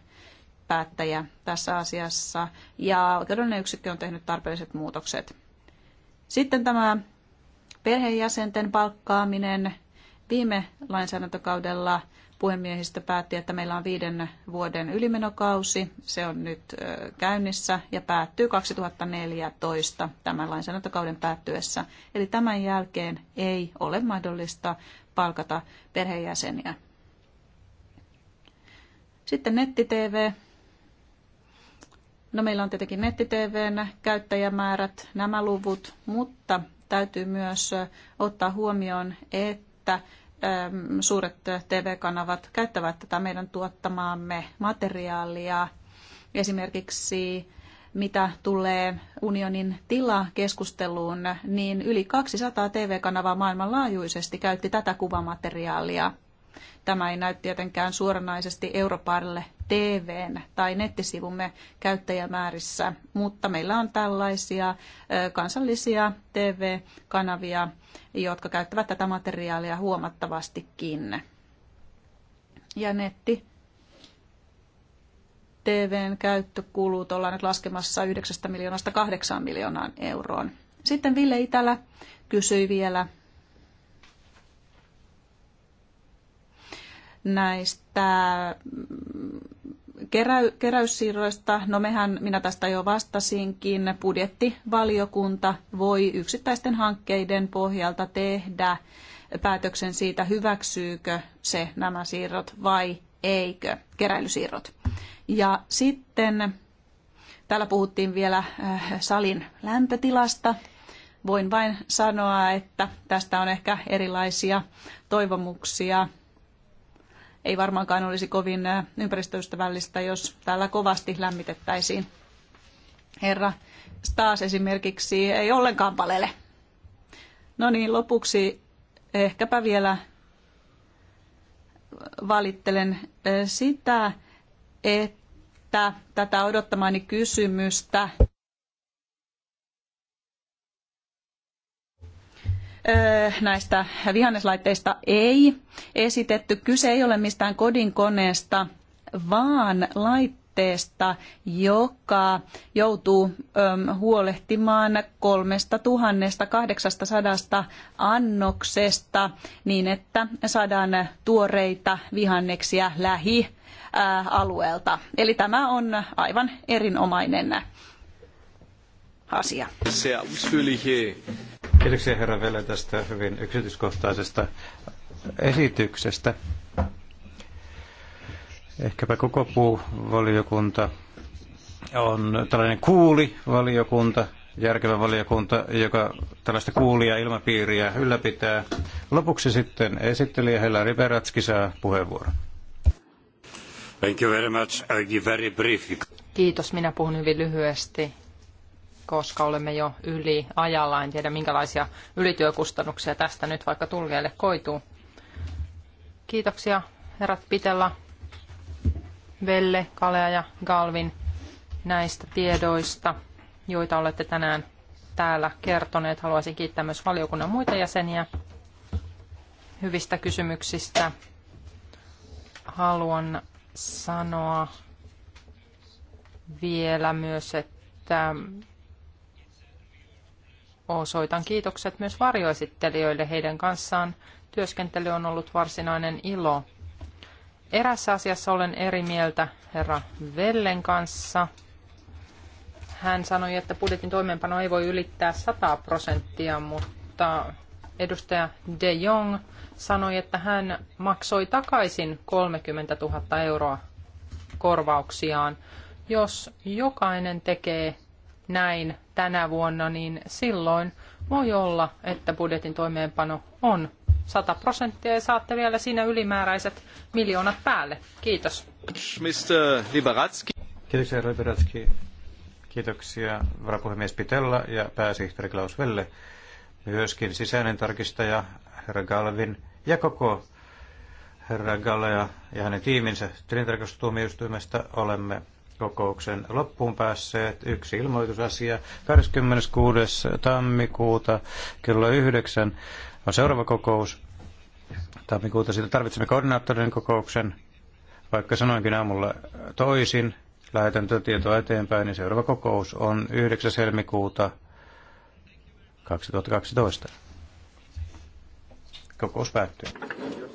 päättäjä tässä asiassa ja oikeudellinen yksikkö on tehnyt tarpeelliset muutokset. Sitten tämä perheenjäsenten palkkaaminen viime lainsäädäntökaudella puhemiehistä päätti, että meillä on viiden vuoden ylimenokausi. Se on nyt käynnissä ja päättyy 2014 tämän lainsäädäntökauden päättyessä. Eli tämän jälkeen ei ole mahdollista palkata perheenjäseniä. Sitten netti-TV. No meillä on tietenkin netti-TVn käyttäjämäärät, nämä luvut, mutta täytyy myös ottaa huomioon, että Ähm, suuret äh, TV-kanavat käyttävät tätä meidän tuottamaamme materiaalia. Esimerkiksi mitä tulee unionin tilakeskusteluun, niin yli 200 TV-kanavaa maailmanlaajuisesti käytti tätä kuvamateriaalia. Tämä ei näy tietenkään suoranaisesti Europarille TVn tai nettisivumme käyttäjämäärissä, mutta meillä on tällaisia kansallisia TV-kanavia, jotka käyttävät tätä materiaalia huomattavastikin. Ja netti TVn käyttökulut ollaan nyt laskemassa 9 miljoonasta 8 miljoonaan euroon. Sitten Ville Itälä kysyi vielä näistä mm, keräy- keräyssiirroista. No mehän, minä tästä jo vastasinkin, budjettivaliokunta voi yksittäisten hankkeiden pohjalta tehdä päätöksen siitä, hyväksyykö se nämä siirrot vai eikö, keräilysiirrot. Ja sitten täällä puhuttiin vielä äh, salin lämpötilasta. Voin vain sanoa, että tästä on ehkä erilaisia toivomuksia ei varmaankaan olisi kovin äh, ympäristöystävällistä, jos täällä kovasti lämmitettäisiin. Herra Staas esimerkiksi ei ollenkaan palele. No niin, lopuksi ehkäpä vielä valittelen äh, sitä, että tätä odottamani kysymystä näistä vihanneslaitteista ei esitetty. Kyse ei ole mistään kodinkoneesta, vaan laitteesta, joka joutuu huolehtimaan 3800 annoksesta niin, että saadaan tuoreita vihanneksia lähialueelta. Eli tämä on aivan erinomainen asia. Sehr ausführliche Kiitoksia herra Vele tästä hyvin yksityiskohtaisesta esityksestä. Ehkäpä koko puuvaliokunta on tällainen kuuli valiokunta, järkevä valiokunta, joka tällaista kuulia ilmapiiriä ylläpitää. Lopuksi sitten esittelijä Hella Riberatski saa puheenvuoron. Thank you very much. I'll give very brief. Kiitos, minä puhun hyvin lyhyesti koska olemme jo yli ajalla. En tiedä, minkälaisia ylityökustannuksia tästä nyt vaikka tulkeille koituu. Kiitoksia herrat Pitella, Velle, Kalea ja Galvin näistä tiedoista, joita olette tänään täällä kertoneet. Haluaisin kiittää myös valiokunnan muita jäseniä hyvistä kysymyksistä. Haluan sanoa vielä myös, että osoitan kiitokset myös varjoesittelijöille. Heidän kanssaan työskentely on ollut varsinainen ilo. Erässä asiassa olen eri mieltä herra Vellen kanssa. Hän sanoi, että budjetin toimeenpano ei voi ylittää 100 prosenttia, mutta edustaja De Jong sanoi, että hän maksoi takaisin 30 000 euroa korvauksiaan. Jos jokainen tekee näin tänä vuonna, niin silloin voi olla, että budjetin toimeenpano on 100 prosenttia ja saatte vielä siinä ylimääräiset miljoonat päälle. Kiitos. Mr. Liberatski. Kiitoksia, herra Liberatski. Kiitoksia varapuhemies Pitella ja pääsihteeri Klaus Velle. Myöskin sisäinen tarkistaja herra Galvin ja koko herra Galea ja hänen tiiminsä tilintarkastustuomioistuimesta olemme kokouksen loppuun päässeet. Yksi ilmoitusasia 26. tammikuuta kello 9 on seuraava kokous. Tammikuuta siitä tarvitsemme koordinaattorin kokouksen. Vaikka sanoinkin aamulla toisin, lähetän tätä tietoa eteenpäin, niin seuraava kokous on 9. helmikuuta 2012. Kokous päättyy.